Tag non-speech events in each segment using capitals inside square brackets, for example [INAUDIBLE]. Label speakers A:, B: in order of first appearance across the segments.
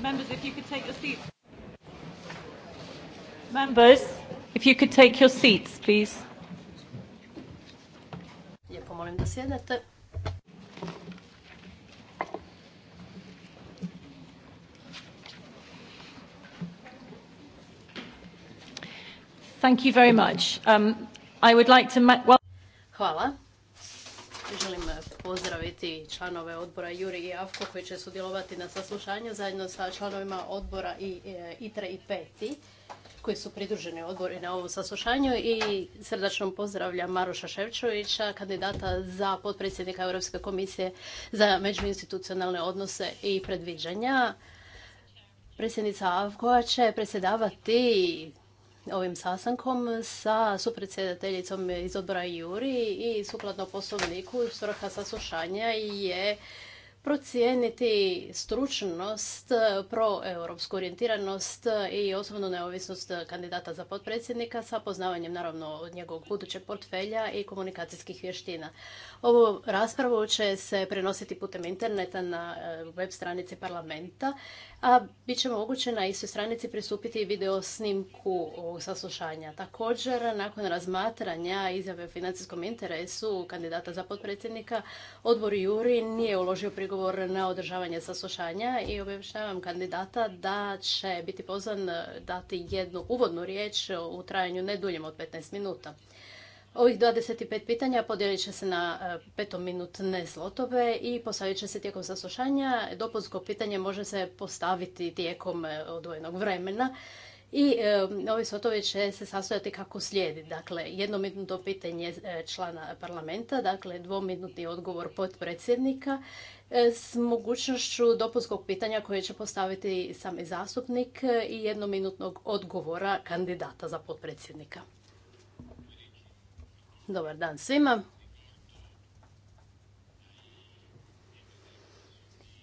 A: Members, if you could take your seats. Members, if you could take your seats, please.
B: Thank you very much. Um, I would like to... Well... Hvala pozdraviti članove odbora Juri i Avko koji će sudjelovati na saslušanju zajedno sa članovima odbora i e, ITRE i PETI koji su pridruženi odbori na ovom saslušanju i srdačno pozdravljam Maroša Ševčovića, kandidata za potpredsjednika Europske komisije za međuinstitucionalne odnose i predviđanja. Predsjednica Avkova će predsjedavati ovim sastankom sa supredsjedateljicom iz odbora Juri i sukladno poslovniku svrha saslušanja je procijeniti stručnost, proeuropsku orijentiranost i osobnu neovisnost kandidata za potpredsjednika sa poznavanjem naravno od njegovog budućeg portfelja i komunikacijskih vještina. Ovu raspravu će se prenositi putem interneta na eh, web stranici parlamenta, a bit će moguće na istoj stranici pristupiti video snimku saslušanja. Također, nakon razmatranja izjave o financijskom interesu kandidata za potpredsjednika, odbor Juri nije uložio prigovor odgovor na održavanje saslušanja i obavještavam kandidata da će biti pozvan e, dati jednu uvodnu riječ u trajanju ne duljem od 15 minuta. Ovih 25 pitanja podijelit će se na e, petominutne slotove i postavit će se tijekom saslušanja. Dopunsko pitanje može se postaviti tijekom e, odvojenog vremena. I e, ovi sotovi će se sastojati kako slijedi. Dakle, jednominutno pitanje e, člana parlamenta, dakle dvominutni odgovor potpredsjednika e, s mogućnošću dopunskog pitanja koje će postaviti sami zastupnik e, i jednominutnog odgovora kandidata za potpredsjednika. Dobar dan svima.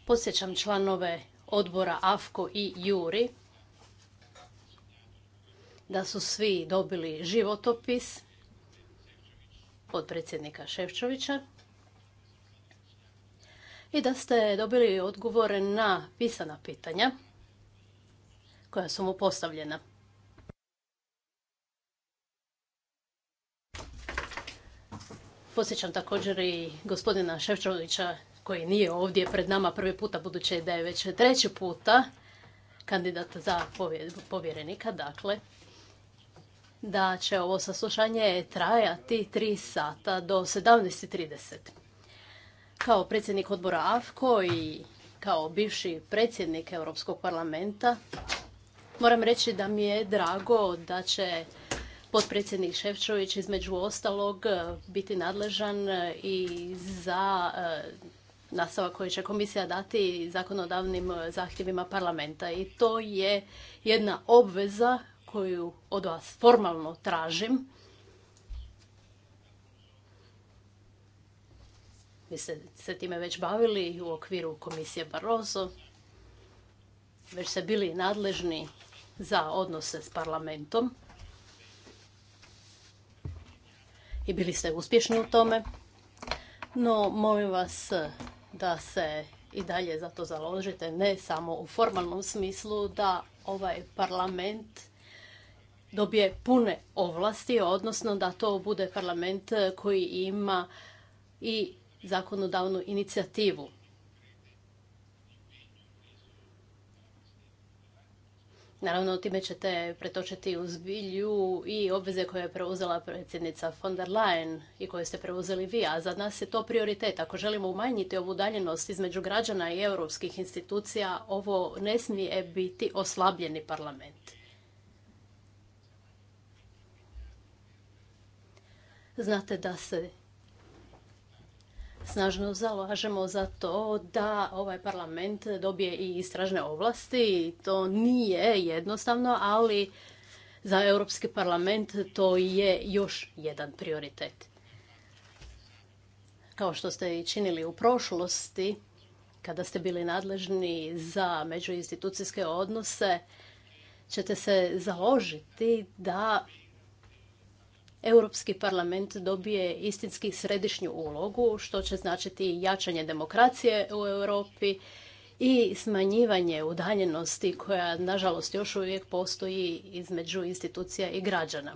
B: Posjećam članove odbora AFKO i JURI da su svi dobili životopis od predsjednika Ševčovića i da ste dobili odgovore na pisana pitanja koja su mu postavljena. Posjećam također i gospodina Ševčovića koji nije ovdje pred nama prvi puta, budući da je već treći puta kandidat za povjerenika. Dakle, da će ovo saslušanje trajati 3 sata do 17.30. Kao predsjednik odbora AFKO i kao bivši predsjednik Europskog parlamenta moram reći da mi je drago da će potpredsjednik Ševčović između ostalog biti nadležan i za e, nastava koji će komisija dati zakonodavnim zahtjevima parlamenta. I to je jedna obveza koju od vas formalno tražim. Vi ste se time već bavili u okviru komisije Barroso. Već ste bili nadležni za odnose s parlamentom. I bili ste uspješni u tome. No, molim vas da se i dalje za to založite, ne samo u formalnom smislu, da ovaj parlament dobije pune ovlasti, odnosno da to bude parlament eh, koji ima i zakonodavnu inicijativu. Naravno, time ćete pretočiti u zbilju i obveze koje je preuzela predsjednica von der Leyen i koje ste preuzeli vi, a za nas je to prioritet. Ako želimo umanjiti ovu udaljenost između građana i europskih institucija, ovo ne smije biti oslabljeni parlament. Znate da se snažno zalažemo za to da ovaj parlament dobije i istražne ovlasti. To nije jednostavno, ali za Europski parlament to je još jedan prioritet. Kao što ste i činili u prošlosti, kada ste bili nadležni za međuinstitucijske odnose, ćete se založiti da Europski parlament dobije istinski središnju ulogu, što će značiti jačanje demokracije u Europi i smanjivanje udaljenosti koja, nažalost, još uvijek postoji između institucija i građana.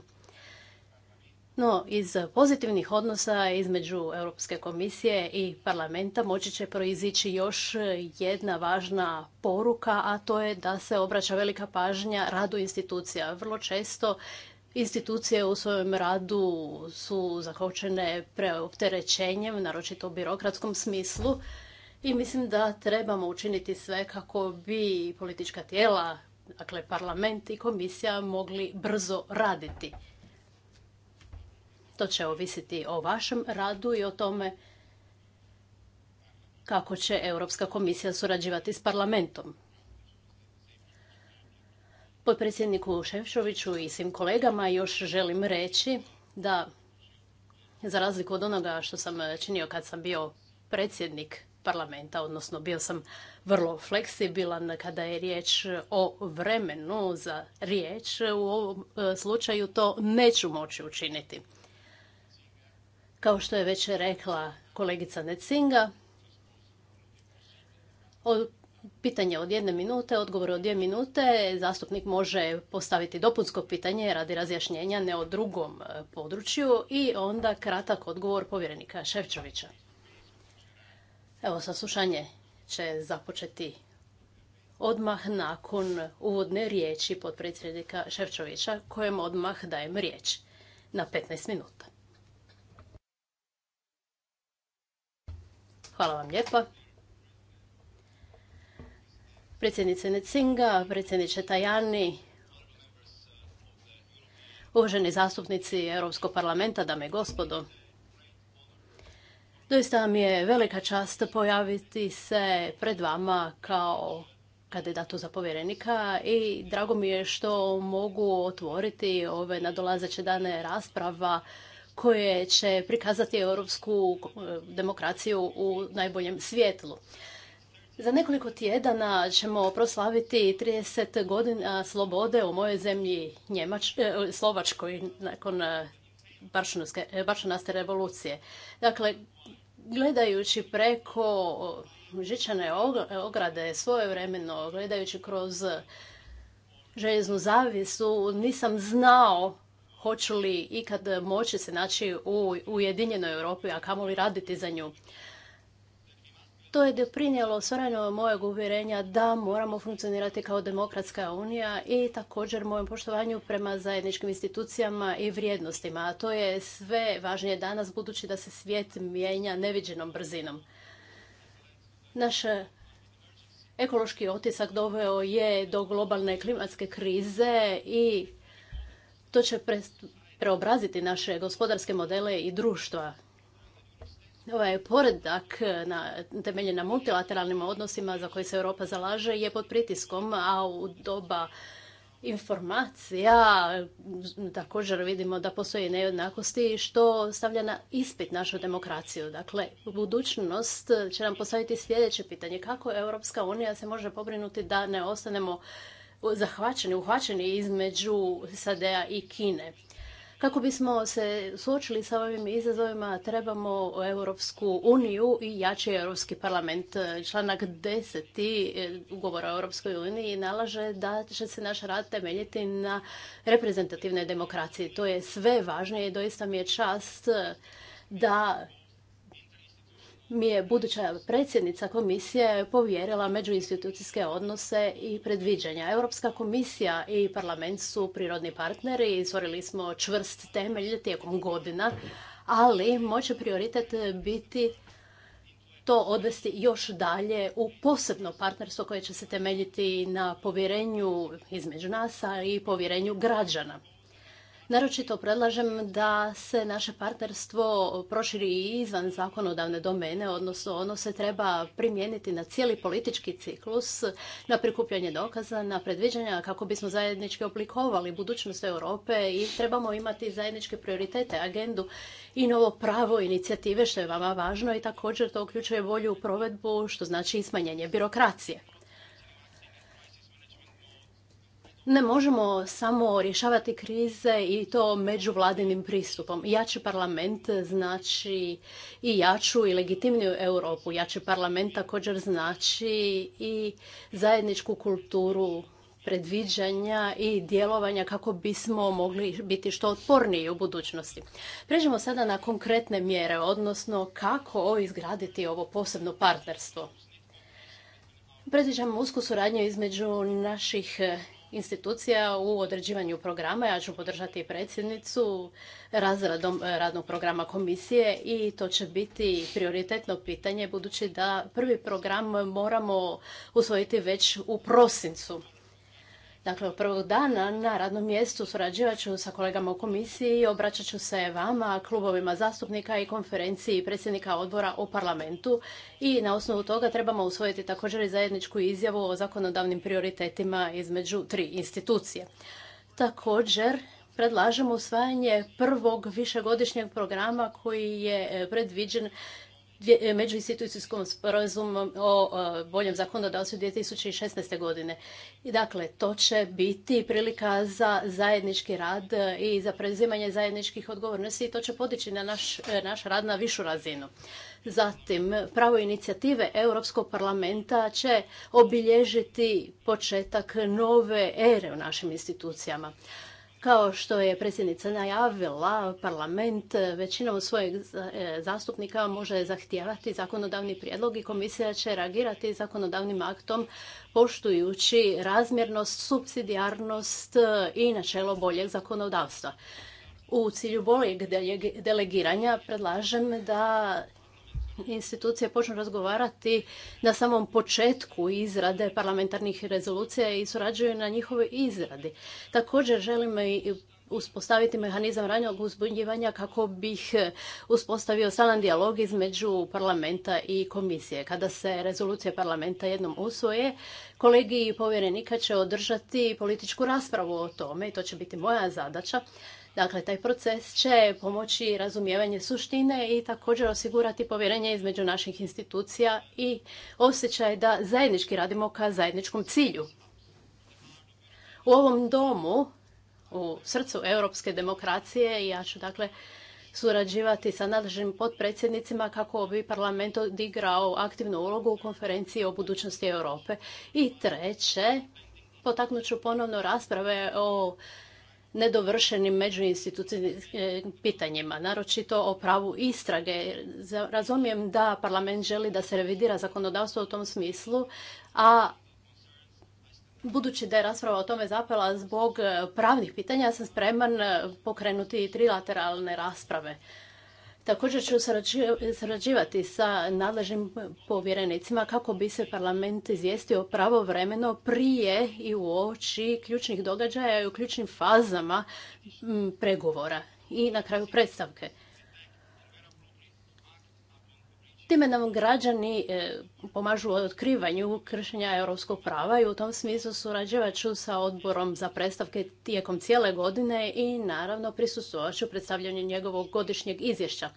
B: No, iz pozitivnih odnosa između Europske komisije i parlamenta moći će proizići još jedna važna poruka, a to je da se obraća velika pažnja radu institucija. Vrlo često institucije u svojem radu su zakočene preopterećenjem, naročito u birokratskom smislu. I mislim da trebamo učiniti sve kako bi politička tijela, dakle parlament i komisija mogli brzo raditi. To će ovisiti o vašem radu i o tome kako će Europska komisija surađivati s parlamentom potpredsjedniku Šefčoviću i svim kolegama još želim reći da za razliku od onoga što sam činio kad sam bio predsjednik parlamenta, odnosno bio sam vrlo fleksibilan kada je riječ o vremenu za riječ. U ovom e, slučaju to neću moći učiniti. Kao što je već rekla kolegica Necinga, pitanje od jedne minute, odgovor od dvije minute. Zastupnik može postaviti dopunsko pitanje radi razjašnjenja ne o drugom e, području i onda kratak odgovor povjerenika Ševčovića. Evo, saslušanje će započeti odmah nakon uvodne riječi potpredsjednika Ševčovića, kojem odmah dajem riječ na 15 minuta. Hvala vam lijepa predsjednice Necinga, predsjedniče Tajani, uvaženi zastupnici Europskog parlamenta, dame i gospodo. Doista mi je velika čast pojaviti se pred vama kao kandidatu za povjerenika i drago mi je što mogu otvoriti ove nadolazeće dane rasprava koje će prikazati europsku eh, demokraciju u najboljem svjetlu. Za nekoliko tjedana ćemo proslaviti 30 godina slobode u mojoj zemlji e, Slovačkoj nakon e, Baršunaste e, revolucije. Dakle, gledajući preko žičane ograde svojevremeno, gledajući kroz željeznu zavisu, nisam znao hoću li ikad moći se naći u Ujedinjenoj Europi, a kamoli raditi za nju. To je doprinijelo stvaranju mojeg uvjerenja da moramo funkcionirati kao demokratska unija i također mojem poštovanju prema zajedničkim institucijama i vrijednostima. A to je sve važnije danas budući da se svijet mijenja neviđenom brzinom. Naš ekološki otisak doveo je do globalne klimatske krize i to će preobraziti naše gospodarske modele i društva ovaj poredak e, na, temeljen na multilateralnim odnosima za koje se Europa zalaže je pod pritiskom, a u doba informacija također vidimo da postoje nejednakosti što stavlja na ispit našu demokraciju. Dakle, budućnost će nam postaviti sljedeće pitanje. Kako Europska unija se može pobrinuti da ne ostanemo zahvaćeni, uhvaćeni između SAD-a i Kine? Kako bismo se suočili sa ovim izazovima, trebamo Europsku uniju i jači Europski parlament. Članak 10. E, ugovora o Europskoj uniji nalaže da će se naš rad temeljiti na reprezentativnoj demokraciji. To je sve važnije i doista mi je čast da mi je buduća predsjednica komisije povjerila međuinstitucijske odnose i predviđanja. Europska komisija i parlament su prirodni partneri i stvorili smo čvrst temelj tijekom godina, ali moće prioritet biti to odvesti još dalje u posebno partnerstvo koje će se temeljiti na povjerenju između nas i povjerenju građana. Naročito predlažem da se naše partnerstvo proširi i izvan zakonodavne domene, odnosno ono se treba primijeniti na cijeli politički ciklus, na prikupljanje dokaza, na predviđanja kako bismo zajednički oblikovali budućnost Europe i trebamo imati zajedničke prioritete, agendu i novo pravo inicijative što je vama važno i također to uključuje bolju provedbu što znači i smanjenje birokracije. ne možemo samo rješavati krize i to međuvladinim pristupom. Jači parlament znači i jaču i legitimniju Europu. Jači parlament također znači i zajedničku kulturu predviđanja i djelovanja kako bismo mogli biti što otporniji u budućnosti. Pređemo sada na konkretne mjere, odnosno kako izgraditi ovo posebno partnerstvo. Predviđamo usku suradnju između naših institucija u određivanju programa. Ja ću podržati predsjednicu razradom eh, radnog programa komisije i to će biti prioritetno pitanje budući da prvi program moramo usvojiti već u prosincu. Dakle, od prvog dana na radnom mjestu surađivat ću sa kolegama u komisiji, obraćat ću se vama, klubovima zastupnika i konferenciji predsjednika odbora o parlamentu i na osnovu toga trebamo usvojiti također i zajedničku izjavu o zakonodavnim prioritetima između tri institucije. Također, predlažemo usvajanje prvog višegodišnjeg programa koji je eh, predviđen E, međuinstitucijskom sporazumu o e, boljem zakonodavstvu 2016. godine. I dakle, to će biti prilika za zajednički rad e, i za preuzimanje zajedničkih odgovornosti i to će podići na naš rad na višu razinu. Zatim, pravo inicijative Europskog parlamenta će obilježiti početak nove ere u našim institucijama. Kao što je predsjednica najavila, parlament eh, većinom svojih eh, zastupnika može zahtijevati zakonodavni prijedlog i komisija će reagirati zakonodavnim aktom poštujući razmjernost, subsidijarnost eh, i načelo boljeg zakonodavstva. U cilju boljeg delegiranja predlažem da institucije počnu razgovarati na samom početku izrade parlamentarnih rezolucija i surađuju na njihovoj izradi. Također želim i uspostaviti mehanizam ranjog uzbunjivanja kako bih uspostavio stalan dijalog između parlamenta i komisije. Kada se rezolucije parlamenta jednom usvoje, kolegi i povjerenika će održati političku raspravu o tome i to će biti moja zadaća. Dakle, taj proces će pomoći razumijevanje suštine i također osigurati povjerenje između naših institucija i osjećaj da zajednički radimo ka zajedničkom cilju. U ovom domu, u srcu europske demokracije, ja ću dakle surađivati sa nadležnim potpredsjednicima kako bi parlament odigrao aktivnu ulogu u konferenciji o budućnosti Europe. I treće, potaknut ću ponovno rasprave o nedovršenim međuinstitucijskim pitanjima, naročito o pravu istrage. Razumijem da parlament želi da se revidira zakonodavstvo u tom smislu, a budući da je rasprava o tome zapela zbog eh, pravnih pitanja, ja sam spreman eh, pokrenuti trilateralne rasprave. Također ću sarađivati sa nadležnim povjerenicima kako bi se parlament izvijestio pravovremeno prije i u oči ključnih događaja i u ključnim fazama pregovora i na kraju predstavke. Time nam građani e, pomažu u otkrivanju kršenja europskog prava i u tom smislu surađivat ću sa odborom za predstavke tijekom cijele godine i naravno prisustvovat ću predstavljanju njegovog godišnjeg izvješća.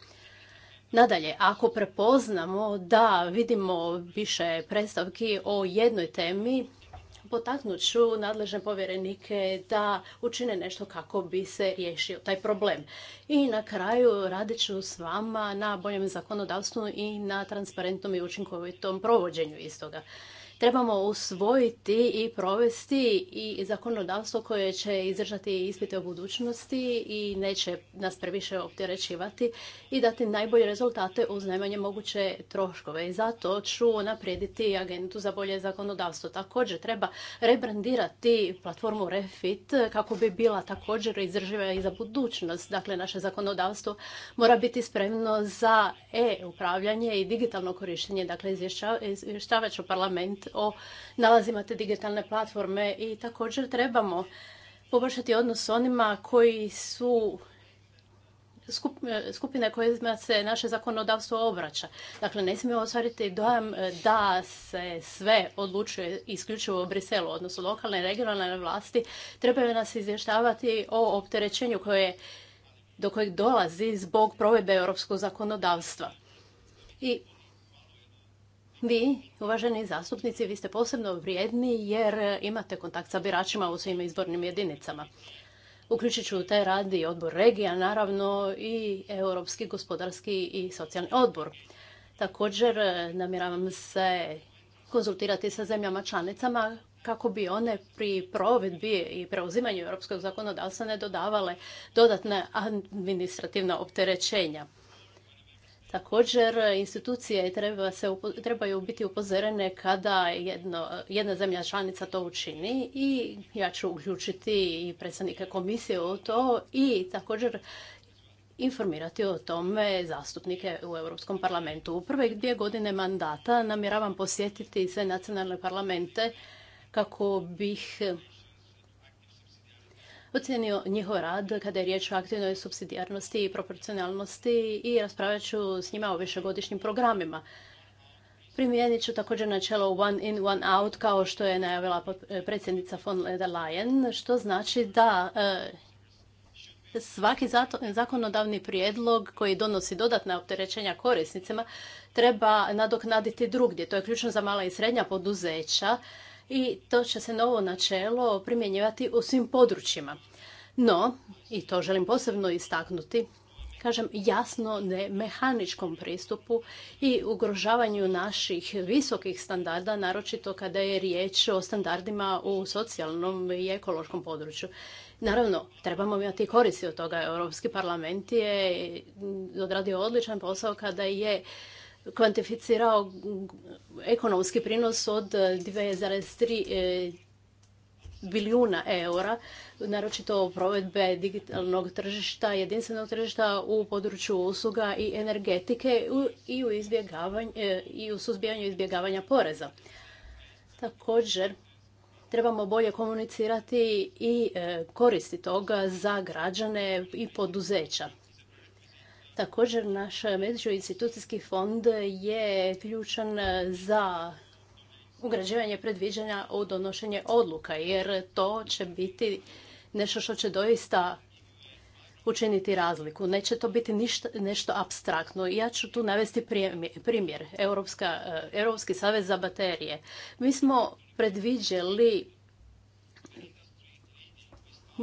B: Nadalje, ako prepoznamo da vidimo više predstavki o jednoj temi, potaknut ću nadležne povjerenike da učine nešto kako bi se riješio taj problem. I na kraju radit ću s vama na boljem zakonodavstvu i na transparentnom i učinkovitom provođenju istoga trebamo usvojiti i provesti i zakonodavstvo koje će izdržati ispite o budućnosti i neće nas previše opterećivati i dati najbolje rezultate uz najmanje moguće troškove. I zato ću naprijediti agentu za bolje zakonodavstvo. Također treba rebrandirati platformu Refit kako bi bila također izdrživa i za budućnost. Dakle, naše zakonodavstvo mora biti spremno za e-upravljanje i digitalno korištenje. Dakle, izvještavat parlament o nalazima te digitalne platforme i također trebamo poboljšati odnos s onima koji su e, skupine koje se naše zakonodavstvo obraća. Dakle, ne smijemo ostvariti dojam e, da se sve odlučuje isključivo u Briselu, odnosno lokalne i regionalne vlasti trebaju nas izvještavati o opterećenju koje, do kojeg dolazi zbog provedbe europskog zakonodavstva. I vi, uvaženi zastupnici, vi ste posebno vrijedni jer imate kontakt sa biračima u svim izbornim jedinicama. Uključit ću taj rad i odbor regija, naravno i Europski gospodarski i socijalni odbor. Također e, namjeravam se konzultirati sa zemljama članicama kako bi one pri provedbi i preuzimanju europskog zakonodavstva ne dodavale dodatne administrativna opterećenja. Također, institucije trebaju biti upozorene kada jedna zemlja članica to učini i ja ću uključiti i predstavnike komisije o to i također informirati o tome zastupnike u Europskom parlamentu. U prve dvije godine mandata namjeravam posjetiti sve nacionalne parlamente kako bih ocijenio njihov rad kada je riječ o aktivnoj subsidijarnosti i proporcionalnosti i raspravljat ću s njima o višegodišnjim programima. Primijenit ću također načelo one in, one out, kao što je najavila e, predsjednica von der Leyen, što znači da e, svaki zakonodavni prijedlog koji donosi dodatna opterećenja korisnicima treba nadoknaditi drugdje. To je ključno za mala i srednja poduzeća i to će se novo načelo primjenjivati u svim područjima. No, i to želim posebno istaknuti, kažem jasno ne mehaničkom pristupu i ugrožavanju naših visokih standarda, naročito kada je riječ o standardima u socijalnom i ekološkom području. Naravno, trebamo imati koristi od toga. Europski parlament je odradio odličan posao kada je kvantificirao ekonomski prinos od 2,3 e, bilijuna eura, naročito provedbe digitalnog tržišta, jedinstvenog tržišta u području usluga i energetike i u, e, i u suzbijanju izbjegavanja poreza. Također, trebamo bolje komunicirati i e, koristi toga za građane i poduzeća. Također, naš međuinstitucijski fond je ključan za ugrađivanje predviđanja u donošenje odluka, jer to će biti nešto što će doista učiniti razliku. Neće to biti ništa, nešto abstraktno. Ja ću tu navesti primjer. Europska, Europski savez za baterije. Mi smo predviđali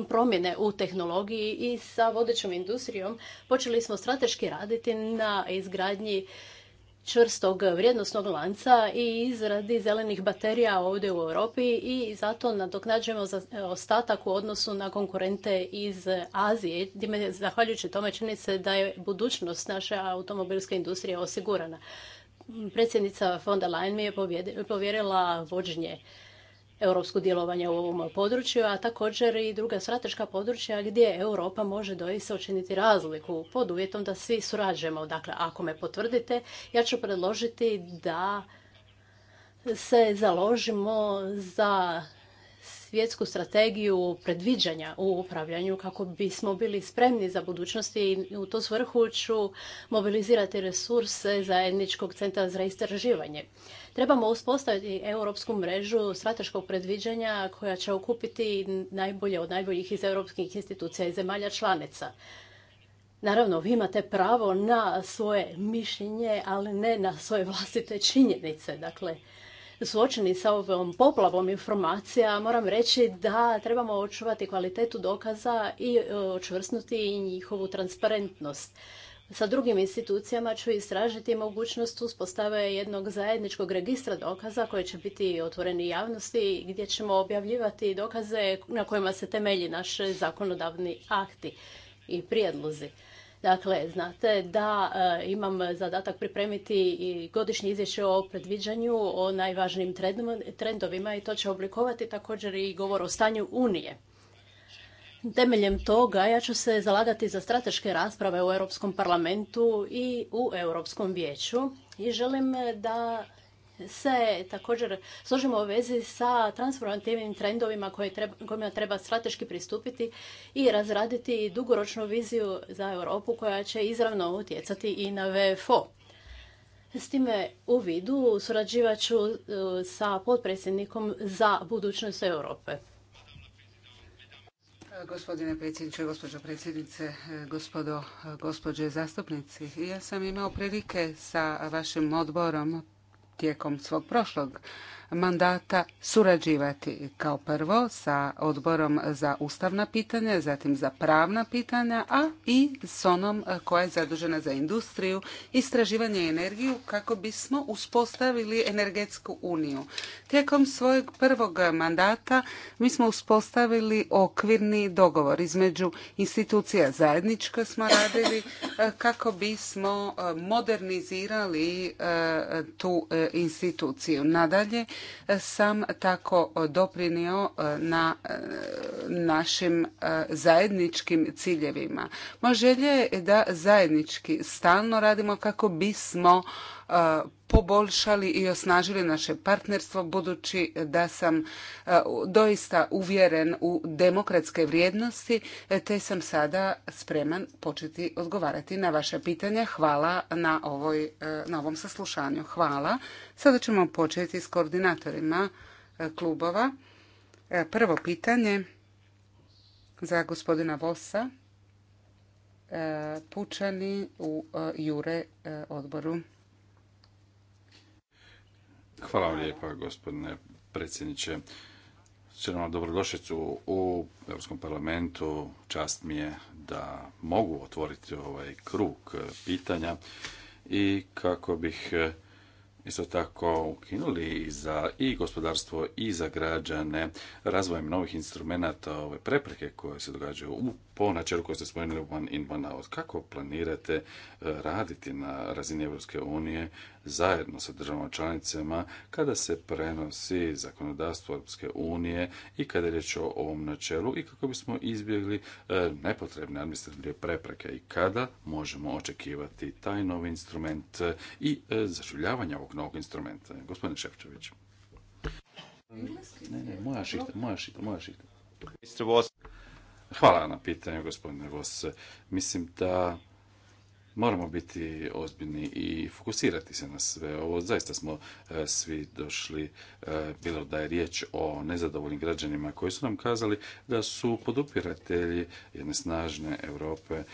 B: promjene u tehnologiji i sa vodećom industrijom počeli smo strateški raditi na izgradnji čvrstog vrijednosnog lanca i izradi zelenih baterija ovdje u Europi i zato nadoknađujemo e, ostatak u odnosu na konkurente iz Azije. dime zahvaljujući tome čini se da je budućnost naše automobilske industrije osigurana. Predsjednica fonda der mi je povjerila vođenje europsko djelovanje u ovom području, a također i druga strateška područja gdje Europa može doista učiniti razliku pod uvjetom da svi surađujemo. Dakle, ako me potvrdite, ja ću predložiti da se založimo za svjetsku strategiju predviđanja u upravljanju kako bismo bili spremni za budućnost i u to svrhu ću mobilizirati resurse zajedničkog centra za istraživanje. Trebamo uspostaviti europsku mrežu strateškog predviđanja koja će okupiti najbolje od najboljih iz europskih institucija i zemalja članica. Naravno, vi imate pravo na svoje mišljenje, ali ne na svoje vlastite činjenice. Dakle, suočeni sa ovom poplavom informacija, moram reći da trebamo očuvati kvalitetu dokaza i očvrsnuti e, njihovu transparentnost sa drugim institucijama ću istražiti mogućnost uspostave jednog zajedničkog registra dokaza koji će biti otvoreni javnosti gdje ćemo objavljivati dokaze na kojima se temelji naše zakonodavni akti i prijedlozi. Dakle, znate da e, imam zadatak pripremiti i godišnje izvješće o predviđanju o najvažnijim trendovima i to će oblikovati također i govor o stanju Unije. Temeljem toga ja ću se zalagati za strateške rasprave u Europskom parlamentu i u Europskom vijeću i želim e, da se također složimo u vezi sa transformativnim trendovima koje treba, kojima treba strateški pristupiti i razraditi dugoročnu viziju za Europu koja će izravno utjecati i na VFO. S time u vidu surađivat ću e, sa potpredsjednikom za budućnost Europe.
A: Gospodine predsjedniče, gospođo predsjednice, gospodo, gospođe zastupnici. Ja sam imao prilike sa vašim odborom tijekom svog prošlog mandata surađivati kao prvo sa odborom za ustavna pitanja, zatim za pravna pitanja, a i s onom koja je zadužena za industriju, istraživanje i energiju kako bismo uspostavili energetsku uniju. Tijekom svojeg prvog mandata mi smo uspostavili okvirni dogovor između institucija zajednička smo radili e, kako bismo e, modernizirali e, tu instituciju. Nadalje, sam tako doprinio e, na e, našim e, zajedničkim ciljevima. Moja želja je da zajednički stalno radimo kako bismo poboljšali i osnažili naše partnerstvo budući da sam e, doista uvjeren u demokratske vrijednosti e, te sam sada spreman početi odgovarati na vaše pitanja. Hvala na, ovoj, e, na ovom saslušanju. Hvala. Sada ćemo početi s koordinatorima klubova. Prvo pitanje za gospodina Vosa, pučani u Jure odboru.
C: Hvala vam lijepa, gospodine predsjedniče. Želim vam u Europskom parlamentu. Čast mi je da mogu otvoriti ovaj krug pitanja i kako bih e, isto tako ukinuli za i gospodarstvo i za građane razvojem novih instrumenata ove prepreke koje se događaju u po načelu koje ste spomenuli one in, one out. Kako planirate e, raditi na razini Europske unije zajedno sa državama članicama kada se prenosi zakonodavstvo Europske unije i kada je riječ o ovom načelu i kako bismo izbjegli e, nepotrebne administrativne prepreke i kada možemo očekivati taj novi instrument e, i zaživljavanje ovog novog instrumenta. Gospodine Ševčević. moja šihta, moja šihta, Hvala na pitanju, gospodine Vos. Mislim da moramo biti ozbiljni i fokusirati se na sve ovo. Zaista smo e, svi došli, e, bilo da je riječ o nezadovoljnim građanima koji su nam kazali da su podupiratelji jedne snažne Europe. E,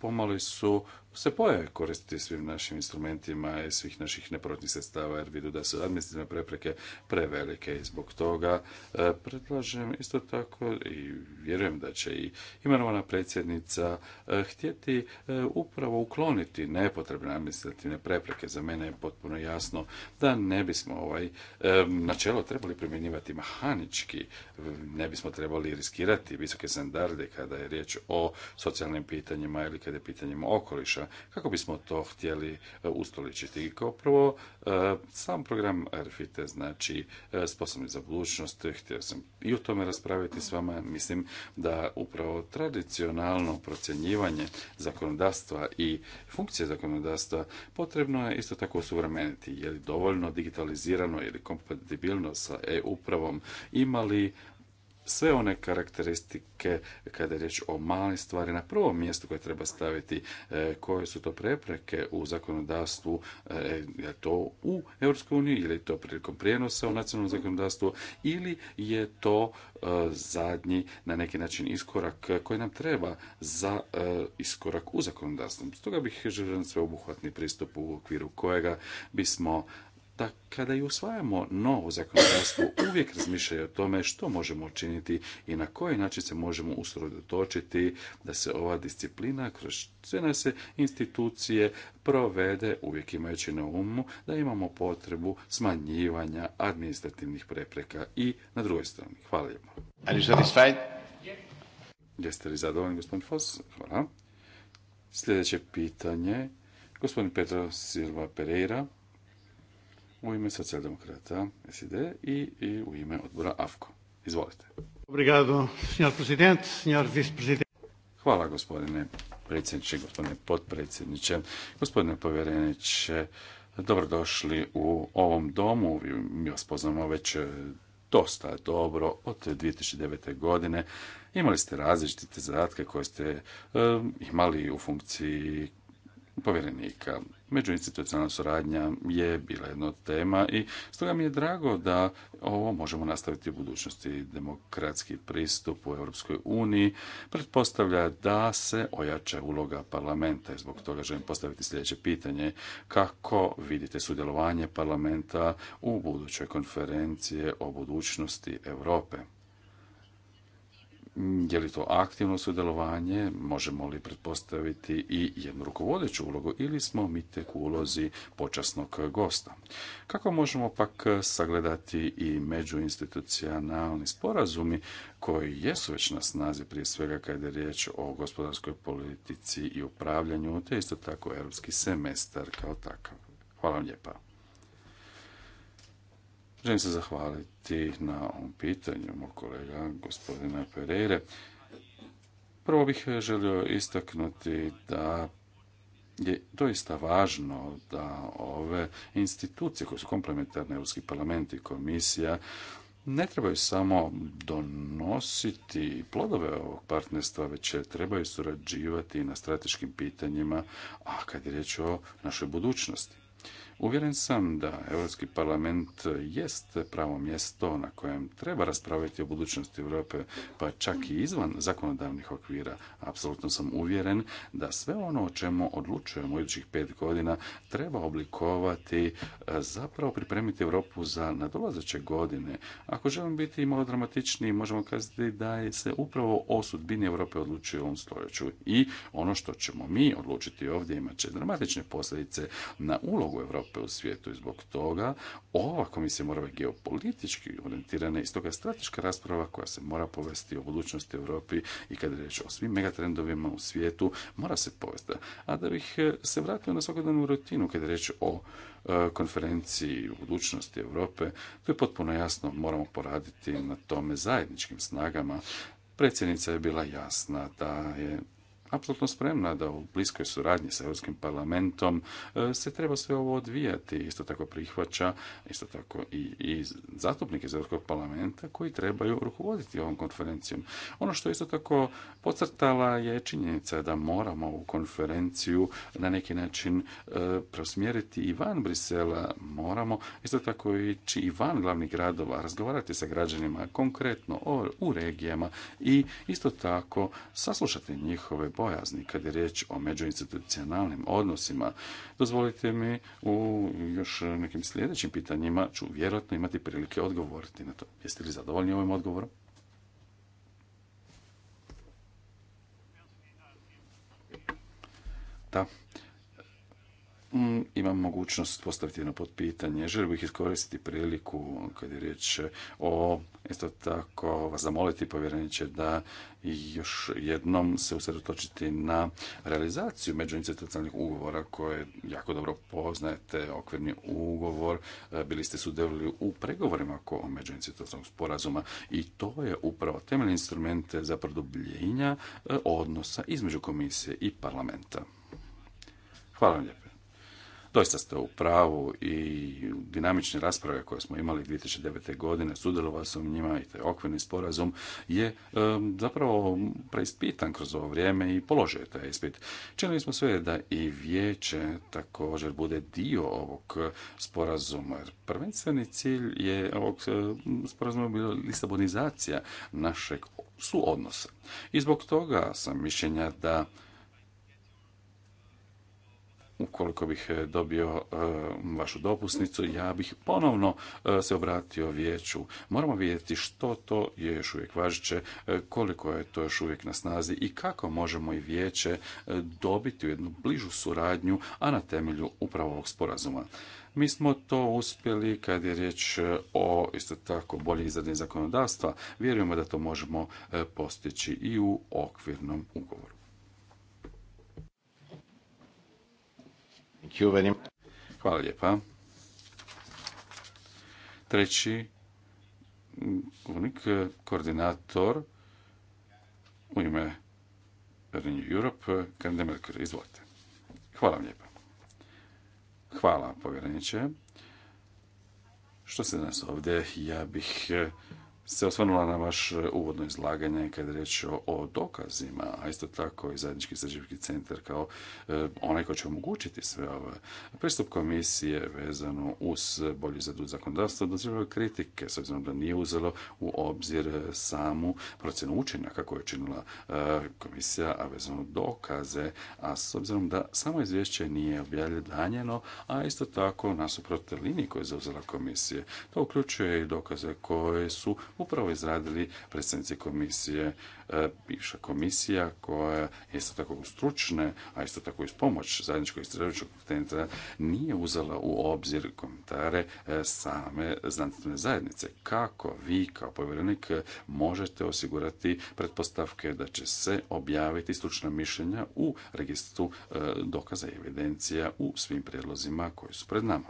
C: pomali su se boje koristiti svim našim instrumentima i svih naših neprotnih sredstava jer vidu da su administrativne prepreke prevelike i zbog toga e, predlažem isto tako i vjerujem da će i imenovana predsjednica e, htjeti e, upravo ukloniti nepotrebne administrativne prepreke. Za mene je potpuno jasno da ne bismo ovaj načelo trebali primjenjivati mahanički, ne bismo trebali riskirati visoke standarde kada je riječ o socijalnim pitanjima ili kada je pitanjem okoliša. Kako bismo to htjeli e, ustoličiti? Kao prvo, e, sam program RFIT, e, znači sposobni za budućnost, htio sam i o tome raspraviti s vama. Mislim da upravo tradicionalno procjenjivanje zakonodavstva i funkcije zakonodavstva potrebno je isto tako suvremeniti. Je li dovoljno digitalizirano ili kompatibilno sa e-upravom? Imali sve one karakteristike kada je riječ o malim stvari na prvom mjestu koje treba staviti e, koje su to prepreke u zakonodavstvu e, je to u EU ili je to prilikom prijenosa u nacionalnom zakonodavstvu ili je to e, zadnji na neki način iskorak koji nam treba za iskorak u zakonodavstvu. Stoga bih želio sveobuhvatni pristup u okviru kojega bismo da kada i usvajamo novo zakonodavstvo uvijek razmišljaju o tome što možemo učiniti i na koji način se možemo usredotočiti da se ova disciplina kroz sve naše institucije provede uvijek imajući na umu da imamo potrebu smanjivanja administrativnih prepreka i na drugoj strani. Hvala lijepo. Jeste li zadovoljni, gospodin Fos? Hvala. Sljedeće pitanje, gospodin Pedro Silva Pereira u ime socijaldemokrata SID i, u ime odbora AFKO. Izvolite. Hvala gospodine predsjedniče, gospodine potpredsjedniče, gospodine povjereniče. Dobrodošli u ovom domu. Mi vas poznamo već e, dosta dobro od 2009. godine. Imali ste različite zadatke koje ste e, imali u funkciji povjerenika. Međuinstitucionalna suradnja je bila jedna od tema i stoga mi je drago da ovo možemo nastaviti u budućnosti. Demokratski pristup u Europskoj uniji pretpostavlja da se ojača uloga parlamenta i zbog toga želim postaviti sljedeće pitanje. Kako vidite sudjelovanje parlamenta u budućoj konferencije o budućnosti Europe? Mm, je li to aktivno sudjelovanje, možemo li pretpostaviti i jednu rukovodeću ulogu ili smo mi tek u ulozi počasnog gosta. Kako možemo pak sagledati i međuinstitucionalni sporazumi koji jesu već na snazi prije svega kada je riječ o gospodarskoj politici i upravljanju, te isto tako europski semestar kao takav. Hvala vam lijepa. Želim se zahvaliti na ovom pitanju mog kolega gospodina Perere. Prvo bih želio istaknuti da je doista važno da ove institucije koje su komplementarne Europski parlament i komisija ne trebaju samo donositi plodove ovog partnerstva, već trebaju surađivati na strateškim pitanjima, a kad je riječ o našoj budućnosti. Uvjeren sam da Europski parlament jest pravo mjesto na kojem treba raspraviti o budućnosti Europe, pa čak i izvan zakonodavnih okvira. Apsolutno sam uvjeren da sve ono o čemu odlučujemo u idućih pet godina treba oblikovati, e, zapravo pripremiti Europu za nadolazeće godine. Ako želimo biti malo dramatičniji, možemo kazati da se upravo o sudbini Europe odlučuje u ovom stoljeću i ono što ćemo mi odlučiti ovdje imat će dramatične posljedice na ulogu Europe Europe u svijetu i zbog toga ova komisija mora biti geopolitički orijentirana i stoga strateška rasprava koja se mora povesti o budućnosti Europi i kada je riječ o svim megatrendovima u svijetu mora se povesti. A da bih e, se vratio na svakodnevnu rutinu kada je riječ o e, konferenciji u budućnosti Europe, to je potpuno jasno, moramo poraditi na tome zajedničkim snagama. Predsjednica je bila jasna da je apsolutno spremna da u bliskoj suradnji sa Europskim parlamentom e, se treba sve ovo odvijati. Isto tako prihvaća, isto tako i, i zastupnike iz Europskog parlamenta koji trebaju rukovoditi ovom konferencijom. Ono što isto tako podcrtala je činjenica da moramo ovu konferenciju na neki način e, prosmjeriti i van Brisela. Moramo isto tako ići i van glavnih gradova, razgovarati sa građanima konkretno u regijama i isto tako saslušati njihove bojazni kad je riječ o međuinstitucionalnim odnosima. Dozvolite mi u još nekim sljedećim pitanjima ću vjerojatno imati prilike odgovoriti na to. Jeste li zadovoljni ovim odgovorom? Da. Mm, imam mogućnost postaviti jedno potpitanje. Želio bih iskoristiti priliku kad je riječ o, isto tako, vas zamoliti povjereniće, da još jednom se usredotočiti na realizaciju međuinstitucionalnih ugovora koje jako dobro poznajete, okvirni ugovor, e, bili ste sudjelovali u pregovorima oko međuinstitucionalnog sporazuma i to je upravo temeljni instrument za produbljenja e, odnosa između komisije i parlamenta. Hvala vam lijepo. Doista ste u pravu i dinamične rasprave koje smo imali 2009. godine, sudjelovao sam njima i taj okvirni sporazum je e, zapravo preispitan kroz ovo vrijeme i položio je taj ispit. Činili smo sve da i vijeće također bude dio ovog sporazuma. Prvenstveni cilj je ovog e, sporazuma bila lisabonizacija našeg suodnosa. I zbog toga sam mišljenja da ukoliko bih e, dobio e, vašu dopusnicu, ja bih ponovno e, se obratio vijeću. Moramo vidjeti što to je još uvijek važiće, koliko je to još uvijek na snazi i kako možemo i vijeće dobiti u jednu bližu suradnju, a na temelju upravo ovog sporazuma. Mi smo to uspjeli kad je riječ o isto tako bolje izradi zakonodavstva. Vjerujemo da to možemo postići i u okvirnom ugovoru. Hvala lijepa. Treći govornik, koordinator u ime Renew Europe, Kande Merkur, izvolite. Hvala vam lijepa. Hvala, povjereniče. Što se danas ovdje, ja bih se osvrnula na vaš e, uvodno izlaganje kada je riječ o dokazima, a isto tako i zajednički istraživački centar kao e, onaj koji će omogućiti sve ove pristup komisije vezano uz bolje zakonodavstvo je kritike s obzirom da nije uzelo u obzir e, samu procjenu učinaka kako je činila komisija, a vezano dokaze, a s obzirom da samo izvješće nije objavljeno, a isto tako nasuprot liniji koje je zauzela komisije. To uključuje i dokaze koje su upravo izradili predstavnici komisije, e, bivša komisija koja je isto tako stručne, a isto tako i pomoć zajedničkog istraživačkog centra nije uzela u obzir komentare e, same znanstvene zajednice. Kako vi kao povjerenik možete osigurati pretpostavke da će se objaviti stručna mišljenja u registru e, dokaza i evidencija u svim prijedlozima koji su pred nama?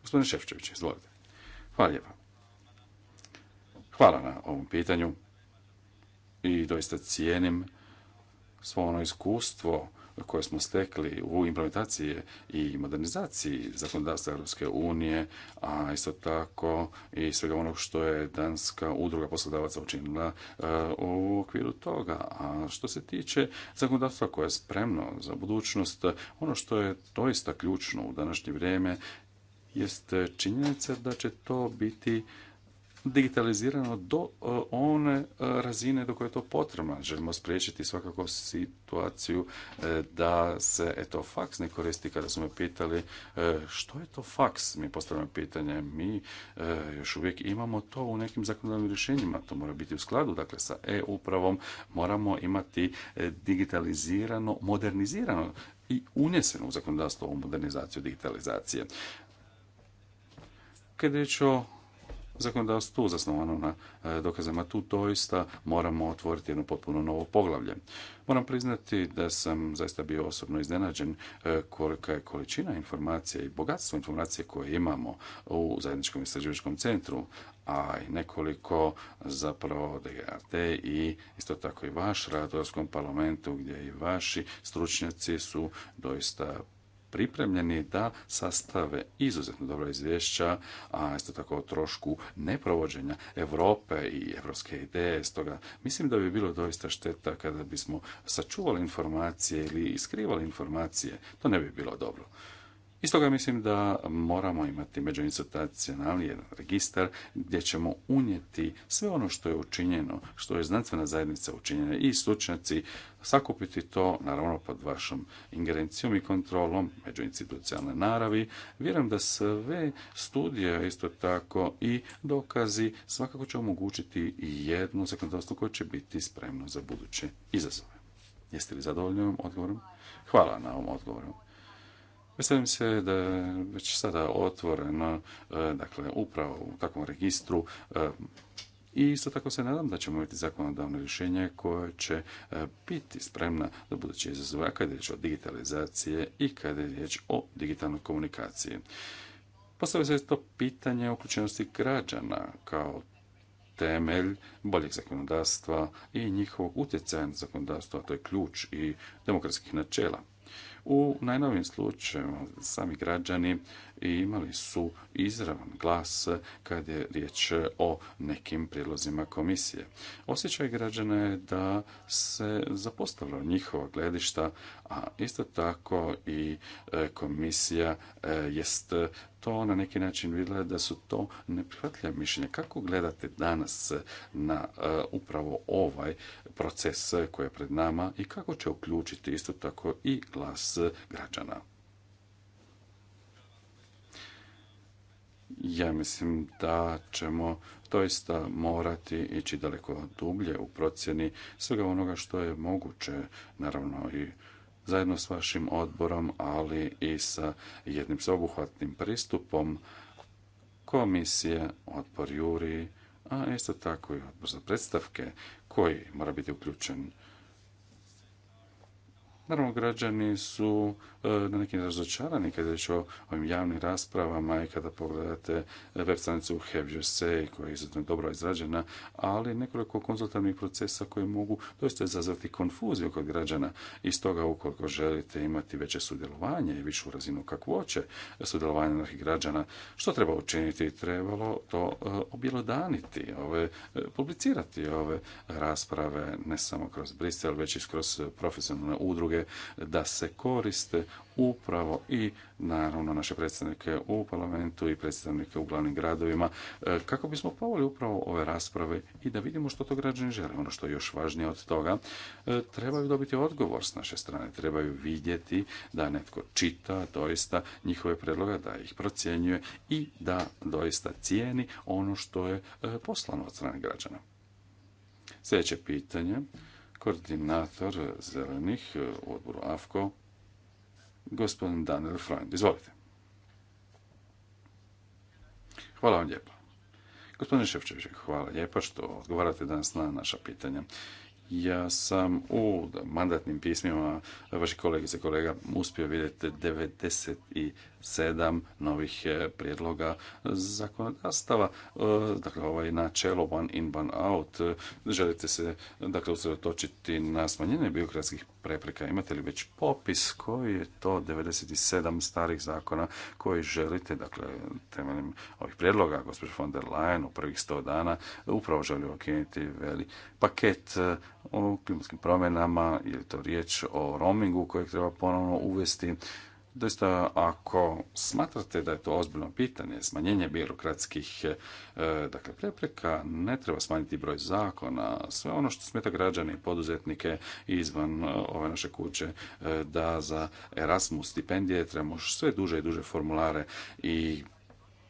C: Gospodine Šefčević, izvolite. Hvala lijepa. Hvala na ovom pitanju i doista cijenim svo ono iskustvo koje smo stekli u implementaciji i modernizaciji zakonodavstva Europske unije, a isto tako i svega onog što je Danska udruga poslodavaca učinila e, u okviru toga. A što se tiče zakonodavstva koje je spremno za budućnost, ono što je doista ključno u današnje vrijeme jest činjenica da će to biti digitalizirano do e, one e, razine do koje je to potrebno. Želimo spriječiti svakako situaciju e, da se eto faks ne koristi. Kada su me pitali što je to faks, mi postavljamo pitanje, mi još uvijek imamo to u nekim zakonodavnim rješenjima, to mora biti u skladu, dakle sa e-upravom moramo imati digitalizirano, modernizirano i uneseno u zakonodavstvo u modernizaciju digitalizacije. Kada je o zakonodavstvu zasnovano na e, dokazama, tu doista moramo otvoriti jedno potpuno novo poglavlje. Moram priznati da sam zaista bio osobno iznenađen e, kolika je količina informacija i bogatstvo informacije koje imamo u zajedničkom istraživačkom centru, a i nekoliko zapravo DGRT i isto tako i vaš rad u Europskom parlamentu gdje i vaši stručnjaci su doista pripremljeni da sastave izuzetno dobra izvješća, a isto tako o trošku neprovođenja Europe i evropske ideje. Stoga mislim da bi bilo doista šteta kada bismo sačuvali informacije ili iskrivali informacije. To ne bi bilo dobro. I stoga mislim da moramo imati međuinstitucionalni jedan registar gdje ćemo unijeti sve ono što je učinjeno, što je znanstvena zajednica učinjena i stručnjaci, sakupiti to, naravno pod vašom ingerencijom i kontrolom međuinstitucionalne naravi. Vjerujem da sve studije, isto tako i dokazi, svakako će omogućiti jednu zakonodavstvo koja će biti spremna za buduće izazove. Jeste li zadovoljni ovim odgovorom? Hvala na ovom odgovoru. Mislim se da je već sada otvoreno, e, dakle, upravo u takvom registru e, i isto tako se nadam da ćemo imati zakonodavno rješenje koje će e, biti spremna za buduće izazove kada je riječ o digitalizacije i kada je riječ o digitalnoj komunikaciji. Postavlja se to pitanje uključenosti građana kao temelj boljeg zakonodavstva i njihovog utjecaja na zakonodavstvo, a to je ključ i demokratskih načela. U najnovim slučaju sami građani i imali su izravan glas kad je riječ o nekim prilozima komisije. Osjećaj građana je da se zapostavilo njihova gledišta, a isto tako i e, komisija e, jest to na neki način vidjela da su to neprihvatljiva mišljenja. Kako gledate danas na e, upravo ovaj proces koji je pred nama i kako će uključiti isto tako i glas građana? ja mislim da ćemo doista morati ići daleko dublje u procjeni svega onoga što je moguće, naravno i zajedno s vašim odborom, ali i sa jednim sveobuhvatnim pristupom komisije, odbor Juri, a isto tako i odbor za predstavke koji mora biti uključen Naravno, građani su e, na neki razočarani kada je o ovim javnim raspravama i kada pogledate web stranicu Have Your Say koja je izuzetno dobro izrađena, ali nekoliko konzultarnih procesa koji mogu doista zazvati konfuziju kod građana. I stoga, ukoliko želite imati veće sudjelovanje i višu razinu kakvoće sudjelovanja naših građana, što treba učiniti? Trebalo to e, objelodaniti, ove, e, publicirati ove rasprave ne samo kroz Bristol, već i kroz profesionalne udruge da se koriste upravo i naravno naše predstavnike u parlamentu i predstavnike u glavnim gradovima e, kako bismo povoli upravo ove rasprave i da vidimo što to građani žele. Ono što je još važnije od toga, e, trebaju dobiti odgovor s naše strane, trebaju vidjeti da netko čita doista njihove predloge, da ih procjenjuje i da doista cijeni ono što je e, poslano od strane građana. Sljedeće pitanje koordinator zelenih u odboru AFKO, gospodin Daniel Freund. Izvolite. Hvala vam lijepo. Gospodine Ševčević, hvala lijepa što odgovarate danas na naša pitanja. Ja sam u mandatnim pismima vaših kolegice i kolega uspio vidjeti i sedam novih e, prijedloga zakonodavstava. E, dakle, ovaj načelo one in, one out. Želite se, dakle, usredotočiti na smanjenje biokratskih prepreka. Imate li već popis koji je to 97 starih zakona koji želite, dakle, temeljem ovih prijedloga, gospođa von der Leyen u prvih sto dana upravo želi okiniti veli paket e, o klimatskim promjenama, je li to riječ o roamingu kojeg treba ponovno uvesti, Doista, ako smatrate da je to ozbiljno pitanje, smanjenje birokratskih e, dakle, prepreka, ne treba smanjiti broj zakona, sve ono što smeta građane i poduzetnike izvan e, ove naše kuće, e, da za Erasmus stipendije trebamo sve duže i duže formulare i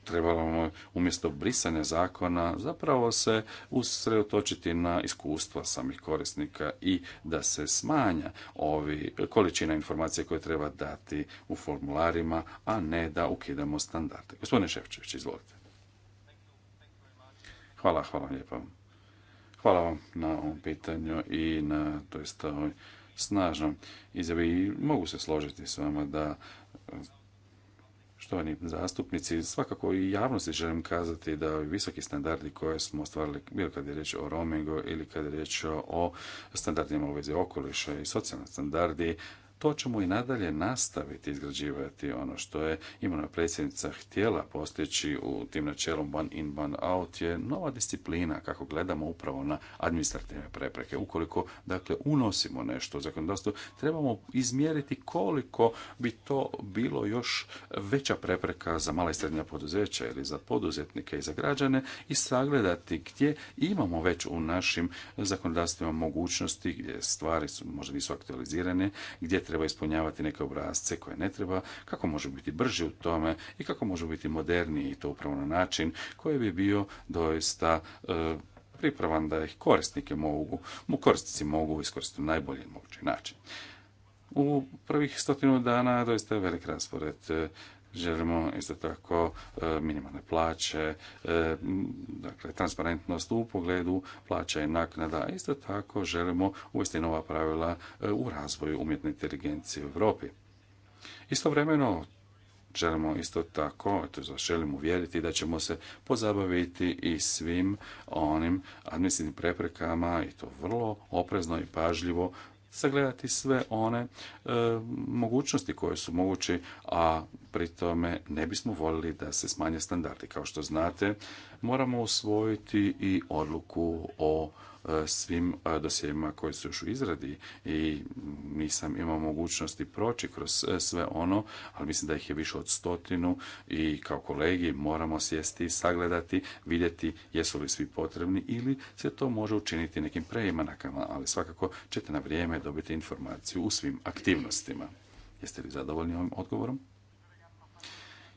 C: trebalo umjesto brisanja zakona zapravo se usredotočiti na iskustva samih korisnika i da se smanja ovi količina informacija koje treba dati u formularima, a ne da ukidamo standarde. Gospodine Ševčević, izvolite. Hvala, hvala lijepo. Hvala vam na ovom pitanju i na toj snažnom izjavi. I mogu se složiti s vama da Štovani zastupnici, svakako i javnosti želim kazati da visoki standardi koje smo ostvarili, bilo kad je riječ o roamingu ili kad je riječ o standardima u vezi okoliša i socijalni standardi, to ćemo i nadalje nastaviti izgrađivati ono što je imena predsjednica htjela postići u tim načelom one in one out je nova disciplina kako gledamo upravo na administrativne prepreke. Ukoliko dakle unosimo nešto u zakonodavstvo trebamo izmjeriti koliko bi to bilo još veća prepreka za mala i srednja poduzeća ili za poduzetnike i za građane i sagledati gdje imamo već u našim zakonodavstvima mogućnosti gdje stvari su, možda nisu aktualizirane, gdje treba ispunjavati neke obrazce koje ne treba, kako može biti brži u tome i kako može biti moderniji i to upravo na način koji bi bio doista e, pripravan da ih korisnike mogu, korisnici mogu iskoristiti na najbolji mogući način. U prvih stotinu dana doista je velik raspored e, Želimo isto tako e, minimalne plaće, e, dakle transparentnost u pogledu plaća i naknada. Isto tako želimo uvesti nova pravila e, u razvoju umjetne inteligencije u Europi. Istovremeno želimo isto tako, to želimo uvjeriti da ćemo se pozabaviti i svim onim administrativnim preprekama i to vrlo oprezno i pažljivo sagledati sve one e, mogućnosti koje su mogući, a pri tome ne bismo voljeli da se smanje standardi. Kao što znate, moramo usvojiti i odluku o svim e, dosjeima koji su još u izradi i nisam imao mogućnosti proći kroz e, sve ono, ali mislim da ih je više od stotinu i kao kolegi moramo sjesti sagledati, vidjeti jesu li svi potrebni ili se to može učiniti nekim preimanakama, ali svakako ćete na vrijeme dobiti informaciju u svim aktivnostima. Jeste li zadovoljni ovim odgovorom?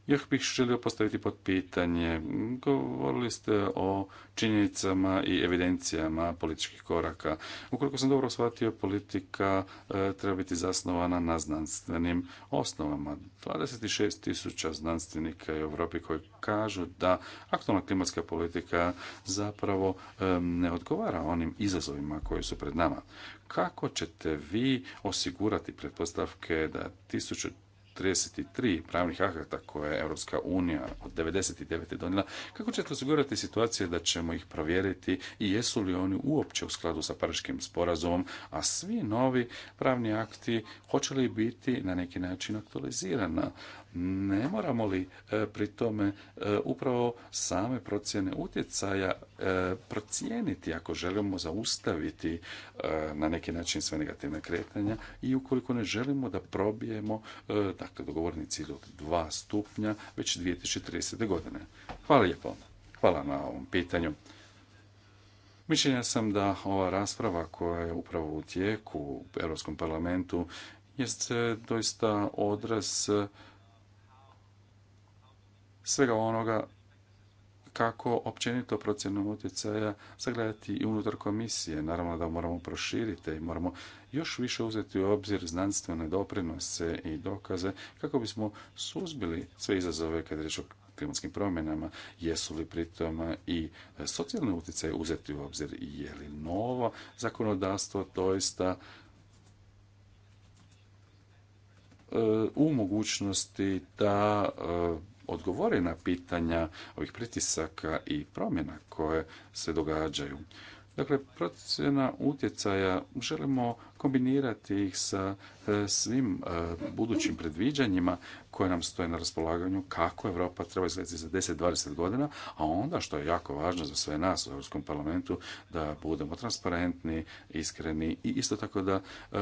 C: Još bih želio postaviti pod pitanje. Govorili ste o činjenicama i evidencijama političkih koraka. Ukoliko sam dobro shvatio, politika e, treba biti zasnovana na znanstvenim osnovama. 26 tisuća znanstvenika u Europi koji kažu da aktualna klimatska politika zapravo e, ne odgovara onim izazovima koji su pred nama. Kako ćete vi osigurati pretpostavke da tisuću 33 pravnih akata koje je Europska unija od 99. donijela, kako ćete osigurati situacije da ćemo ih provjeriti i jesu li oni uopće u skladu sa Pariškim sporazumom, a svi novi pravni akti hoće li biti na neki način aktualizirana ne moramo li e, pri tome e, upravo same procjene utjecaja e, procijeniti ako želimo zaustaviti na neki način sve negativne kretanja i ukoliko ne želimo da probijemo dakle dogovorni cilj od dva stupnja već 2030. godine. Hvala lijepo. Hvala na ovom pitanju. Mišljenja sam da ova rasprava koja je upravo u tijeku u Europskom parlamentu jest doista odraz svega onoga kako općenito procjenu utjecaja sagledati i unutar komisije. Naravno da moramo proširiti i moramo još više uzeti u obzir znanstvene doprinose i dokaze kako bismo suzbili sve izazove kad je o klimatskim promjenama, jesu li pritom i socijalne utjecaje uzeti u obzir, je li novo zakonodavstvo doista e, u mogućnosti da e, odgovore na pitanja ovih pritisaka i promjena koje se događaju. Dakle, procjena utjecaja želimo kombinirati ih sa e, svim e, budućim predviđanjima koje nam stoje na raspolaganju kako Europa treba izgledati za 10-20 godina, a onda što je jako važno za sve nas u Europskom parlamentu da budemo transparentni, iskreni i isto tako da e,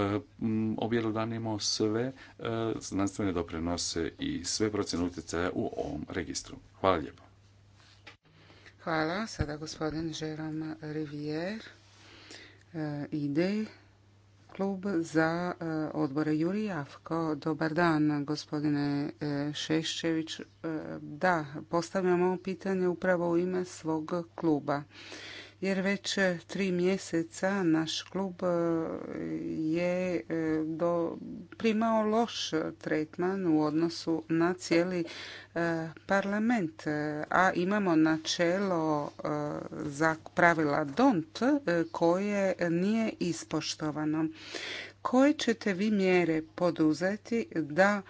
C: objelodanimo sve znanstvene doprinose i sve procjene utjecaja u ovom registru. Hvala lijepo.
A: Hvala. Sada gospodin Žeram Rivijer eh, ide klub za eh, odbore Juri Javko. Dobar dan, gospodine eh, Šeščević. Da, postavljamo ovo pitanje upravo u ime svog kluba jer već e, tri mjeseca naš klub e, je e, do, primao loš tretman u odnosu na cijeli parlament. A imamo načelo za pravila DONT koje nije ispoštovano. Koje ćete vi mjere poduzeti da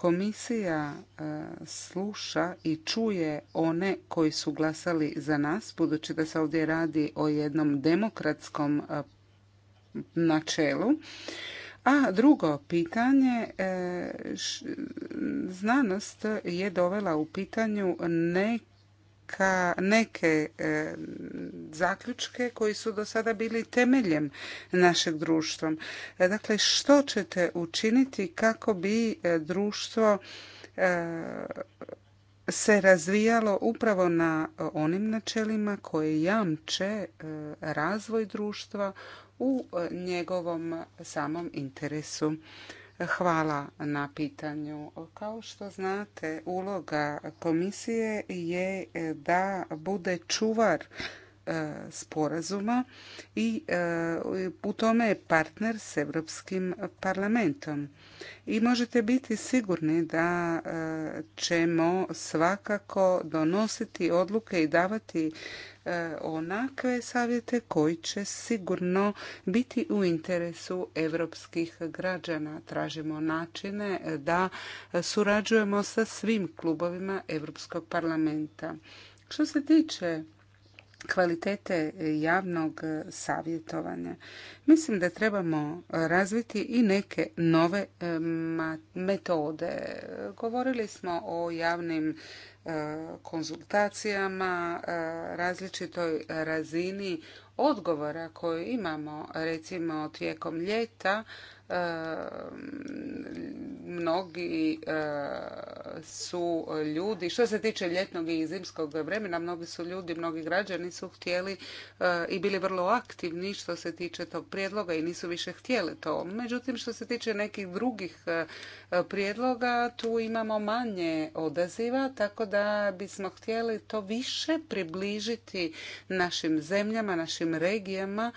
A: Komisija e, sluša i čuje one koji su glasali za nas, budući da se ovdje radi o jednom demokratskom e, načelu. A drugo pitanje, e, znanost je dovela u pitanju neke neka, neke e, zaključke koji su do sada bili temeljem našeg društva. E, dakle, što ćete učiniti kako bi e, društvo se razvijalo upravo na onim načelima koje jamče razvoj društva u njegovom samom interesu. Hvala na pitanju. Kao što znate, uloga komisije je da bude čuvar sporazuma i e, u tome je partner s Europskim parlamentom. I možete biti sigurni da e, ćemo svakako donositi odluke i davati e, onakve savjete koji će sigurno biti u interesu europskih građana. Tražimo načine da surađujemo sa svim klubovima Europskog parlamenta. Što se tiče kvalitete javnog savjetovanja. Mislim da trebamo razviti i neke nove metode. Govorili smo o javnim e, konzultacijama, e, različitoj razini odgovora koju imamo recimo tijekom ljeta mnogi eh, su ljudi, što se tiče ljetnog i zimskog vremena, mnogi su ljudi, mnogi građani su htjeli eh, i bili vrlo aktivni što se tiče tog prijedloga i nisu više htjeli to. Međutim, što se tiče nekih drugih eh, prijedloga, tu imamo manje odaziva, tako da bismo htjeli to više približiti našim zemljama, našim regijama,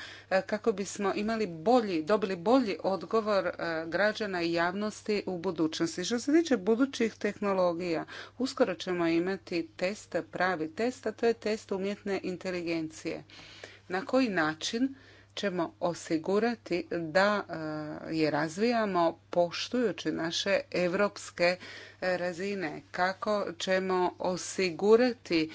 A: kako bismo imali bolji, dobili bolji odgovor odgovor e, građana i javnosti u budućnosti. Što se tiče budućih tehnologija, uskoro ćemo imati test, pravi test, a to je test umjetne inteligencije. Na koji način ćemo osigurati da e, je razvijamo poštujući naše europske e, razine kako ćemo osigurati e,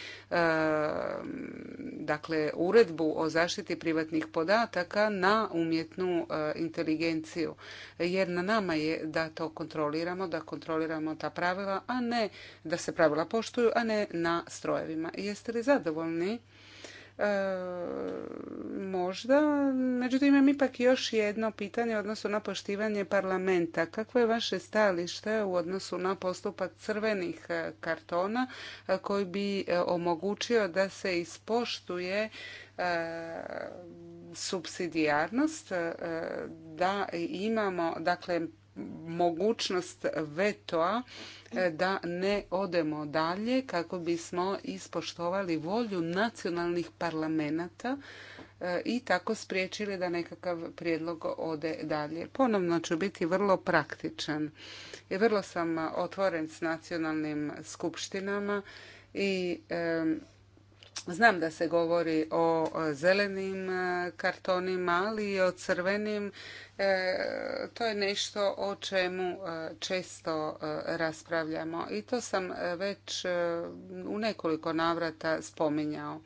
A: dakle uredbu o zaštiti privatnih podataka na umjetnu inteligenciju jer na nama je da to kontroliramo da kontroliramo ta pravila a ne da se pravila poštuju a ne na strojevima jeste li zadovoljni E, možda. Međutim, imam ipak još jedno pitanje u odnosu na poštivanje parlamenta. Kakvo je vaše stajalište u odnosu na postupak crvenih e, kartona e, koji bi omogućio da se ispoštuje subsidijarnost, da imamo, dakle, mogućnost vetoa e, da ne odemo dalje kako bismo ispoštovali volju nacionalnih parlamenta e, i tako spriječili da nekakav prijedlog ode dalje. Ponovno ću biti vrlo praktičan i vrlo sam otvoren s nacionalnim skupštinama i Znam da se govori o zelenim e, kartonima, ali i o crvenim. E, to je nešto o čemu e, često raspravljamo i to sam već u nekoliko navrata spominjao.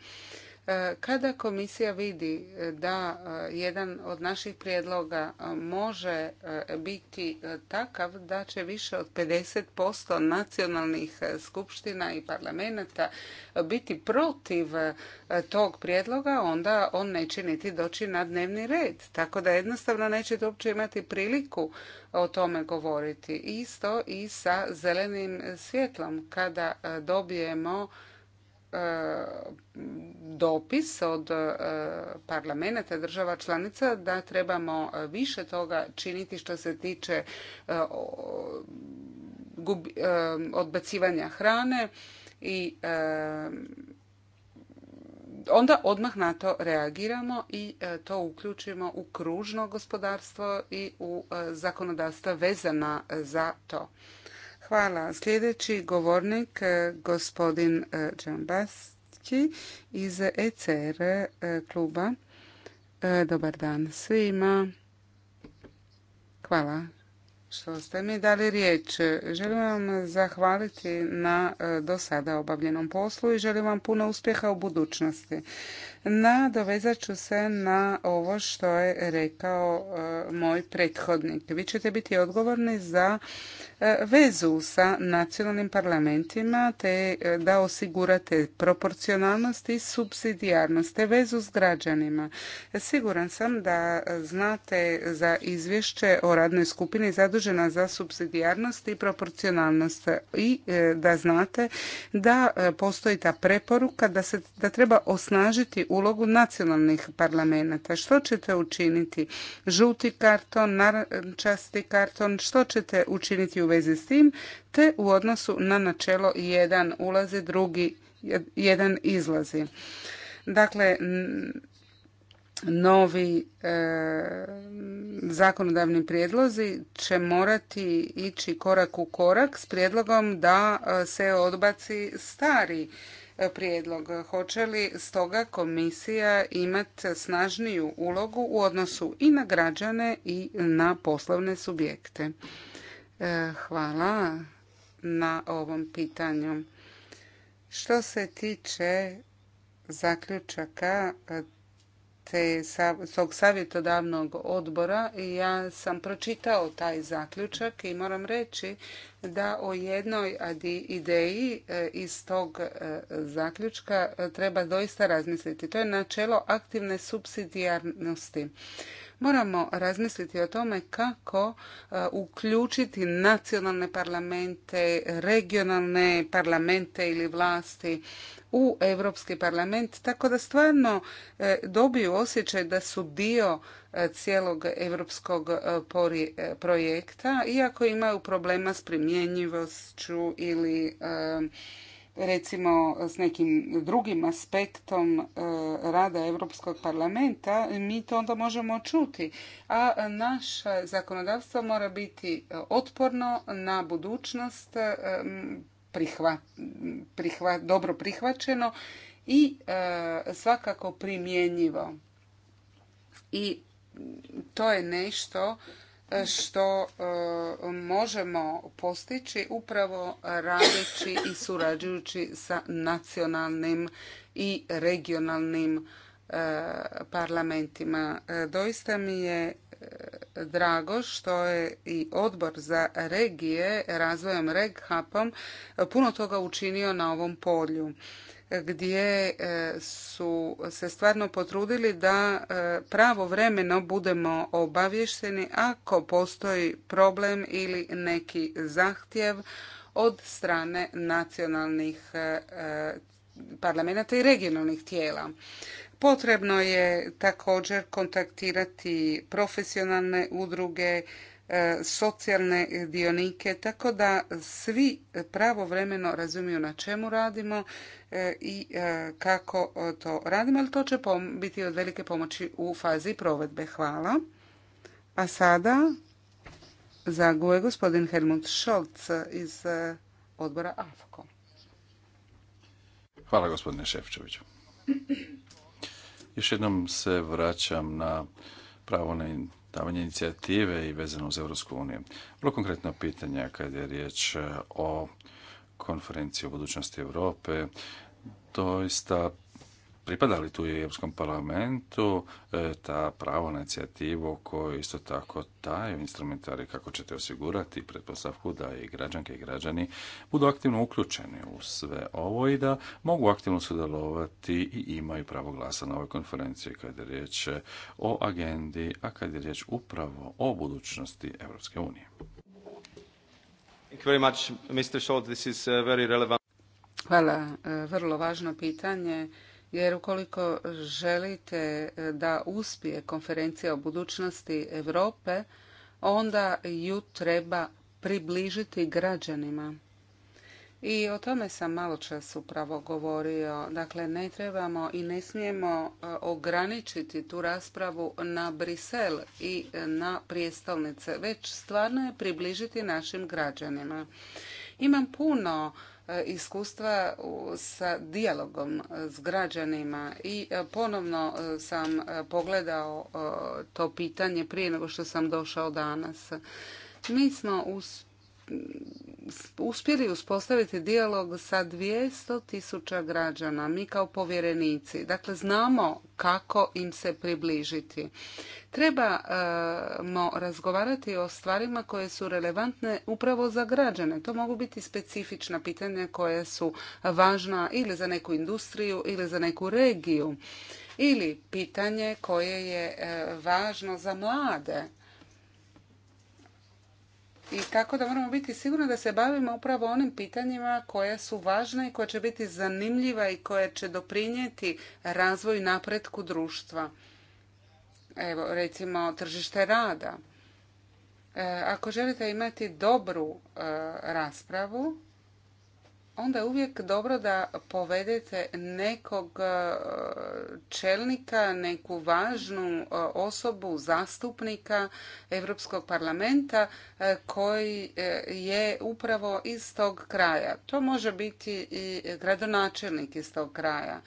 A: E, kada komisija vidi e, da e, jedan od naših prijedloga može biti takav da će više od 50% nacionalnih skupština i parlamenta biti protiv tog prijedloga, onda on neće niti doći na dnevni red. Tako da jednostavno nećete uopće imati priliku o tome govoriti. Isto i sa zelenim svjetlom. Kada dobijemo E, dopis od e, parlamenta država članica da trebamo više toga činiti što se tiče e, odbacivanja hrane i onda odmah na to reagiramo i to uključimo u kružno gospodarstvo i u zakonodavstva vezana za to. Hvala. Sljedeći govornik, e, gospodin e, Džambaski iz ECR e, kluba. Dobar dan svima. Hvala što ste mi dali riječ. Želim vam zahvaliti na do sada obavljenom poslu i želim vam puno uspjeha u budućnosti. Nadovezat ću se na ovo što je rekao moj prethodnik. Vi ćete biti odgovorni za vezu sa nacionalnim parlamentima te e, da osigurate proporcionalnost i subsidijarnost te vezu s građanima. Siguran sam da znate za izvješće o radnoj skupini zadužena za subsidijarnost i proporcionalnost i e, da znate da e, postoji ta preporuka da, se, da treba osnažiti ulogu nacionalnih parlamenta. Što ćete učiniti? Žuti karton, narančasti karton, što ćete učiniti u vezi s tim, te u odnosu na načelo jedan ulazi, drugi jedan izlazi. Dakle, novi e, zakonodavni prijedlozi će morati ići korak u korak s prijedlogom da e, se odbaci stari e, prijedlog. Hoće li stoga komisija imati snažniju ulogu u odnosu i na građane i na poslovne subjekte? E, hvala na ovom pitanju. Što se tiče zaključaka e, tog savjetodavnog odbora, ja sam pročitao taj zaključak i moram reći da o jednoj ideji e, iz tog zaključka treba doista razmisliti. To je načelo aktivne subsidijarnosti. Moramo razmisliti o tome kako e, uključiti nacionalne parlamente, regionalne parlamente ili vlasti u Europski parlament tako da stvarno e, dobiju osjećaj da su dio e, cijelog europskog projekta iako imaju problema s primjenjivošću ili recimo s nekim drugim aspektom e, rada Europskog parlamenta, mi to onda možemo čuti. A naše zakonodavstvo mora biti otporno na budućnost, e, prihva, dobro prihvaćeno i e, svakako primjenjivo. I to je nešto što e, možemo postići upravo radeći i surađujući sa nacionalnim i regionalnim e, parlamentima. E, doista mi je drago što je i odbor za regije razvojem RegHapom puno toga učinio na ovom polju gdje e, su se stvarno potrudili da e, pravovremeno budemo obavješteni ako postoji problem ili neki zahtjev od strane nacionalnih e, parlamenta i regionalnih tijela. Potrebno je također kontaktirati profesionalne udruge E, socijalne dionike, tako da svi pravovremeno razumiju na čemu radimo e, i e, kako to radimo, ali to će biti od velike pomoći u fazi provedbe. Hvala. A sada zaguje gospodin Helmut Scholz iz odbora AFKO.
C: Hvala gospodine Šefčeviću. Još jednom se vraćam na pravo na davanje inicijative i vezano uz Europsku uniju. Vrlo konkretno pitanja kad je riječ eh, o konferenciji o budućnosti Europe, doista Pripadali tu i Europskom parlamentu e, ta pravo na inicijativu koju isto tako taj instrumentari kako ćete osigurati pretpostavku da i građanke i građani budu aktivno uključeni u sve ovo i da mogu aktivno sudjelovati i imaju pravo glasa na ovoj konferenciji kada je riječ o agendi, a kada je riječ upravo o budućnosti Europske unije. Uh, relevant.
A: Hvala. Uh, vrlo važno pitanje jer ukoliko želite e, da uspije konferencija o budućnosti Europe, onda ju treba približiti građanima. I o tome sam malo čas upravo govorio. Dakle, ne trebamo i ne smijemo e, ograničiti tu raspravu na Brisel i e, na prijestolnice, već stvarno je približiti našim građanima. Imam puno iskustva sa dijalogom e, s građanima i e, ponovno e, sam pogledao to pitanje prije nego što sam došao danas. Mi smo uspjeli uspostaviti dijalog sa 200 tisuća građana, mi kao povjerenici. Dakle, znamo kako im se približiti. Trebamo e, razgovarati o stvarima koje su relevantne upravo za građane. To mogu biti specifična pitanja koja su važna ili za neku industriju ili za neku regiju. Ili pitanje koje je e, važno za mlade i tako da moramo biti sigurni da se bavimo upravo onim pitanjima koja su važna i koja će biti zanimljiva i koja će doprinijeti razvoju i napretku društva. Evo, recimo, tržište rada. E, ako želite imati dobru e, raspravu, onda je uvijek dobro da povedete nekog e, čelnika, neku važnu e, osobu, zastupnika Europskog parlamenta e, koji je upravo iz tog kraja. To može biti i gradonačelnik iz tog kraja.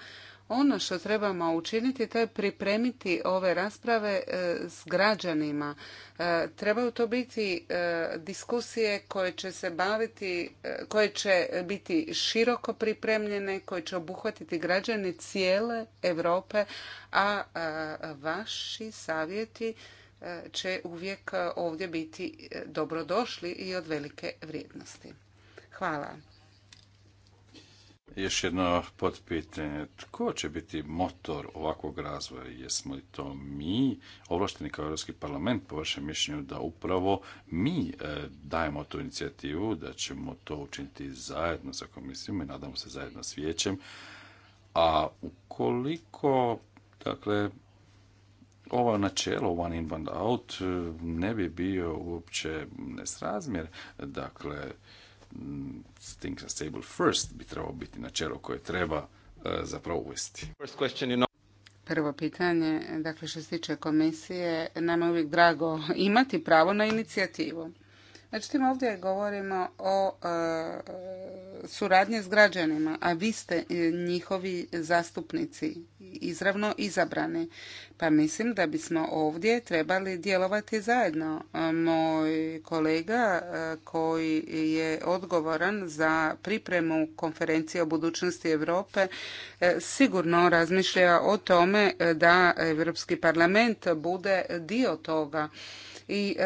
A: Ono što trebamo učiniti to je pripremiti ove rasprave e, s građanima. E, trebaju to biti e, diskusije koje će se baviti, koje će biti široko pripremljene, koje će obuhvatiti građani cijele Europe, a vaši savjeti će uvijek ovdje biti dobrodošli i od velike vrijednosti. Hvala.
C: Još jedno potpitanje. Tko će biti motor ovakvog razvoja? Jesmo li to mi, ovlašteni kao Europski parlament, po vašem mišljenju, da upravo mi e, dajemo tu inicijativu, da ćemo to učiniti zajedno sa komisijom i nadamo se zajedno s vijećem. A ukoliko, dakle, ovo načelo one in, one out e, ne bi bio uopće nesrazmjer, dakle, things a stable first bi trebao biti načelo koje treba e, zapravo uvesti.
A: Prvo pitanje, dakle što se tiče komisije, nama je uvijek drago [LAUGHS] imati pravo na inicijativu. Međutim, ovdje govorimo o e, suradnji s građanima, a vi ste e, njihovi zastupnici, izravno izabrani. Pa mislim da bismo ovdje trebali djelovati zajedno. E, moj kolega koji je odgovoran za pripremu konferencije o budućnosti Europe sigurno razmišlja o tome da Europski parlament bude dio toga i e,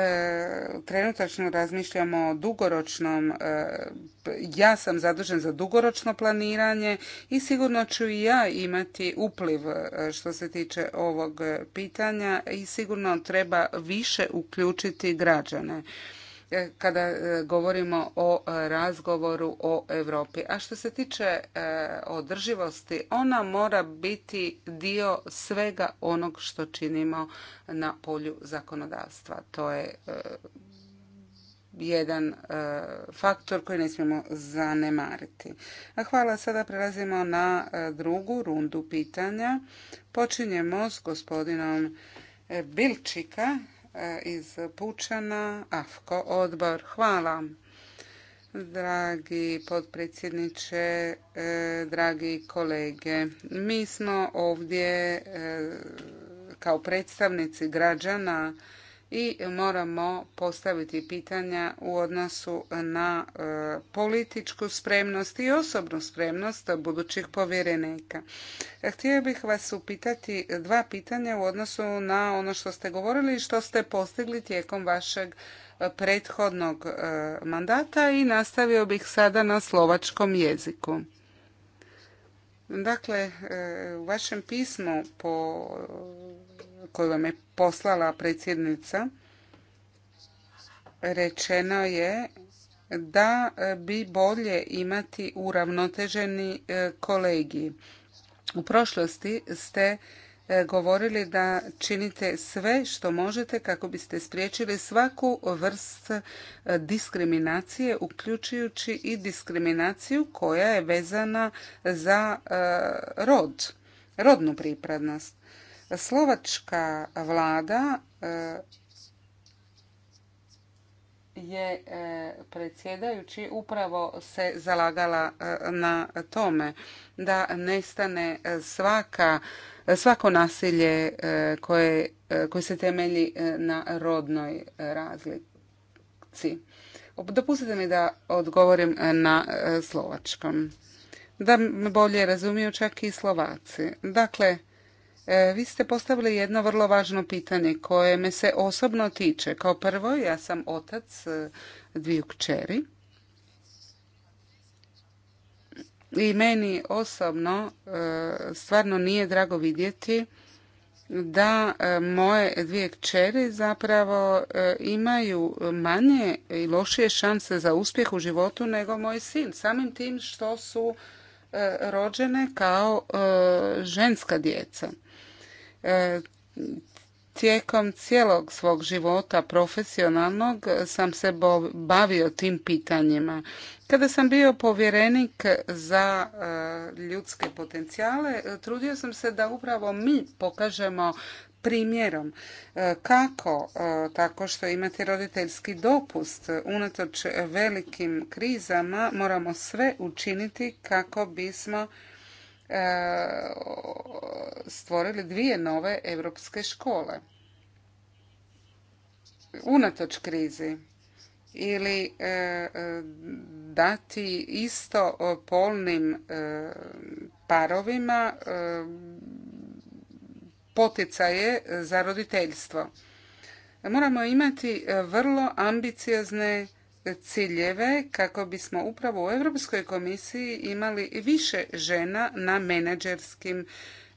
A: trenutačno razmišljamo o dugoročnom, e, ja sam zadužen za dugoročno planiranje i sigurno ću i ja imati upliv e, što se tiče ovog pitanja i sigurno treba više uključiti građane. E, kada e, govorimo o e, razgovoru o Europi. A što se tiče održivosti, ona mora biti dio svega onog što činimo na polju zakonodavstva. To je jedan faktor koji ne smijemo zanemariti. A hvala, sada prelazimo na drugu rundu pitanja. Počinjemo s gospodinom Bilčika E, iz Pučana, AFKO odbor. Hvala. Dragi potpredsjedniče, e, dragi kolege, mi smo ovdje e, kao predstavnici građana i moramo postaviti pitanja u odnosu na e, političku spremnost i osobnu spremnost budućih povjerenika. Htio bih vas upitati dva pitanja u odnosu na ono što ste govorili i što ste postigli tijekom vašeg e, prethodnog e, mandata i nastavio bih sada na slovačkom jeziku. Dakle, u vašem pismu po koju vam je poslala predsjednica rečeno je da bi bolje imati uravnoteženi e, kolegiji. U prošlosti ste e, govorili da činite sve što možete kako biste spriječili svaku vrst e, diskriminacije, uključujući i diskriminaciju koja je vezana za rod, rodnu pripadnost. Slovačka vlada e, je e, predsjedajući upravo se zalagala e, na tome da nestane svaka, svako nasilje koje, se temelji na rodnoj razlici. Dopustite mi da odgovorim na slovačkom. Da bolje razumiju čak i Slovaci. Dakle, E, vi ste postavili jedno vrlo važno pitanje koje me se osobno tiče. Kao prvo, ja sam otac e, dviju kćeri. I meni osobno e, stvarno nije drago vidjeti da moje dvije kćeri zapravo imaju manje i lošije šanse za uspjeh u životu nego moj sin. Samim tim što su rođene kao ženska djeca. E, tijekom cijelog svog života profesionalnog sam se bavio tim pitanjima. Kada sam bio povjerenik za e, ljudske potencijale, trudio sam se da upravo mi pokažemo primjerom e, kako tako što imate roditeljski dopust unatoč velikim krizama moramo sve učiniti kako bismo E, stvorili dvije nove europske škole. Unatoč krizi ili e, e, dati isto polnim parovima poticaje za roditeljstvo. Moramo imati vrlo ambiciozne ciljeve kako bismo upravo u Europskoj komisiji imali više žena na menadžerskim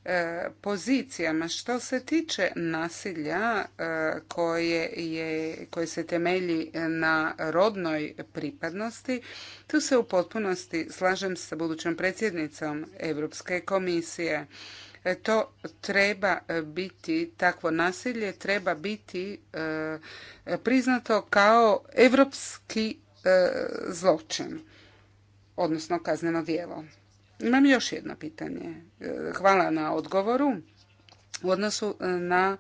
A: e, pozicijama. Što se tiče nasilja e, koje, je, koje se temelji na rodnoj pripadnosti, tu se u potpunosti slažem sa budućom predsjednicom Europske komisije. E, to treba e, biti, takvo nasilje treba biti e, priznato kao europski zločin, odnosno kazneno djelo. Imam još jedno pitanje. Hvala na odgovoru. U odnosu na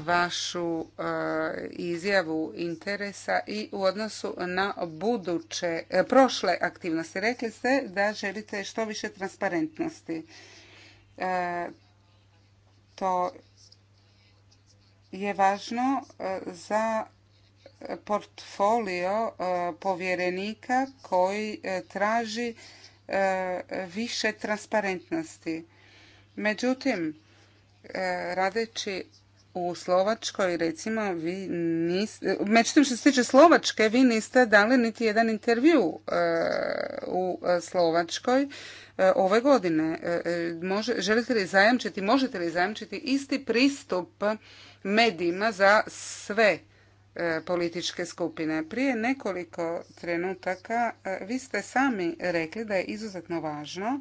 A: vašu izjavu interesa i u odnosu na buduće, prošle aktivnosti. Rekli ste da želite što više transparentnosti. E, to je važno e, za portfolio e, povjerenika koji traži više transparentnosti. Međutim, radeći u Slovačkoj, recimo, vi niste, međutim što se tiče Slovačke, vi niste dali niti jedan intervju e, u e, Slovačkoj e, ove godine. želite li zajamčiti, možete li zajamčiti isti pristup medijima za sve političke skupine. Prije nekoliko trenutaka vi ste sami rekli da je izuzetno važno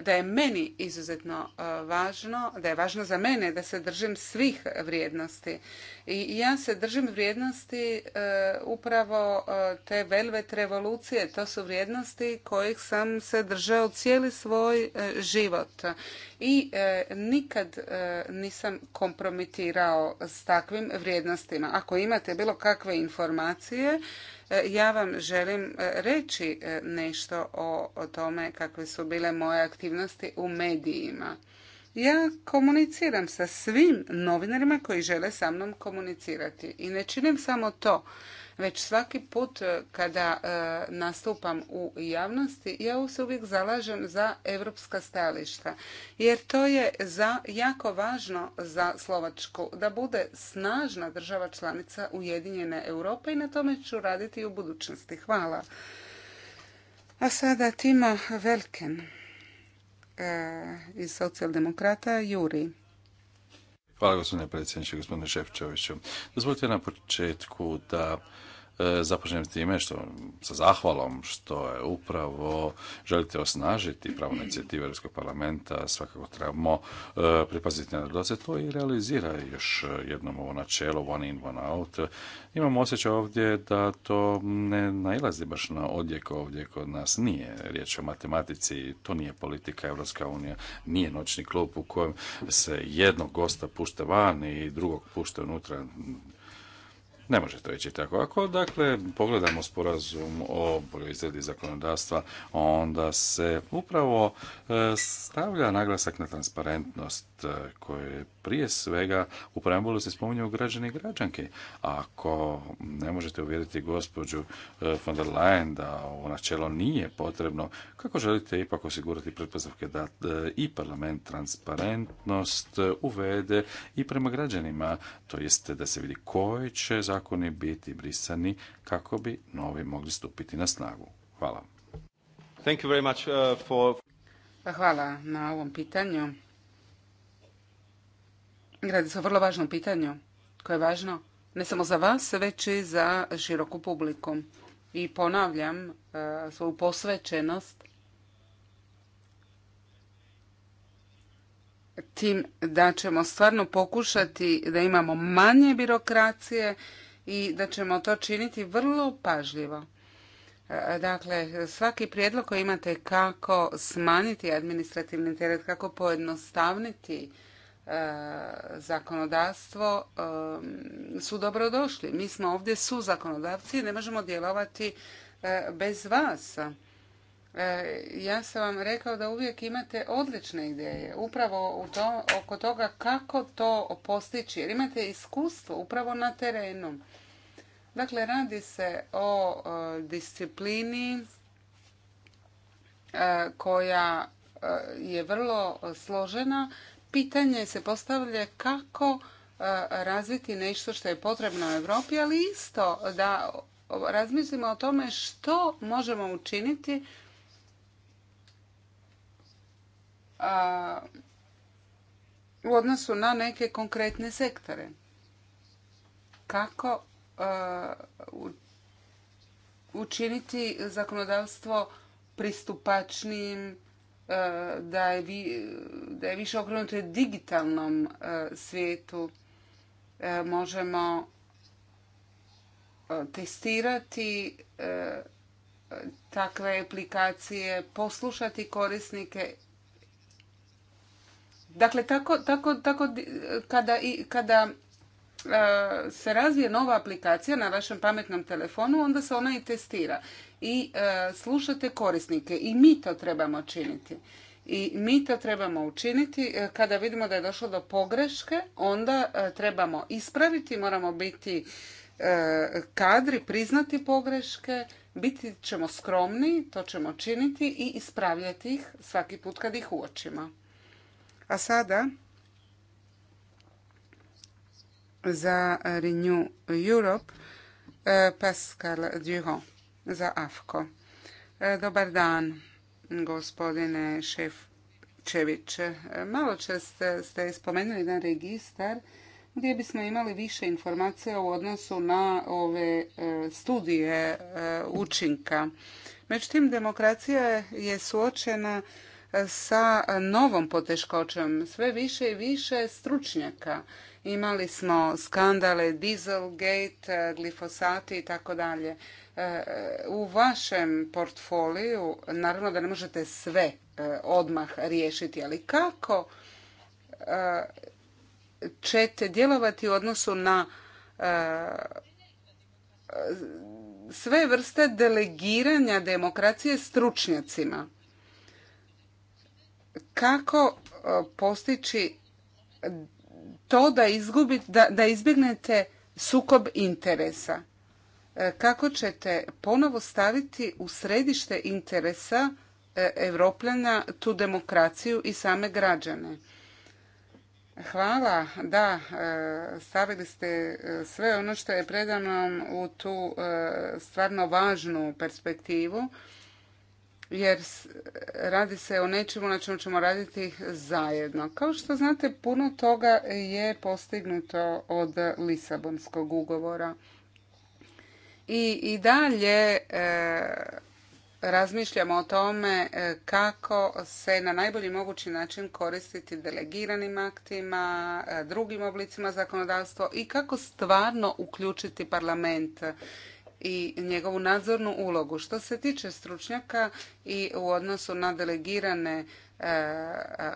A: da je meni izuzetno e, važno, da je važno za mene da se držim svih vrijednosti. I ja se držim vrijednosti e, upravo e, te velvet revolucije. To su vrijednosti kojih sam se držao cijeli svoj život. I nikad nisam kompromitirao s takvim vrijednostima. Ako imate bilo kakve informacije, E, ja vam želim e, reći e, nešto o, tome kakve su bile moje aktivnosti u medijima. Ja komuniciram sa svim novinarima koji žele sa mnom komunicirati i ne činim samo to. Već svaki put e, kada e, nastupam u javnosti, ja se uvijek zalažem za europska stajališta. Jer to je za, jako važno za Slovačku da bude snažna država članica Ujedinjene Europe i na tome ću raditi i u budućnosti. Hvala. A sada Tima Velken e, iz socijaldemokrata Juri.
C: Hvala gospodine predsjedniče, gospodine Šefčoviću. Dozvolite na početku da E, započnem time što sa zahvalom što je upravo želite osnažiti pravo inicijativu Europskog parlamenta, svakako trebamo e, pripaziti na da se to i realizira još jednom ovo načelo one in, one out. Imamo osjećaj ovdje da to ne nailazi baš na odjek ovdje kod nas. Nije riječ o matematici, to nije politika Europska unija, nije noćni klub u kojem se jednog gosta pušta van i drugog pušta unutra. Ne može to reći tako. Ako dakle pogledamo sporazum o proizvodi zakonodavstva, onda se upravo e, stavlja naglasak na transparentnost e, koje prije svega u preambulu se spominju građani i građanke. Ako ne možete uvjeriti gospođu eh, von der Leyen da ovo načelo nije potrebno, kako želite ipak osigurati pretpostavke da eh, i parlament transparentnost eh, uvede i prema građanima, to jeste da se vidi koji će zakoni biti brisani kako bi novi mogli stupiti na snagu. Hvala.
A: Pa hvala na ovom pitanju. Radi se o vrlo važnom pitanju koje je važno ne samo za vas, već i za široku publiku. I ponavljam e, svoju posvećenost tim da ćemo stvarno pokušati da imamo manje birokracije i da ćemo to činiti vrlo pažljivo. E, dakle, svaki prijedlog koji imate kako smanjiti administrativni teret, kako pojednostavniti E, zakonodavstvo e, su dobrodošli. Mi smo ovdje su zakonodavci i ne možemo djelovati e, bez vas. Ja sam vam rekao da uvijek imate odlične ideje, upravo u to, oko toga kako to postići, jer imate iskustvo upravo na terenu. Dakle, radi se o disciplini koja je vrlo složena, pitanje se postavlja kako e, razviti nešto što je potrebno u Europi, ali isto da razmislimo o tome što možemo učiniti u odnosu na neke konkretne sektore. Kako e, učiniti zakonodavstvo pristupačnijim E, da je, vi, više okrenuto digitalnom e, svijetu. E, možemo testirati takve aplikacije, poslušati korisnike. Dakle, tako, kada, kada se razvije nova aplikacija na vašem pametnom telefonu, onda se ona i testira i e, slušate korisnike. I mi to trebamo činiti. I mi to trebamo učiniti e, kada vidimo da je došlo do pogreške, onda e, trebamo ispraviti, moramo biti kadri, priznati pogreške, biti ćemo skromni, to ćemo činiti i ispravljati ih svaki put kad ih uočimo. A sada za Renew Europe Pascal Durand za AFKO. E, dobar dan, gospodine Šefčević. E, malo čest ste spomenuli jedan registar gdje bismo imali više informacija u odnosu na ove e, studije učinka. Međutim, demokracija je suočena sa novom poteškoćom. Sve više i više stručnjaka Imali smo skandale Dieselgate, e, glifosati i tako dalje. E, u vašem portfoliju, naravno da ne možete sve e, odmah riješiti, ali kako ćete djelovati u odnosu na sve vrste delegiranja demokracije stručnjacima. Kako postići to da, izgubi da, da izbjegnete sukob interesa? E, kako ćete ponovo staviti u središte interesa e, Evropljana tu demokraciju i same građane? Hvala, da, e, stavili ste sve ono što je predano u tu stvarno važnu perspektivu jer radi se o nečemu na čemu ćemo raditi zajedno. Kao što znate, puno toga je postignuto od Lisabonskog ugovora. I, i dalje e, razmišljamo o tome e, kako se na najbolji mogući način koristiti delegiranim aktima, e, drugim oblicima zakonodavstva i kako stvarno uključiti parlament i njegovu nadzornu ulogu. Što se tiče stručnjaka i u odnosu na delegirane e,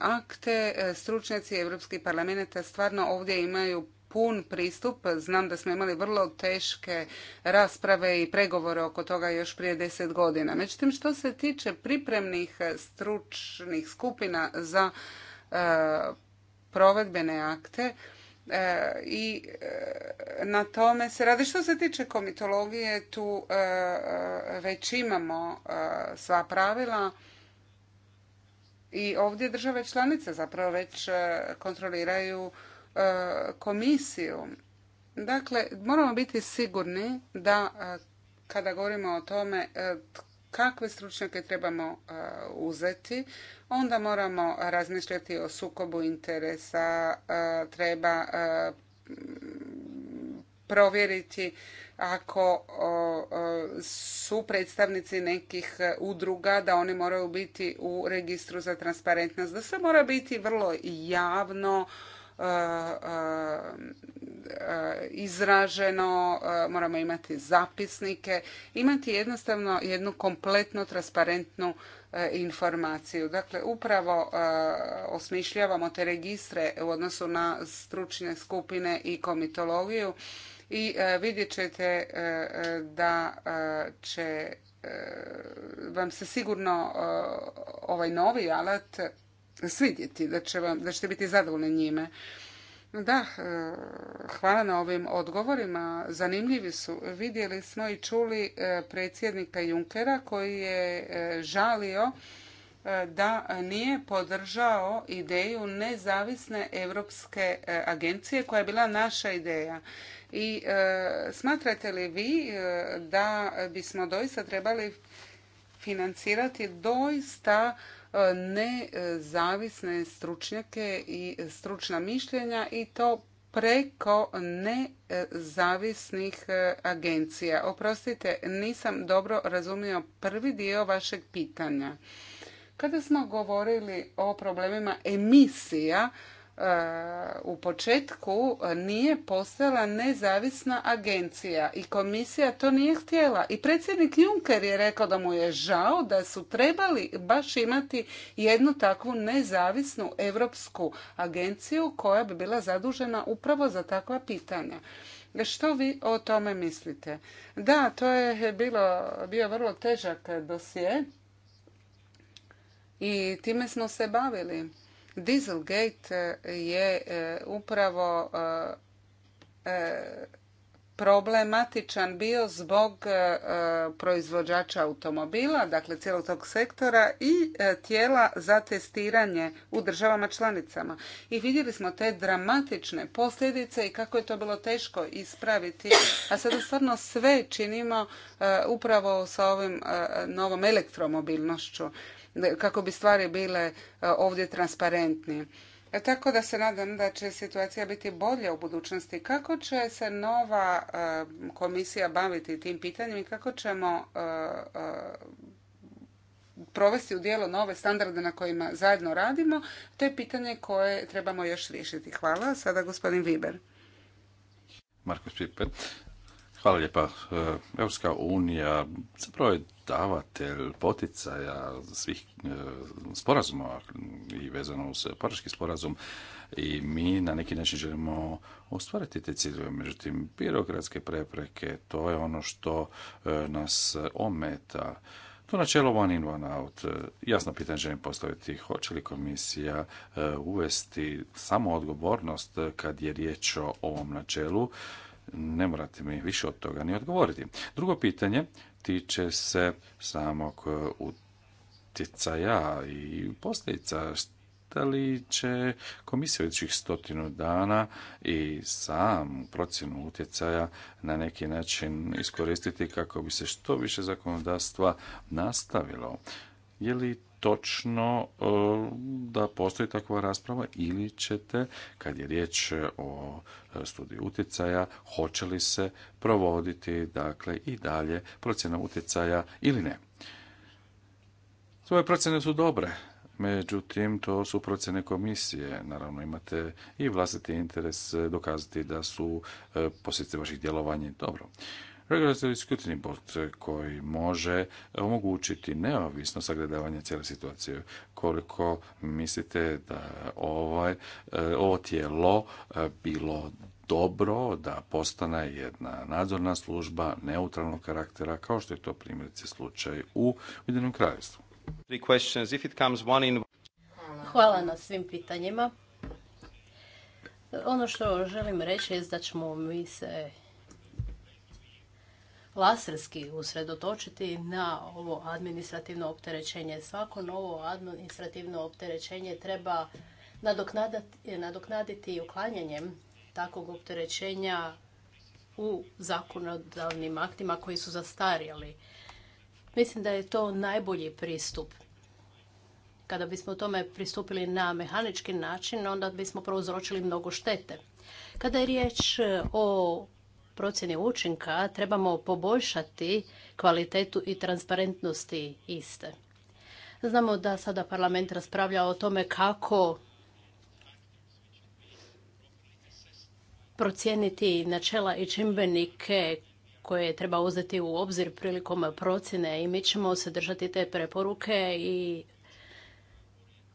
A: akte, e, stručnjaci Europskih parlamenta stvarno ovdje imaju pun pristup. Znam da smo imali vrlo teške rasprave i pregovore oko toga još prije deset godina. Međutim, što se tiče pripremnih stručnih skupina za e, provedbene akte, E, i e, na tome se radi. Što se tiče komitologije, tu e, već imamo sva pravila i ovdje države članice zapravo već kontroliraju komisiju. Dakle, moramo biti sigurni da kada govorimo o tome kakve stručnjake trebamo e, uzeti, onda moramo razmišljati o sukobu interesa, e, treba e, provjeriti ako su predstavnici nekih udruga da oni moraju biti u registru za transparentnost, da se mora biti vrlo javno Eh, izraženo, eh, moramo imati zapisnike, imati jednostavno jednu kompletnu transparentnu eh, informaciju. Dakle, upravo osmišljavamo te registre u odnosu na stručne skupine i komitologiju i vidjet ćete da će vam se sigurno ovaj novi alat svidjeti, da, će da ćete biti zadovoljni njime. Da, e, hvala na ovim odgovorima. Zanimljivi su. Vidjeli smo i čuli e, predsjednika Junkera koji je e, žalio da nije podržao ideju nezavisne europske agencije koja je bila naša ideja. I smatrate li vi da bismo doista trebali financirati doista nezavisne stručnjake i stručna mišljenja i to preko nezavisnih e, agencija. Oprostite, nisam dobro razumio prvi dio vašeg pitanja. Kada smo govorili o problemima emisija, u početku nije postala nezavisna agencija i komisija to nije htjela. I predsjednik Juncker je rekao da mu je žao da su trebali baš imati jednu takvu nezavisnu europsku agenciju koja bi bila zadužena upravo za takva pitanja. Što vi o tome mislite? Da, to je bilo, bio vrlo težak dosje i time smo se bavili Dieselgate e, je e, upravo e, problematičan bio zbog proizvođača automobila, dakle cijelog tog sektora i tijela za testiranje u državama članicama. I vidjeli smo te dramatične posljedice i kako je to bilo teško ispraviti. A sada stvarno sve činimo upravo sa ovim novom elektromobilnošću kako bi stvari bile e, ovdje transparentnije. Tako da se nadam da će situacija biti bolja u budućnosti. Kako će se nova e, komisija baviti tim pitanjem i kako ćemo e, provesti u dijelo nove standarde na kojima zajedno radimo, to je pitanje koje trebamo još riješiti. Hvala. Sada gospodin Viber.
C: Marko Hvala lijepa. Europska unija zapravo je davatelj poticaja svih e, sporazuma i vezano uz Pariški sporazum i mi na neki način želimo ostvariti te ciljeve. Međutim, birokratske prepreke, to je ono što e, nas ometa. To načelo one in, one out. Jasno pitanje želim postaviti. Hoće li komisija e, uvesti samo odgovornost kad je riječ o ovom načelu? Ne morate mi više od toga ni odgovoriti. Drugo pitanje, tiče se samog uh, utjecaja i posljedica da li će komisija idućih stotinu dana i sam procjenu utjecaja na neki način iskoristiti kako bi se što više zakonodavstva nastavilo. Je li točno e, da postoji takva rasprava ili ćete, kad je riječ o e, studiju utjecaja, hoće li se provoditi dakle i dalje procjena utjecaja ili ne. Svoje procjene su dobre, međutim to su procjene komisije. Naravno imate i vlastiti interes dokazati da su e, posljedice vaših djelovanja dobro regulatorni skutini bot koji može omogućiti neovisno sagledavanje cijele situacije. Koliko mislite da ovaj, e, ovo tijelo e, bilo dobro da postane jedna nadzorna služba neutralnog karaktera kao što je to primjerice slučaj u Ujedinom kraljevstvu.
B: Hvala na svim pitanjima. Ono što želim reći je da ćemo mi se laserski usredotočiti na ovo administrativno opterećenje. Svako novo administrativno opterećenje treba nadoknaditi i uklanjanjem takvog opterećenja u zakonodavnim aktima koji su zastarjeli. Mislim da je to najbolji pristup. Kada bismo tome pristupili na mehanički način, onda bismo prouzročili mnogo štete. Kada je riječ e, o procjeni učinka trebamo poboljšati kvalitetu i transparentnosti iste. Znamo da sada parlament raspravlja o tome kako procijeniti načela i čimbenike koje treba uzeti u obzir prilikom procjene i mi ćemo se držati te preporuke i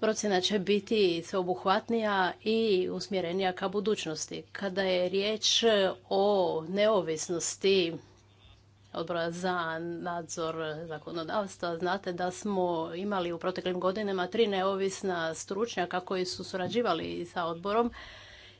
B: Procjena će biti sveobuhvatnija i usmjerenija ka budućnosti. Kada je riječ o neovisnosti odbora za nadzor zakonodavstva, znate da smo imali u proteklim godinama tri neovisna stručnjaka koji su surađivali sa odborom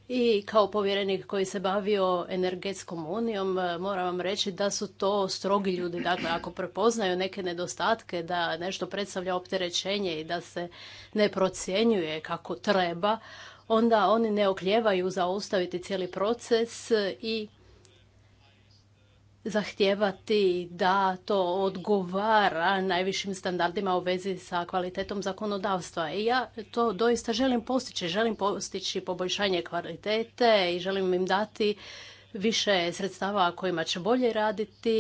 B: i kao povjerenik koji se bavio energetskom unijom e, moram vam reći da su to strogi ljudi. Dakle, ako prepoznaju neke nedostatke, da nešto predstavlja opterećenje i da se ne procjenjuje kako treba, onda oni ne okljevaju zaustaviti cijeli proces i zahtijevati da to odgovara najvišim standardima u vezi sa kvalitetom zakonodavstva. I ja to doista želim postići. Želim postići poboljšanje kvalitete i želim im dati više sredstava kojima će bolje raditi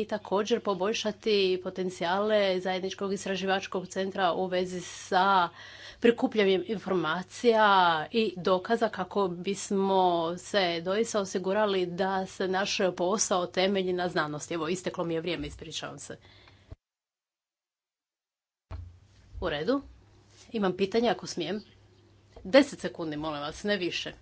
B: i također poboljšati potencijale zajedničkog istraživačkog centra u vezi sa prikupljanjem informacija i dokaza kako bismo se doista osigurali da se naš posao temelji na znanosti. Evo, isteklo mi je vrijeme, ispričavam se. U redu. Imam pitanje ako smijem. Deset sekundi, molim vas, ne više.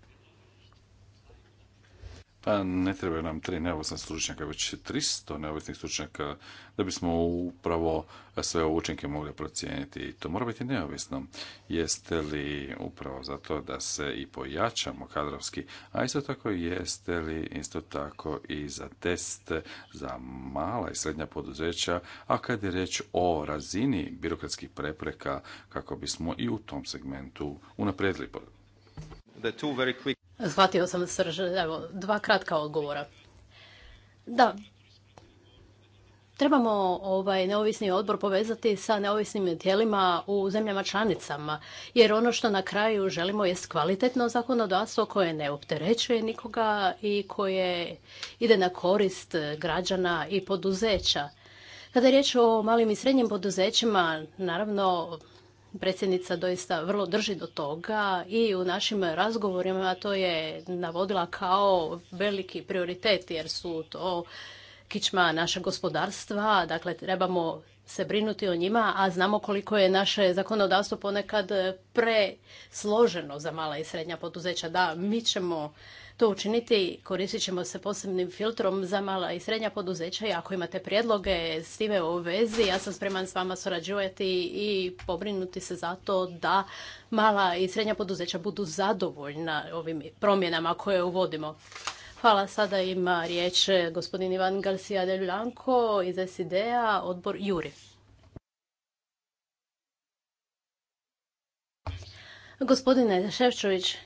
C: Pa ne trebaju nam tri neovisna stručnjaka, već 300 neovisnih stručnjaka da bismo upravo sve ovo učinke mogli procijeniti i to mora biti neovisno. Jeste li upravo za to da se i pojačamo kadrovski, a isto tako jeste li isto tako i za test za mala i srednja poduzeća, a kad je reč o razini birokratskih prepreka kako bismo i u tom segmentu unaprijedili.
B: Shvatio sam srž, evo, dva kratka odgovora. Da, trebamo ovaj neovisni odbor povezati sa neovisnim tijelima u zemljama članicama, jer ono što na kraju želimo je kvalitetno zakonodavstvo koje ne opterećuje nikoga i koje ide na korist građana i poduzeća. Kada je riječ o malim i srednjim poduzećima, naravno predsjednica doista vrlo drži do toga i u našim razgovorima to je navodila kao veliki prioritet jer su to kičma našeg gospodarstva, dakle trebamo se brinuti o njima, a znamo koliko je naše zakonodavstvo ponekad presloženo za mala i srednja poduzeća. Da, mi ćemo to učiniti. Koristit ćemo se posebnim filtrom za mala i srednja poduzeća i ako imate prijedloge s time u vezi, ja sam spreman s vama surađivati i pobrinuti se za to da mala i srednja poduzeća budu zadovoljna ovim promjenama koje uvodimo. Hvala. Sada ima riječ eh, gospodin Ivan Garcia del Blanco iz SID-a, odbor Juri. Gospodine Ševčović,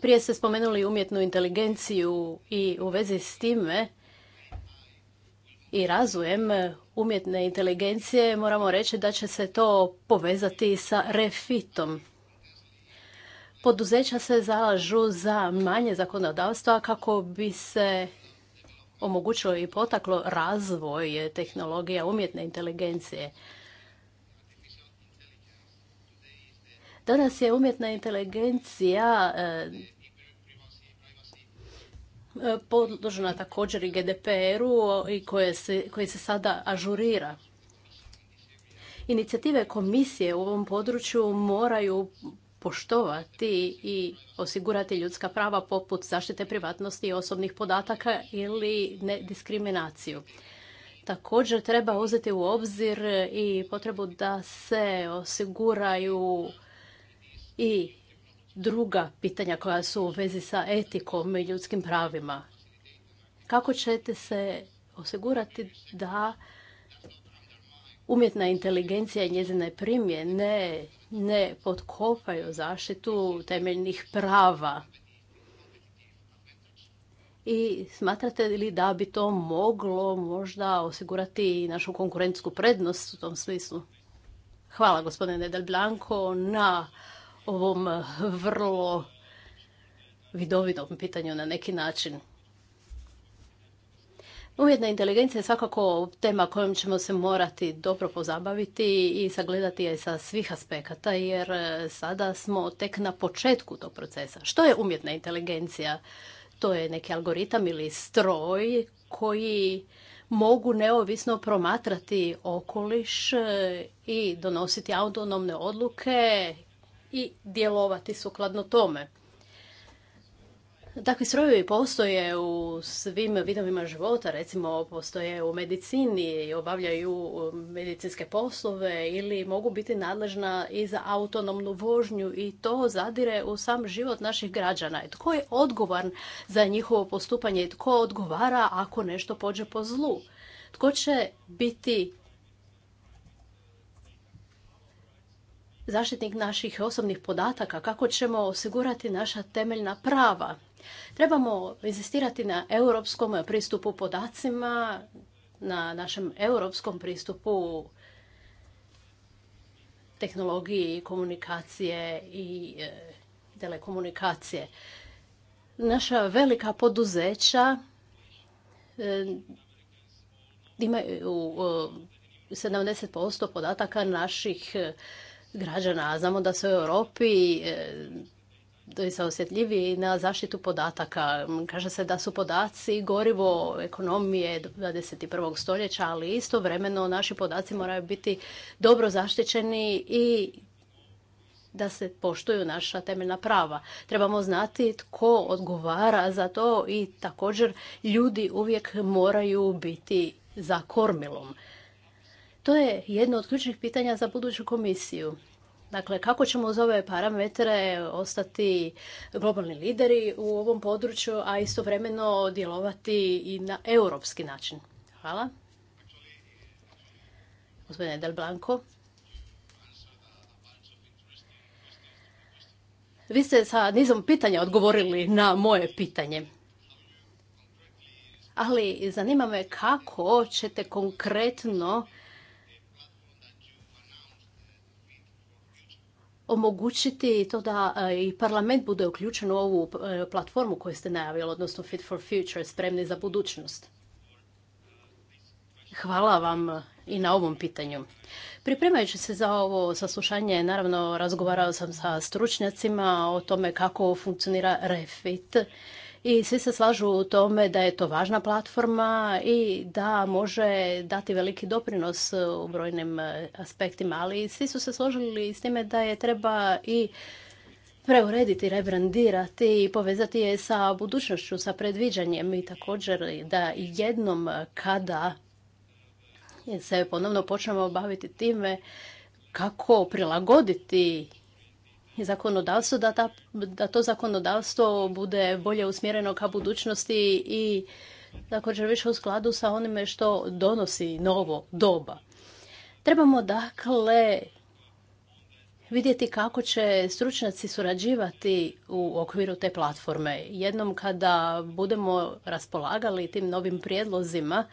B: prije ste spomenuli umjetnu inteligenciju i u vezi s time i razvojem umjetne inteligencije moramo reći da će se to povezati sa refitom. Poduzeća se zalažu za manje zakonodavstva kako bi se omogućilo i potaklo razvoj tehnologija umjetne inteligencije. Danas je umjetna inteligencija e, e, podložena također i GDPR-u i se, koji se sada ažurira. Inicijative komisije u ovom području moraju poštovati i osigurati ljudska prava poput zaštite privatnosti i osobnih podataka ili nediskriminaciju. Također treba uzeti u obzir i potrebu da se osiguraju i druga pitanja koja su u vezi sa etikom i ljudskim pravima. Kako ćete se osigurati da umjetna inteligencija i njezine primjene ne potkopaju zaštitu temeljnih prava? I smatrate li da bi to moglo možda osigurati našu konkurentsku prednost u tom smislu? Hvala gospodine Del Blanco na ovom eh, vrlo vidovitom pitanju na neki način. Umjetna inteligencija je svakako tema kojom ćemo se morati dobro pozabaviti i sagledati je sa svih aspekata jer eh, sada smo tek na početku tog procesa. Što je umjetna inteligencija? To je neki algoritam ili stroj koji mogu neovisno promatrati okoliš eh, i donositi autonomne odluke i djelovati sukladno tome. Takvi dakle, strojevi postoje u svim vidovima života, recimo postoje u medicini i obavljaju um, medicinske poslove ili mogu biti nadležna i za autonomnu vožnju i to zadire u sam život naših građana. Tko je odgovoran za njihovo postupanje i tko odgovara ako nešto pođe po zlu? Tko će biti zaštitnik naših osobnih podataka, kako ćemo osigurati naša temeljna prava. Trebamo inzistirati na europskom pristupu podacima, na našem europskom pristupu tehnologiji komunikacije i e, telekomunikacije. Naša velika poduzeća e, imaju 70% e, podataka naših građana. A znamo da su u Europi e, doista osjetljivi na zaštitu podataka. Kaže se da su podaci gorivo ekonomije 21. stoljeća, ali istovremeno naši podaci moraju biti dobro zaštićeni i da se poštuju naša temeljna prava. Trebamo znati tko odgovara za to i također ljudi uvijek moraju biti za kormilom. To je jedno od ključnih pitanja za buduću komisiju. Dakle, kako ćemo uz ove parametre ostati globalni lideri u ovom području, a istovremeno djelovati i na europski način? Hvala. Gospodine Del Blanco. Vi ste sa nizom pitanja odgovorili na moje pitanje. Ali zanima me kako ćete konkretno omogućiti to da eh, i parlament bude uključen u ovu eh, platformu koju ste najavili, odnosno Fit for Future, spremni za budućnost? Hvala vam eh, i na ovom pitanju. Pripremajući se za ovo saslušanje, naravno razgovarao sam sa stručnjacima o tome kako funkcionira REFIT i svi se slažu u tome da je to važna platforma i da može dati veliki doprinos u brojnim e, aspektima, ali svi su se složili s time da je treba i preurediti, rebrandirati i povezati je sa budućnošću, sa predviđanjem i također da jednom kada se ponovno počnemo baviti time kako prilagoditi zakonodavstvo, da, da to zakonodavstvo bude bolje usmjereno ka budućnosti i također više u skladu sa onime što donosi novo doba. Trebamo dakle vidjeti kako će stručnjaci surađivati u okviru te platforme. Jednom kada budemo raspolagali tim novim prijedlozima,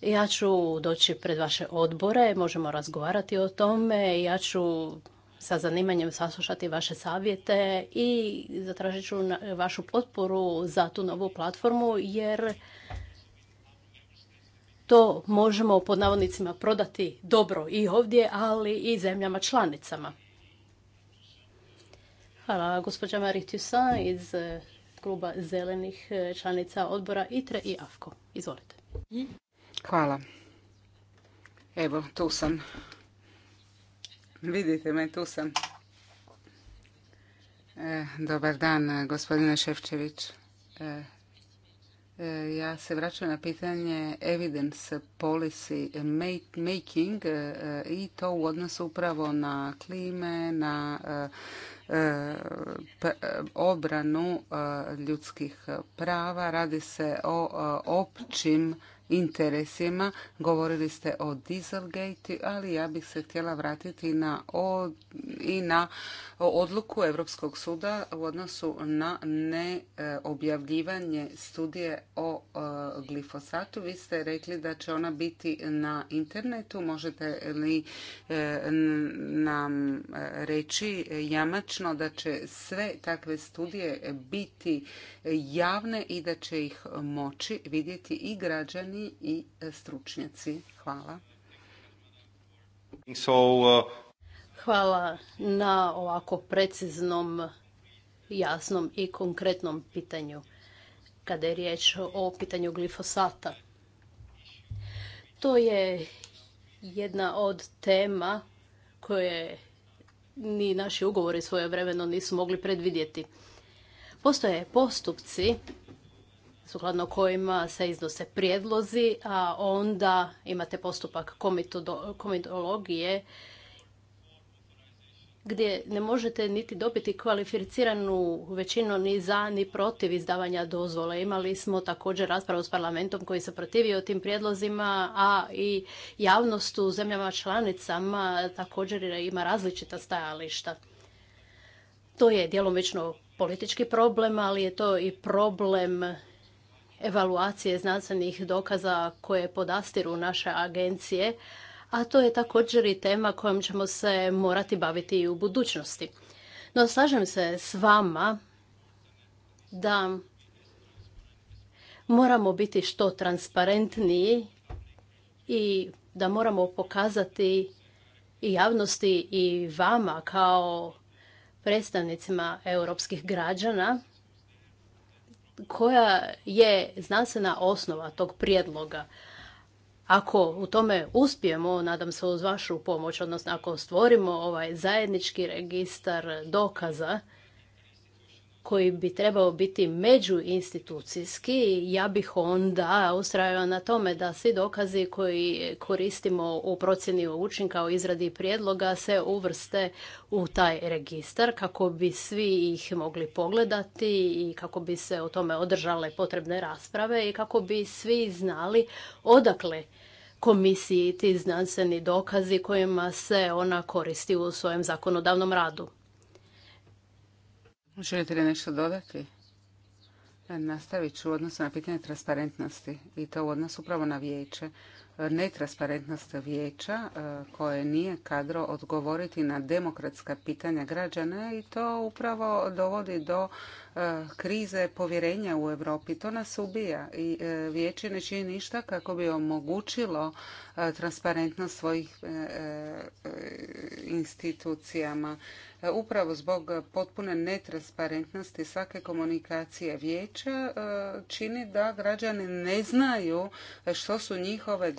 B: ja ću doći pred vaše odbore, možemo razgovarati o tome, ja ću sa zanimanjem saslušati vaše savjete i zatražit ću vašu potporu za tu novu platformu jer to možemo pod navodnicima prodati dobro i ovdje, ali i zemljama članicama. Hvala, gospođa Maritjusa iz eh, kluba zelenih eh, članica odbora ITRE i AFKO.
A: Izvolite. Hvala. Evo, tu sam. Vidite me, tu sam. E, dobar dan, gospodine Ševčević. E, e, ja se vraćam na pitanje evidence policy making i to u odnosu upravo na klime, na obranu ljudskih prava. Radi se o općim interesima. Govorili ste o Dieselgate, ali ja bih se htjela vratiti na o i na odluku Europskog suda u odnosu na neobjavljivanje studije o e, glifosatu. Vi ste rekli da će ona biti na internetu. Možete li e, nam e, reći jamačno da će sve takve studije biti javne i da će ih moći vidjeti i građani i e, stručnjaci. Hvala. Uh,
B: Hvala na ovako preciznom, jasnom i konkretnom pitanju kada je riječ o pitanju glifosata. To je jedna od tema koje ni naši ugovori svojevremeno nisu mogli predvidjeti. Postoje postupci sukladno kojima se iznose prijedlozi, a onda imate postupak komitologije gdje ne možete niti dobiti kvalificiranu većinu ni za ni protiv izdavanja dozvole. Imali smo također raspravu s parlamentom koji se protivio tim prijedlozima, a i javnost u zemljama članicama također ima različita stajališta. To je djelomično politički problem, ali je to i problem evaluacije znanstvenih dokaza koje podastiru naše agencije, a to je također i tema kojom ćemo se morati baviti i u budućnosti. No, slažem se s vama da moramo biti što transparentniji i da moramo pokazati i javnosti i vama kao predstavnicima europskih građana koja je znanstvena osnova tog prijedloga. Ako u tome uspijemo, nadam se uz vašu pomoć, odnosno ako stvorimo ovaj zajednički registar dokaza, koji bi trebao biti međuinstitucijski, ja bih onda ustrajala na tome da svi dokazi koji koristimo u procjeni učinka o izradi prijedloga se uvrste u taj registar kako bi svi ih mogli pogledati i kako bi se o tome održale potrebne rasprave i kako bi svi znali odakle komisiji ti znanstveni dokazi kojima se ona koristi u svojem zakonodavnom radu.
A: Želite li nešto dodati? E, nastavit ću u odnosu na pitanje transparentnosti i to u odnosu upravo na vijeće. E, netransparentnost vijeća e, koje nije kadro odgovoriti na demokratska pitanja građana i to upravo dovodi do krize povjerenja u Europi. To nas ubija i e, vijeće ne čini ništa kako bi omogućilo e, transparentnost svojih e, institucijama. Upravo zbog potpune netransparentnosti svake komunikacije vijeća čini da građani ne znaju što su njihove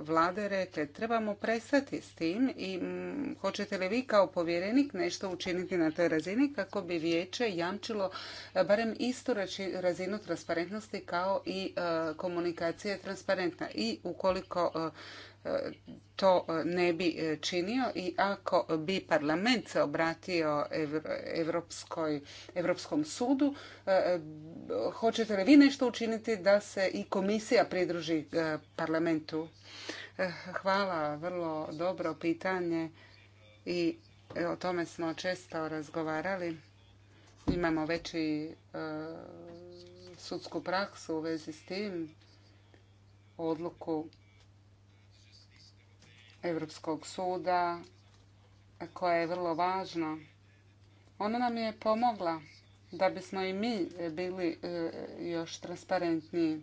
A: vlade rekle. Trebamo prestati s tim i hoćete li vi kao povjerenik nešto učiniti na toj razini kako bi vijeće jamčilo E, barem istu razinu transparentnosti kao i e, komunikacija je transparentna. I ukoliko e, to ne bi činio i ako bi parlament se obratio Evropskoj, Evropskom sudu, hoćete li vi nešto učiniti da se i komisija pridruži parlamentu? Hvala, vrlo dobro pitanje i o tome smo često razgovarali imamo veći e, sudsku praksu u vezi s tim odluku Europskog suda koja je vrlo važna. Ona nam je pomogla da bismo i mi bili e, još transparentniji.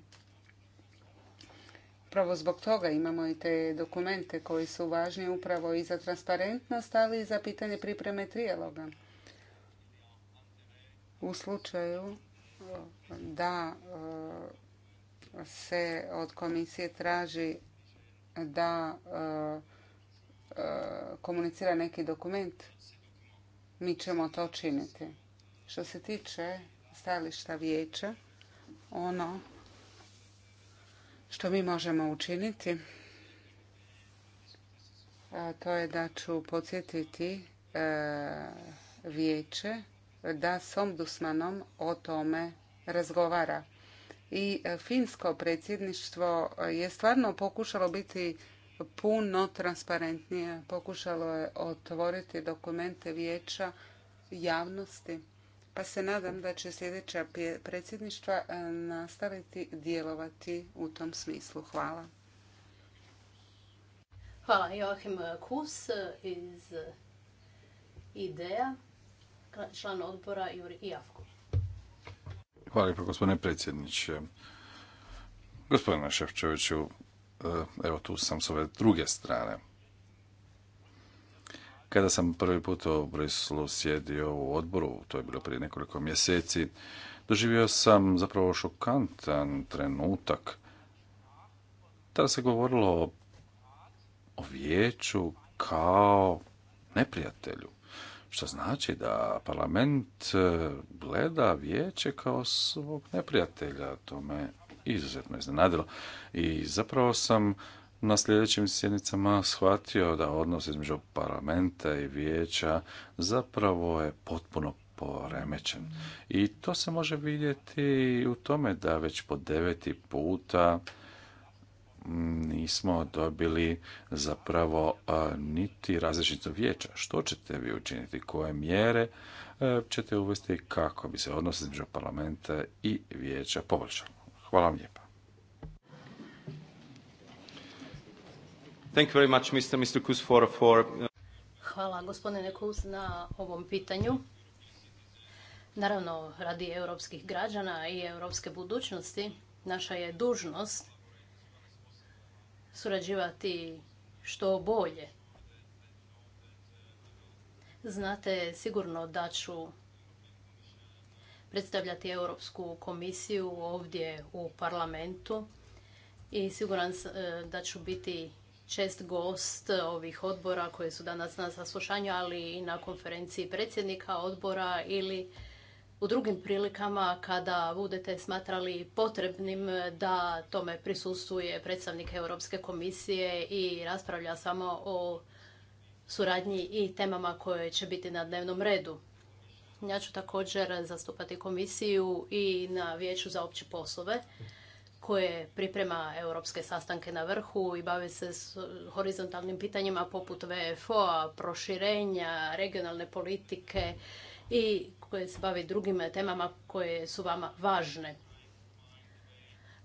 A: Upravo zbog toga imamo i te dokumente koji su važni upravo i za transparentnost, ali i za pitanje pripreme trijaloga u slučaju da e, se od komisije traži da e, e, komunicira neki dokument, mi ćemo to činiti. Što se tiče stajališta vijeća, ono što mi možemo učiniti, to je da ću podsjetiti vijeće da s ombudsmanom o tome razgovara. I e, finsko predsjedništvo je stvarno pokušalo biti puno transparentnije, pokušalo je otvoriti dokumente vijeća javnosti. Pa se nadam da će sljedeća predsjedništva e, nastaviti djelovati u tom smislu. Hvala.
B: Hvala Joachim e, iz IDEA član odbora Juri Javković.
C: Hvala lijepo, gospodine predsjedniče. Gospodine Ševčeviću, eh, evo tu sam s ove druge strane. Kada sam prvi put u Brislu sjedio u odboru, to je bilo prije nekoliko mjeseci, doživio sam zapravo šokantan trenutak. Tada se govorilo o vijeću kao neprijatelju što znači da parlament e, gleda vijeće kao svog neprijatelja. To me izuzetno iznenadilo. I zapravo sam na sljedećim sjednicama shvatio da odnos između parlamenta i vijeća zapravo je potpuno poremećen. I to se može vidjeti u tome da već po deveti puta nismo dobili zapravo niti različito vijeća. Što ćete vi učiniti? Koje mjere e, ćete uvesti kako bi se odnos između parlamenta i vijeća poboljšalo? Hvala vam lijepa. Uh,
B: Hvala gospodine Kus na ovom pitanju. Naravno, radi europskih građana i europske budućnosti naša je dužnost surađivati što bolje. Znate sigurno da ću predstavljati Europsku komisiju ovdje u parlamentu i siguran sam e, da ću biti čest gost ovih odbora koji su danas na saslušanju, ali i na konferenciji predsjednika odbora ili u drugim prilikama kada budete smatrali potrebnim da tome prisustvuje predstavnik Europske komisije i raspravlja samo o suradnji i temama koje će biti na dnevnom redu. Ja ću također zastupati komisiju i na Vijeću za opće poslove koje priprema europske sastanke na vrhu i bavi se s horizontalnim pitanjima poput VFO-a, proširenja, regionalne politike i koje se bavi drugim temama koje su vama važne.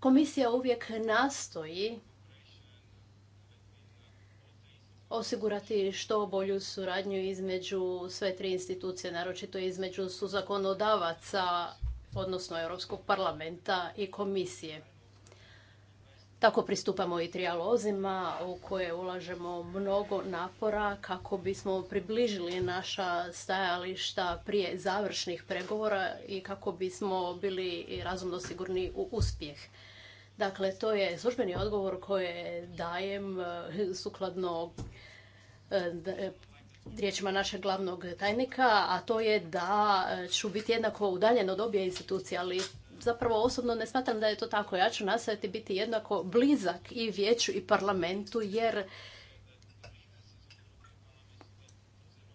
B: Komisija uvijek nastoji osigurati što bolju suradnju između sve tri institucije, naročito između zakonodavaca, odnosno Europskog parlamenta i komisije. Tako pristupamo i trijalozima u koje ulažemo mnogo napora kako bismo približili naša stajališta prije završnih pregovora i kako bismo bili razumno sigurni u uspjeh. Dakle, to je službeni odgovor koje dajem e, sukladno e, e, riječima našeg glavnog tajnika, a to je da ću biti jednako udaljen od obje institucije, ali zapravo osobno ne smatram da je to tako. Ja ću nastaviti biti jednako blizak i vijeću i parlamentu jer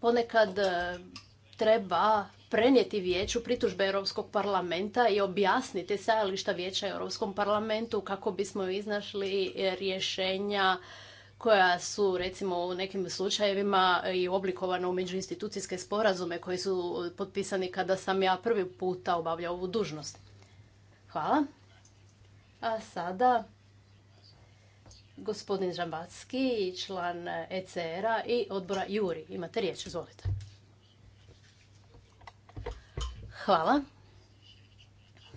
B: ponekad e, treba prenijeti vijeću pritužbe Europskog parlamenta i objasniti stajališta vijeća Europskom parlamentu kako bismo iznašli e, rješenja koja su recimo u nekim slučajevima i oblikovana u međuinstitucijske sporazume koji su potpisani kada sam ja prvi puta obavljao ovu dužnost. Hvala. A sada gospodin Žambatski, član ECR-a i odbora Juri. Imate riječ, izvolite. Hvala.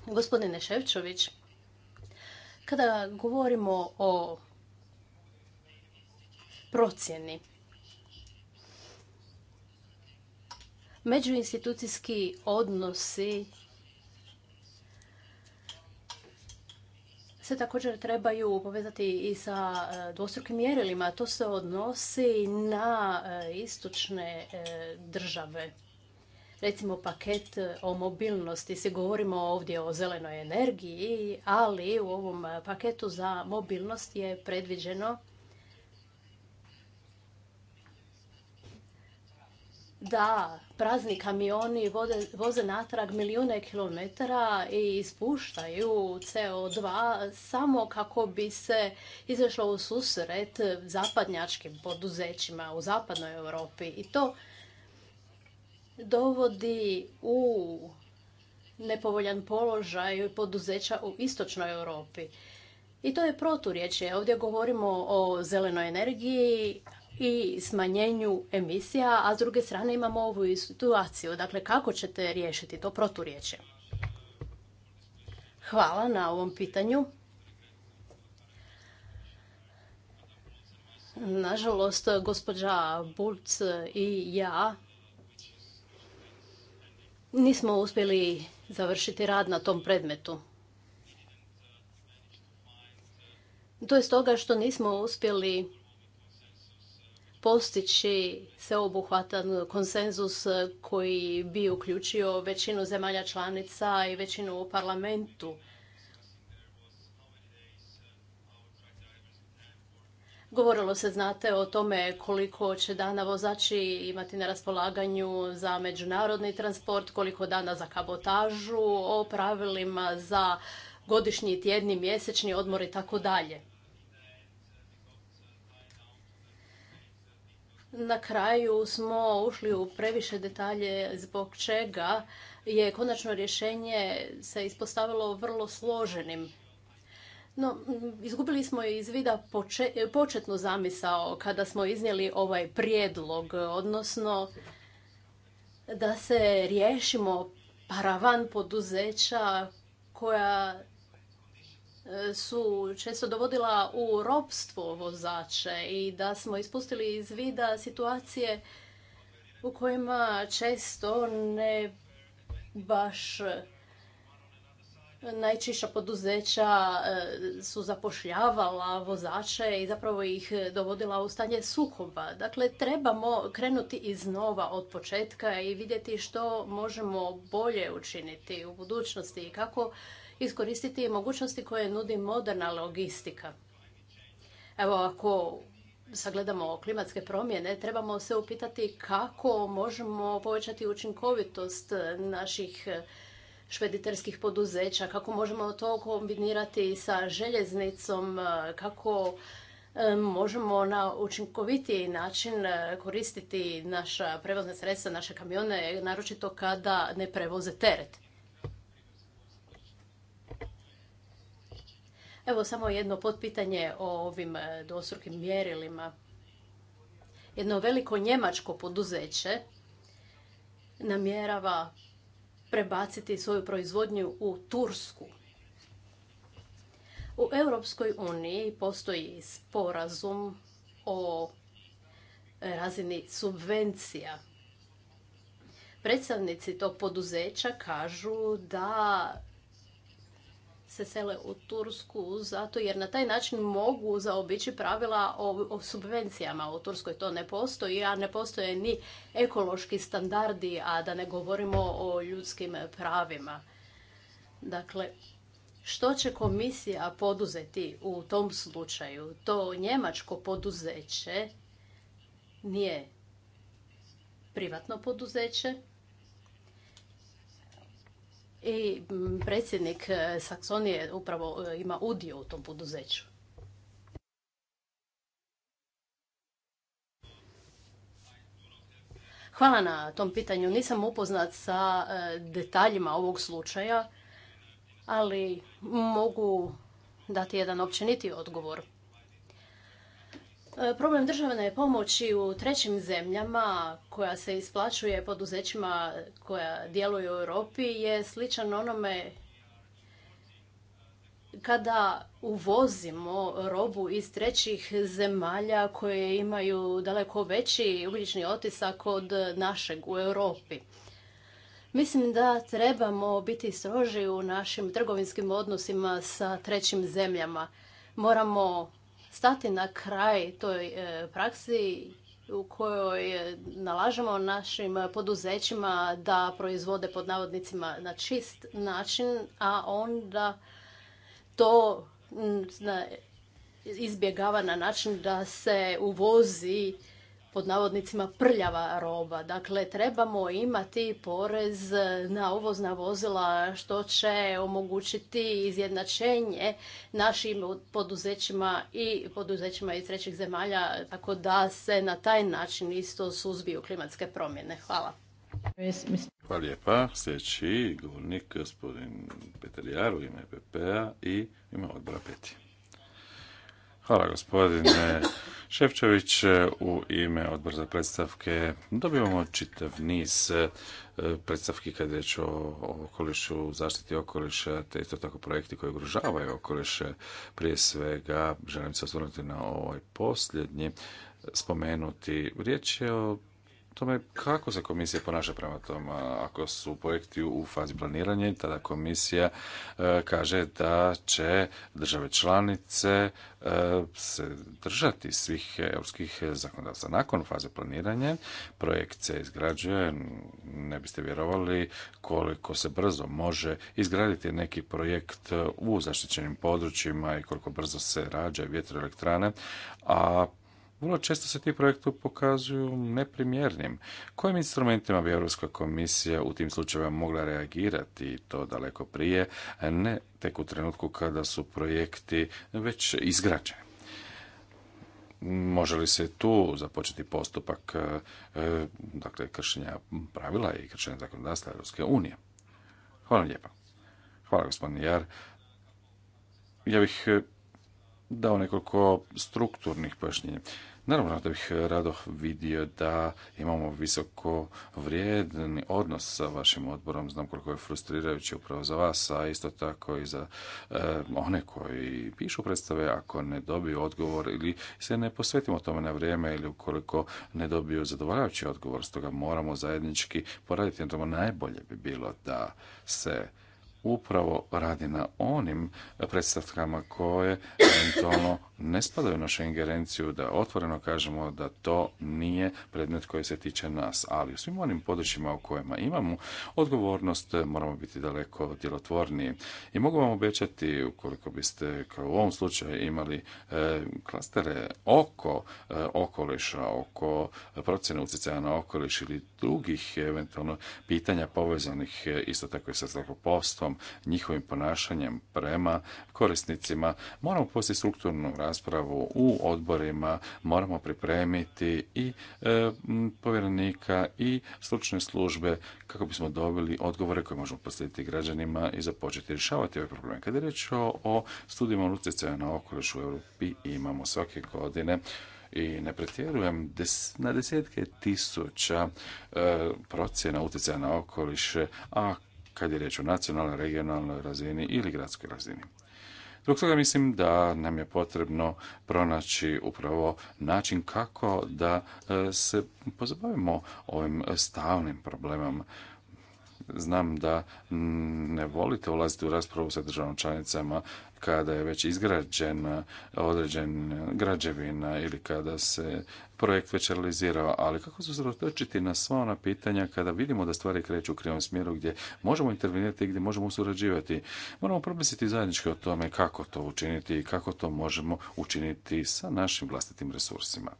B: Gospodine Ševčović, kada govorimo o procjeni, međuinstitucijski odnosi se također trebaju povezati i sa e, dvostrukim mjerilima. To se odnosi na e, istočne e, države. Recimo paket o mobilnosti, se govorimo ovdje o zelenoj energiji, ali u ovom paketu za mobilnost je predviđeno da prazni kamioni voze natrag milijune kilometara i ispuštaju CO2 samo kako bi se izašlo u susret zapadnjačkim poduzećima u zapadnoj Europi i to dovodi u nepovoljan položaj poduzeća u istočnoj Europi. I to je proturječje. Ovdje govorimo o zelenoj energiji, i smanjenju emisija, a s druge strane imamo ovu situaciju. Dakle, kako ćete riješiti to proturječje? Hvala na ovom pitanju. Nažalost, gospođa Bulc i ja nismo uspjeli završiti rad na tom predmetu. To je stoga što nismo uspjeli postići sveobuhvatan konsenzus koji bi uključio većinu zemalja članica i većinu u parlamentu. Govorilo se, znate, o tome koliko će dana vozači imati na raspolaganju za međunarodni transport, koliko dana za kabotažu, o pravilima za godišnji, tjedni, mjesečni odmor i tako dalje. na kraju smo ušli u previše detalje zbog čega je konačno rješenje se ispostavilo vrlo složenim. No, izgubili smo iz vida početnu zamisao kada smo iznijeli ovaj prijedlog, odnosno da se riješimo paravan poduzeća koja su često dovodila u ropstvo vozače i da smo ispustili iz vida situacije u kojima često ne baš najčešća poduzeća e, su zapošljavala vozače i zapravo ih dovodila u stanje sukoba. Dakle, trebamo krenuti iznova od početka i vidjeti što možemo bolje učiniti u budućnosti i kako iskoristiti mogućnosti koje nudi moderna logistika. Evo, ako sagledamo klimatske promjene, trebamo se upitati kako možemo povećati učinkovitost naših švediteljskih poduzeća, kako možemo to kombinirati sa željeznicom, kako e, možemo na učinkovitiji način e, koristiti naša prevozna sredstva, naše kamione, naročito kada ne prevoze teret. Evo samo jedno potpitanje o ovim e, dvostrukim mjerilima. Jedno veliko njemačko poduzeće namjerava prebaciti svoju proizvodnju u Tursku. U Europskoj uniji postoji sporazum o razini subvencija. Predstavnici tog poduzeća kažu da se sele u Tursku zato jer na taj način mogu zaobići pravila o, subvencijama. U Turskoj to ne postoji, a ne postoje ni ekološki standardi, a da ne govorimo o ljudskim pravima. Dakle, što će komisija poduzeti u tom slučaju? To njemačko poduzeće nije privatno poduzeće, i mm, predsjednik e, Saksonije upravo e, ima udio u tom poduzeću. Hvala na tom pitanju. Nisam upoznat sa e, detaljima ovog slučaja, ali mogu dati jedan općeniti odgovor. E, problem državne pomoći u trećim zemljama koja se isplaćuje poduzećima koja djeluju u Europi je sličan onome kada uvozimo robu iz trećih zemalja koje imaju daleko veći ugljični otisak od našeg u Europi. Mislim da trebamo biti stroži u našim trgovinskim odnosima sa trećim zemljama. Moramo stati na kraj toj e, praksi u kojoj e, nalažemo našim poduzećima da proizvode pod navodnicima na čist način, a onda to izbjegava na način da se uvozi pod navodnicima prljava roba. Dakle, trebamo imati porez na uvozna vozila što će omogućiti izjednačenje našim poduzećima i poduzećima iz trećih zemalja, tako da se na taj način isto suzbiju klimatske promjene. Hvala.
C: Hvala lijepa. Sljedeći govornik, gospodin Petar u ime epp i ima odbora peti. Hvala gospodine Ševčević. U ime odbor za predstavke dobivamo čitav niz e, predstavki kad je o okolišu, zaštiti okoliša, te isto tako projekti koji ugrožavaju okoliše. Prije svega želim se osvrnuti na ovaj posljednji spomenuti. Riječ je o tome kako se komisija ponaša prema tom. Ako su projekti u fazi planiranja, tada komisija e, kaže da će države članice e, se držati svih europskih zakonodavstva. Nakon faze planiranja projekt se izgrađuje, ne biste vjerovali koliko se brzo može izgraditi neki projekt u zaštićenim područjima i koliko brzo se rađa vjetroelektrane, a vrlo često se ti projekti pokazuju neprimjernim. Kojim instrumentima bi Europska komisija u tim slučajevima mogla reagirati to daleko prije, a ne tek u trenutku kada su projekti već izgrađeni? Može li se tu započeti postupak e, e, dakle, kršenja pravila i kršenja zakonodavstva Europske unije? Hvala lijepa. Hvala gospodin Jar. Ja bih e, dao nekoliko strukturnih pojašnjenja. Naravno da bih rado vidio da imamo visoko vrijedni odnos sa vašim odborom. Znam koliko je frustrirajući upravo za vas, a isto tako i za e, one koji pišu predstave ako ne dobiju odgovor ili se ne posvetimo tome na vrijeme ili ukoliko ne dobiju zadovoljavajući odgovor. Stoga moramo zajednički poraditi na tome. Najbolje bi bilo da se upravo radi na onim predstavkama koje eventualno ne spadaju u našu ingerenciju da otvoreno kažemo da to nije predmet koji se tiče nas, ali u svim onim područjima u kojima imamo odgovornost moramo biti daleko djelotvorniji. I mogu vam obećati, ukoliko biste kao u ovom slučaju imali e, klastere oko e, okoliša, oko procjene utjecaja na okoliš ili drugih eventualno pitanja povezanih e, isto tako i sa zrakoplovstvom, njihovim ponašanjem prema korisnicima, moramo postići strukturnu raspravu u odborima moramo pripremiti i e, povjerenika i stručne službe kako bismo dobili odgovore koje možemo postaviti građanima i započeti rješavati ove probleme. Kada je reč o, o utjecaja na okoliš u Europi imamo svake godine i ne pretjerujem na desetke tisuća e, procjena utjecaja na okoliš, a kad je reč o nacionalnoj, regionalnoj razini ili gradskoj razini. Zbog toga mislim da nam je potrebno pronaći upravo način kako da e, se pozabavimo ovim stalnim problemom Znam da ne volite ulaziti u raspravu sa državnom članicama kada je već izgrađena e, određena građevina ili kada se projekt već realizirao, ali kako se zrotočiti na sva ona pitanja kada vidimo da stvari kreću u krivom smjeru gdje možemo intervenirati i gdje možemo surađivati. Moramo promisliti zajednički o tome kako to učiniti i kako to možemo učiniti sa našim vlastitim resursima.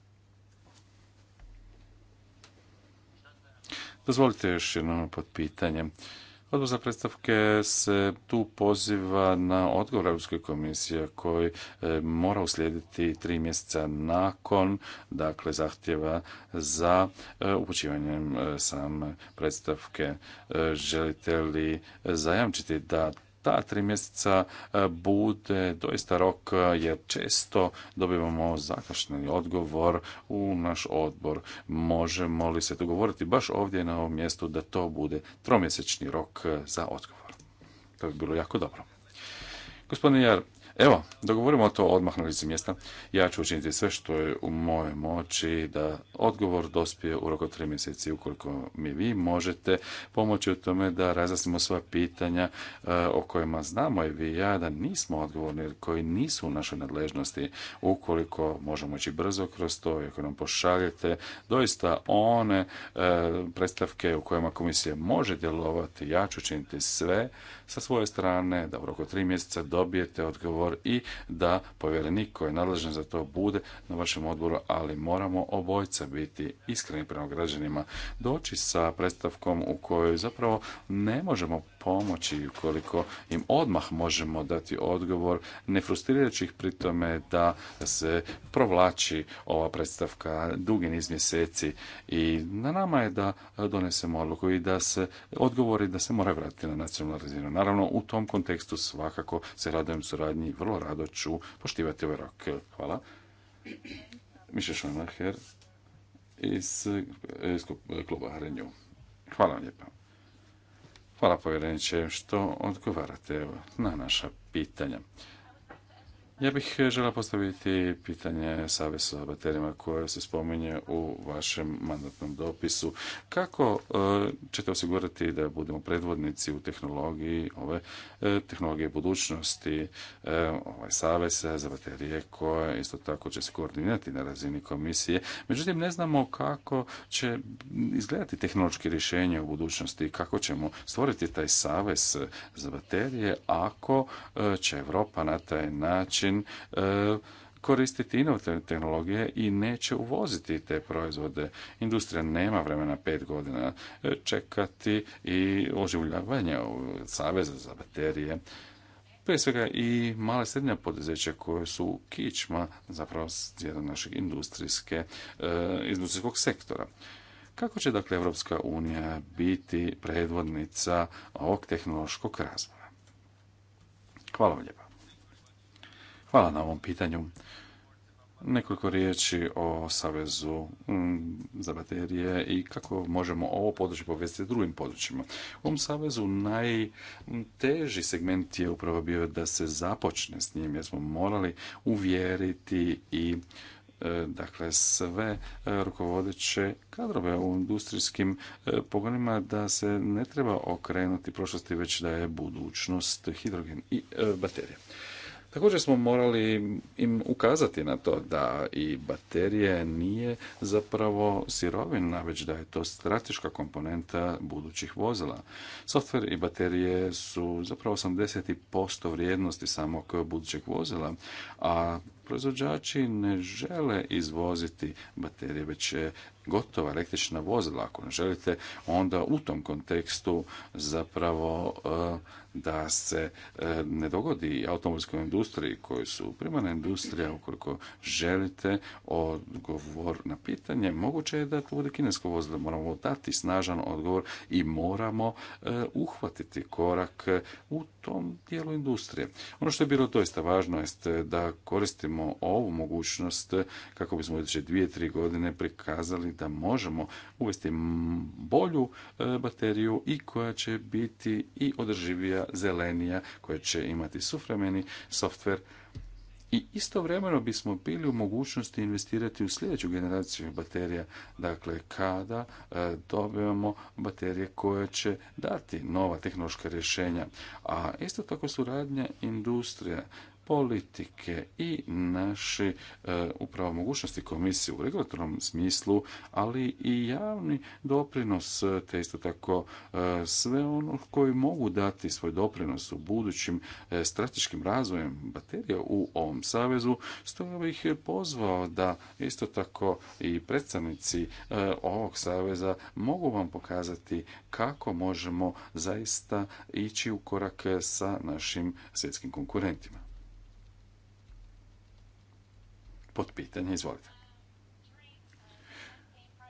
C: Dozvolite još jedno pod pitanjem. Odbor za predstavke se tu poziva na odgovor Europske komisije koji e, mora uslijediti tri mjeseca nakon dakle zahtjeva za e, upućivanjem e, same predstavke. Želite li zajamčiti da ta tri mjeseca e, bude doista rok e, jer često dobivamo zakašnjeni odgovor u naš odbor. Možemo li se dogovoriti baš ovdje na ovom mjestu da to bude tromjesečni rok e, za odgovor? To bi bilo jako dobro. Gospodin Jar, Evo, dogovorimo to odmah na lice mjesta. Ja ću učiniti sve što je u mojoj moći da odgovor dospije u roku tri mjeseci ukoliko mi vi možete pomoći u tome da razjasnimo sva pitanja e, o kojima znamo i vi i ja da nismo odgovorni koji nisu u našoj nadležnosti. Ukoliko možemo ići brzo kroz to i ako nam pošaljete doista one e, predstavke u kojima komisija može djelovati, ja ću učiniti sve sa svoje strane da u roku tri mjeseca dobijete odgovor i da povjerenik koji je nadležan za to bude na vašem odboru, ali moramo obojca biti iskreni prema građanima, doći sa predstavkom u kojoj zapravo ne možemo pomoći ukoliko im odmah možemo dati odgovor, ne frustrirajući ih pri tome da se provlači ova predstavka dugi niz mjeseci i na nama je da donesemo odluku i da se odgovori da se mora vratiti na nacionalnu razinu. Naravno, u tom kontekstu svakako se radujem suradnji i vrlo rado ću poštivati ovaj rok. Hvala. Miše Šonlaher iz, Hvala vam lijepa. Hvala povjereniče što odgovarate na naša pitanja. Ja bih eh, žela postaviti pitanje Savez baterijama koje se spominje u vašem mandatnom dopisu. Kako eh, ćete osigurati da budemo predvodnici u tehnologiji, ove eh, tehnologije budućnosti, ovaj Savez za baterije koje isto tako će se koordinirati na razini komisije. Međutim, ne znamo kako će izgledati tehnološki rješenje u budućnosti, i kako ćemo stvoriti taj Savez za baterije ako će Europa na taj način način e, koristiti inovativne tehnologije i neće uvoziti te proizvode. Industrija nema vremena pet godina e, čekati i oživljavanje saveza za baterije. Prije svega i male srednja poduzeća koje su kičma zapravo jedan našeg industrijske, e, industrijskog sektora. Kako će dakle Europska unija biti predvodnica ovog tehnološkog razvoja? Hvala vam lijepa. Hvala na ovom pitanju. Nekoliko riječi o Savezu mm, za baterije i kako možemo ovo područje povesti s drugim područjima. U ovom Savezu najteži segment je upravo bio da se započne s njim jer smo morali uvjeriti i e, dakle sve e, rukovodeće kadrove u industrijskim e, pogonima da se ne treba okrenuti prošlosti već da je budućnost hidrogen i baterije. Također smo morali im ukazati na to da i baterije nije zapravo sirovina, već da je to strateška komponenta budućih vozila. Softver i baterije su zapravo 80% vrijednosti samog budućeg vozila, a proizvođači ne žele izvoziti baterije, već gotova električna vozila, ako ne želite, onda u tom kontekstu zapravo e, da se e, ne dogodi automobilskoj industriji koji su primarna industrija, ukoliko želite odgovor na pitanje, moguće je da to bude kinesko vozilo. Moramo dati snažan odgovor i moramo e, uhvatiti korak u tom dijelu industrije. Ono što je bilo doista važno jest da koristimo ovu mogućnost kako bismo u dvije, tri godine prikazali da možemo uvesti bolju e, bateriju i koja će biti i održivija, zelenija, koja će imati suvremeni softver i istovremeno bismo bili u mogućnosti investirati u sljedeću generaciju baterija, dakle kada e, dobijemo baterije koje će dati nova tehnološka rješenja. A isto tako suradnja industrija politike i naše e, upravo mogućnosti komisije u regulatornom smislu, ali i javni doprinos, te isto tako e, sve ono koji mogu dati svoj doprinos u budućim e, strateškim razvojem baterija u ovom savezu, stoga bih pozvao da isto tako i predstavnici ovog saveza mogu vam pokazati kako možemo zaista ići u korak sa našim svjetskim konkurentima. potpitanje Izvolite.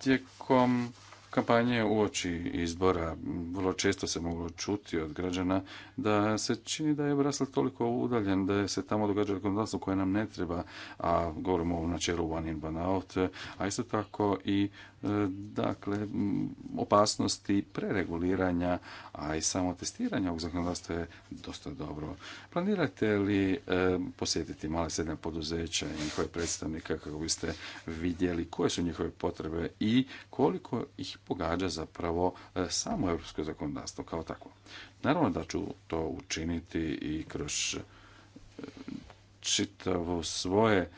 C: Tijekom kampanje uoči izbora vrlo često se moglo čuti od građana da se čini da je Brasel toliko udaljen da se tamo događa zakonodavstvo koje nam ne treba, a govorimo o načelu one in, one out, a isto tako i e, dakle opasnosti prereguliranja, a i samo testiranja ovog zakonodavstva je dosta dobro. Planirate li e, posjetiti male srednje poduzeća i njihove predstavnike kako biste vidjeli koje su njihove potrebe i koliko ih pogađa zapravo e, samo europsko zakonodavstvo kao takvo. Naravno da ću to učiniti i kroz e, čitavo svoje e,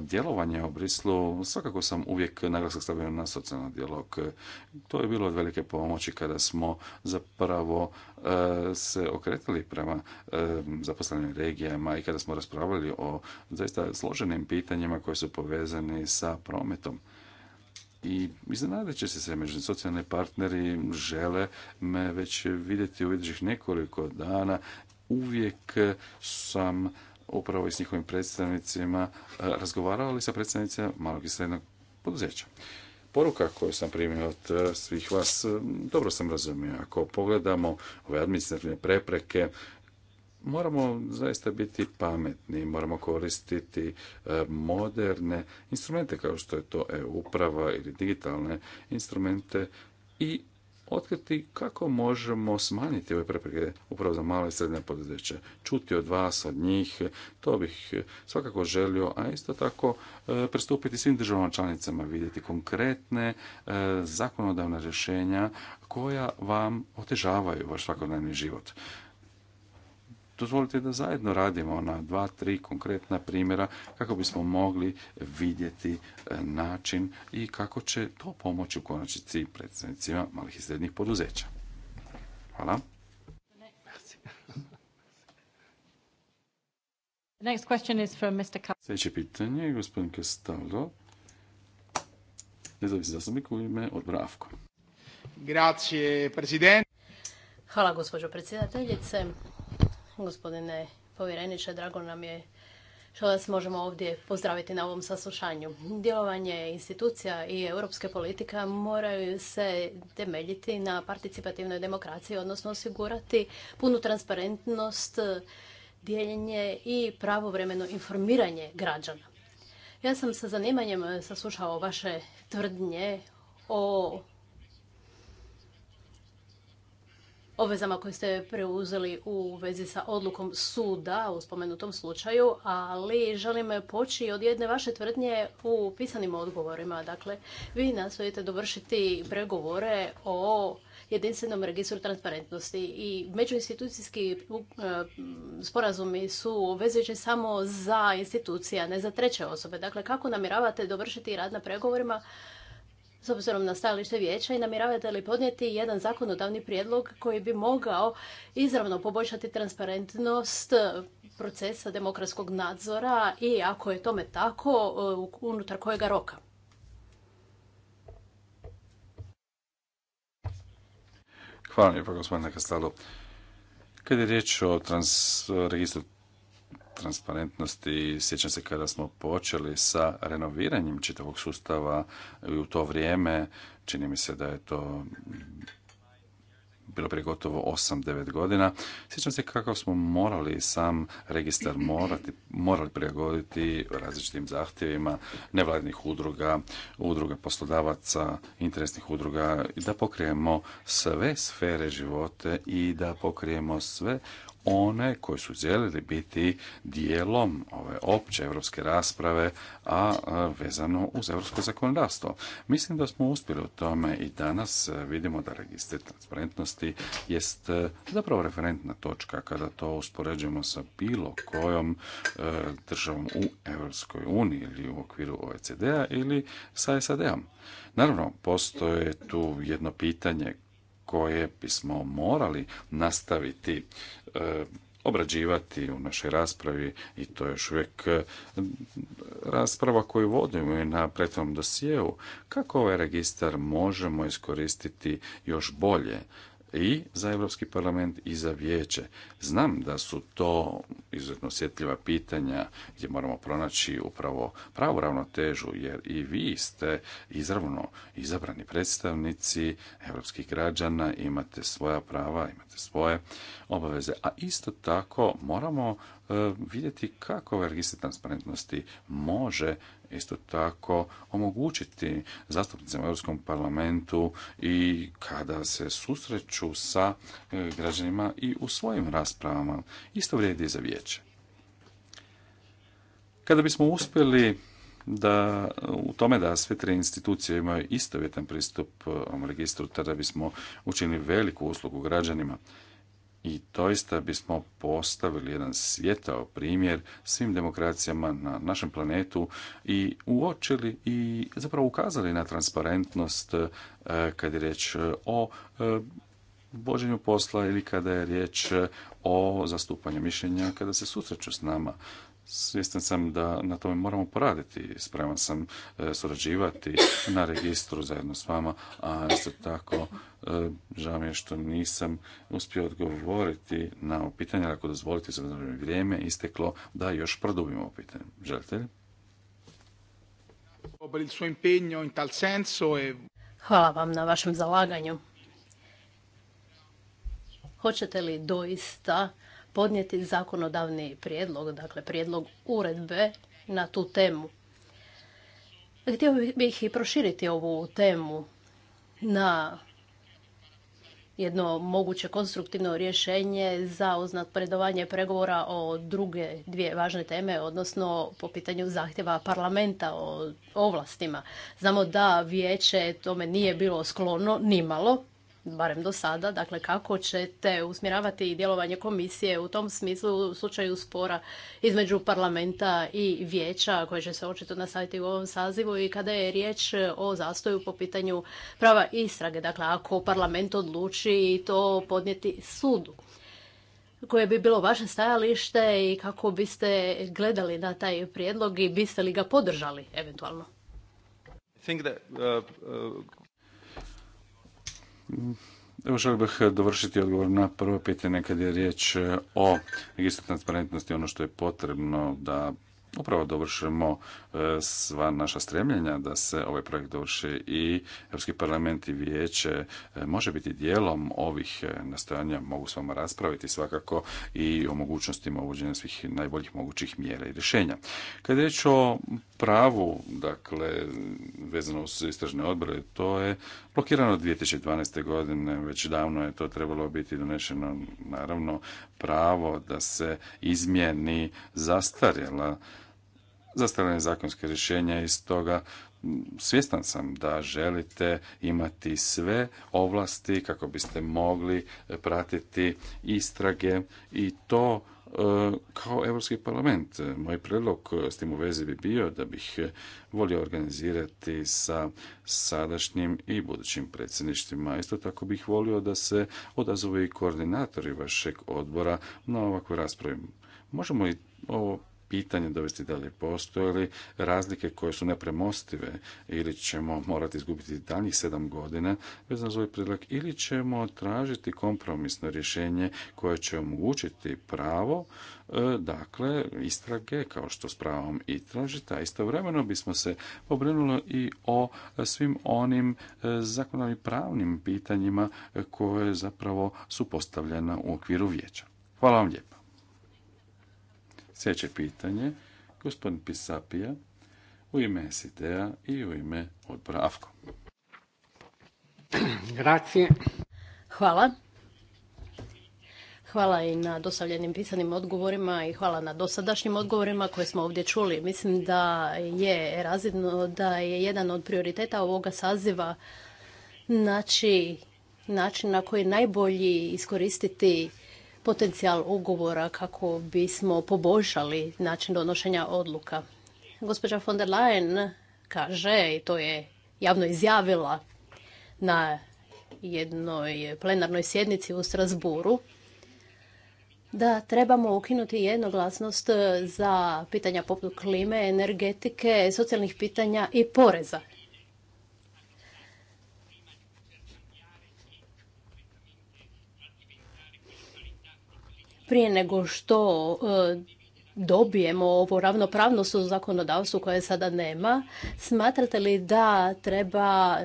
C: djelovanje u Brislu, svakako sam uvijek naglasak stavio na socijalni dijalog. To je bilo od velike pomoći kada smo zapravo se okretili prema zaposlenim regijama i kada smo raspravljali o zaista složenim pitanjima koje su povezani sa prometom i iznenadit će se sve među socijalni partneri žele me već vidjeti u idućih nekoliko dana uvijek sam upravo i s njihovim predstavnicima e, razgovarao ali sa predstavnicima malog i srednog poduzeća poruka koju sam primio od e, svih vas, e, dobro sam razumio. Ako pogledamo ove administrativne prepreke, moramo zaista biti pametni, moramo koristiti e, moderne instrumente kao što je to e-uprava ili digitalne instrumente i otkriti kako možemo smanjiti ove prepreke upravo za male i srednje poduzeće. Čuti od vas, od njih, to bih svakako želio, a isto tako e, pristupiti svim državama članicama, vidjeti konkretne e, zakonodavna rješenja koja vam otežavaju vaš svakodnevni život. Dozvolite da zajedno radimo na dva, tri konkretna primjera kako bismo mogli vidjeti e, način i kako će to pomoći u konačnici predstavnicima malih i srednjih poduzeća. Hvala. Next Sljedeće pitanje je gospodin Castaldo, nezavisni zastupnik u ime odbora
B: Grazie, Hvala, gospođo predsjedateljice gospodine povjereniče. Drago nam je što vas možemo ovdje pozdraviti na ovom saslušanju. Djelovanje institucija i europske politika moraju se temeljiti na participativnoj demokraciji, odnosno osigurati punu transparentnost, dijeljenje i pravovremeno informiranje građana. Ja sam sa zanimanjem saslušao vaše tvrdnje o obvezama koje ste preuzeli u vezi sa odlukom suda u spomenutom slučaju, ali želim poći od jedne vaše tvrdnje u pisanim odgovorima. Dakle, vi nastojite dovršiti pregovore o jedinstvenom registru transparentnosti i međuinstitucijski e, sporazumi su vezujući samo za institucije, a ne za treće osobe. Dakle, kako namjeravate dovršiti rad na pregovorima s obzirom na stajalište vijeća i namjeravate li podnijeti jedan zakonodavni prijedlog koji bi mogao izravno poboljšati transparentnost procesa demokratskog nadzora i ako je tome tako, unutar kojega roka?
C: Hvala lijepo, gospodine Kastalo. je riječ o registru transparentnosti. Sjećam se kada smo počeli sa renoviranjem čitavog sustava i u to vrijeme, čini mi se da je to bilo prije gotovo 8-9 godina. Sjećam se kako smo morali sam registar morati, morali prilagoditi različitim zahtjevima nevladnih udruga, udruga poslodavaca, interesnih udruga da pokrijemo sve sfere života i da pokrijemo sve one koji su željeli biti dijelom ove opće europske rasprave, a vezano uz europsko zakonodavstvo. Mislim da smo uspjeli u tome i danas e, vidimo da registar transparentnosti jest e, zapravo referentna točka kada to uspoređujemo sa bilo kojom e, državom u Evropskoj uniji ili u okviru OECD-a ili sa SAD-om. Naravno, postoje tu jedno pitanje koje bismo morali nastaviti E, obrađivati u našoj raspravi i to je još uvijek e, rasprava koju vodimo i na prethodnom dosjeu kako ovaj registar možemo iskoristiti još bolje i za Europski parlament i za vijeće. Znam da su to izuzetno osjetljiva pitanja gdje moramo pronaći upravo pravu ravnotežu jer i vi ste izravno izabrani predstavnici europskih građana, imate svoja prava, imate svoje obaveze, a isto tako moramo e, vidjeti kako ovaj registar transparentnosti može isto tako omogućiti zastupnicima u Europskom parlamentu i kada se susreću sa e, građanima i u svojim raspravama. Isto vrijedi i za vijeće. Kada bismo uspjeli da u tome da sve tri institucije imaju istovjetan pristup ovom registru, tada bismo učinili veliku uslugu građanima i doista bismo postavili jedan svjetao primjer svim demokracijama na našem planetu i uočili i zapravo ukazali na transparentnost e, kad je riječ e, o e, vođenju posla ili kada je riječ o zastupanju mišljenja kada se susreću s nama. Svjestan sam da na tome moramo poraditi. Spreman sam e, surađivati na registru zajedno s vama, a isto tako e, žao mi je što nisam uspio odgovoriti na ovo pitanje. Ako dozvolite, za vrijeme isteklo da još produbimo ovo pitanje. Želite li?
A: E-
B: Hvala vam na vašem zalaganju. Hoćete li doista podnijeti zakonodavni prijedlog, dakle prijedlog uredbe na tu temu. Htio bih i proširiti ovu temu na jedno moguće konstruktivno rješenje za uznapredovanje pregovora o druge dvije važne teme, odnosno po pitanju zahtjeva parlamenta o ovlastima. Znamo da vijeće tome nije bilo sklono, nimalo, barem do sada, dakle kako ćete usmjeravati djelovanje komisije u tom smislu u slučaju spora između parlamenta i vijeća koje će se očito nastaviti u ovom sazivu i kada je riječ o zastoju po pitanju prava istrage, dakle ako parlament odluči to podnijeti sudu koje bi bilo vaše stajalište i kako biste gledali na taj prijedlog i biste li ga podržali eventualno?
C: Uh, uh, Evo želio bih dovršiti odgovor na prvo pitanje kad je riječ e, o registru transparentnosti, ono što je potrebno da upravo dovršimo e, sva naša stremljenja da se ovaj projekt dovrši i Europski parlament i vijeće e, može biti dijelom ovih nastojanja, mogu s vama raspraviti svakako i o mogućnostima uvođenja svih najboljih mogućih mjera i rješenja. Kad je riječ o pravu, dakle, vezano uz istražne odbore, to je blokirano od 2012. godine, već davno je to trebalo biti donešeno, naravno, pravo da se izmjeni zastarjela zastarjene zakonske rješenja i toga svjestan sam da želite imati sve ovlasti kako biste mogli pratiti istrage i to E, kao Europski parlament. Moj predlog s tim u vezi bi bio da bih volio organizirati sa sadašnjim i budućim predsjedništvima. Isto tako bih volio da se odazove i koordinatori vašeg odbora na ovakvu raspravu. Možemo i ovo pitanje dovesti da li postoje li razlike koje su nepremostive ili ćemo morati izgubiti daljih sedam godina bez za ovaj ili ćemo tražiti kompromisno rješenje koje će omogućiti pravo e, dakle istrage kao što s pravom i tražite, a istovremeno bismo se pobrinuli i o svim onim e, zakonodavnim pravnim pitanjima e, koje zapravo su postavljena u okviru vijeća. Hvala vam lijepa. Sljedeće pitanje, gospodin Pisapija, u ime sid i u ime odbora AFKO.
B: Hvala. Hvala i na dostavljenim pisanim odgovorima i hvala na dosadašnjim odgovorima koje smo ovdje čuli. Mislim da je razvidno da je jedan od prioriteta ovoga saziva znači, način na koji najbolji iskoristiti potencijal ugovora kako bismo poboljšali način donošenja odluka. Gospođa von der Leyen kaže, i to je javno izjavila na jednoj plenarnoj sjednici u Strasburu, da trebamo ukinuti jednoglasnost za pitanja poput klime, energetike, socijalnih pitanja i poreza. prije nego što e, dobijemo ovu ravnopravnost u zakonodavstvu koje sada nema, smatrate li da treba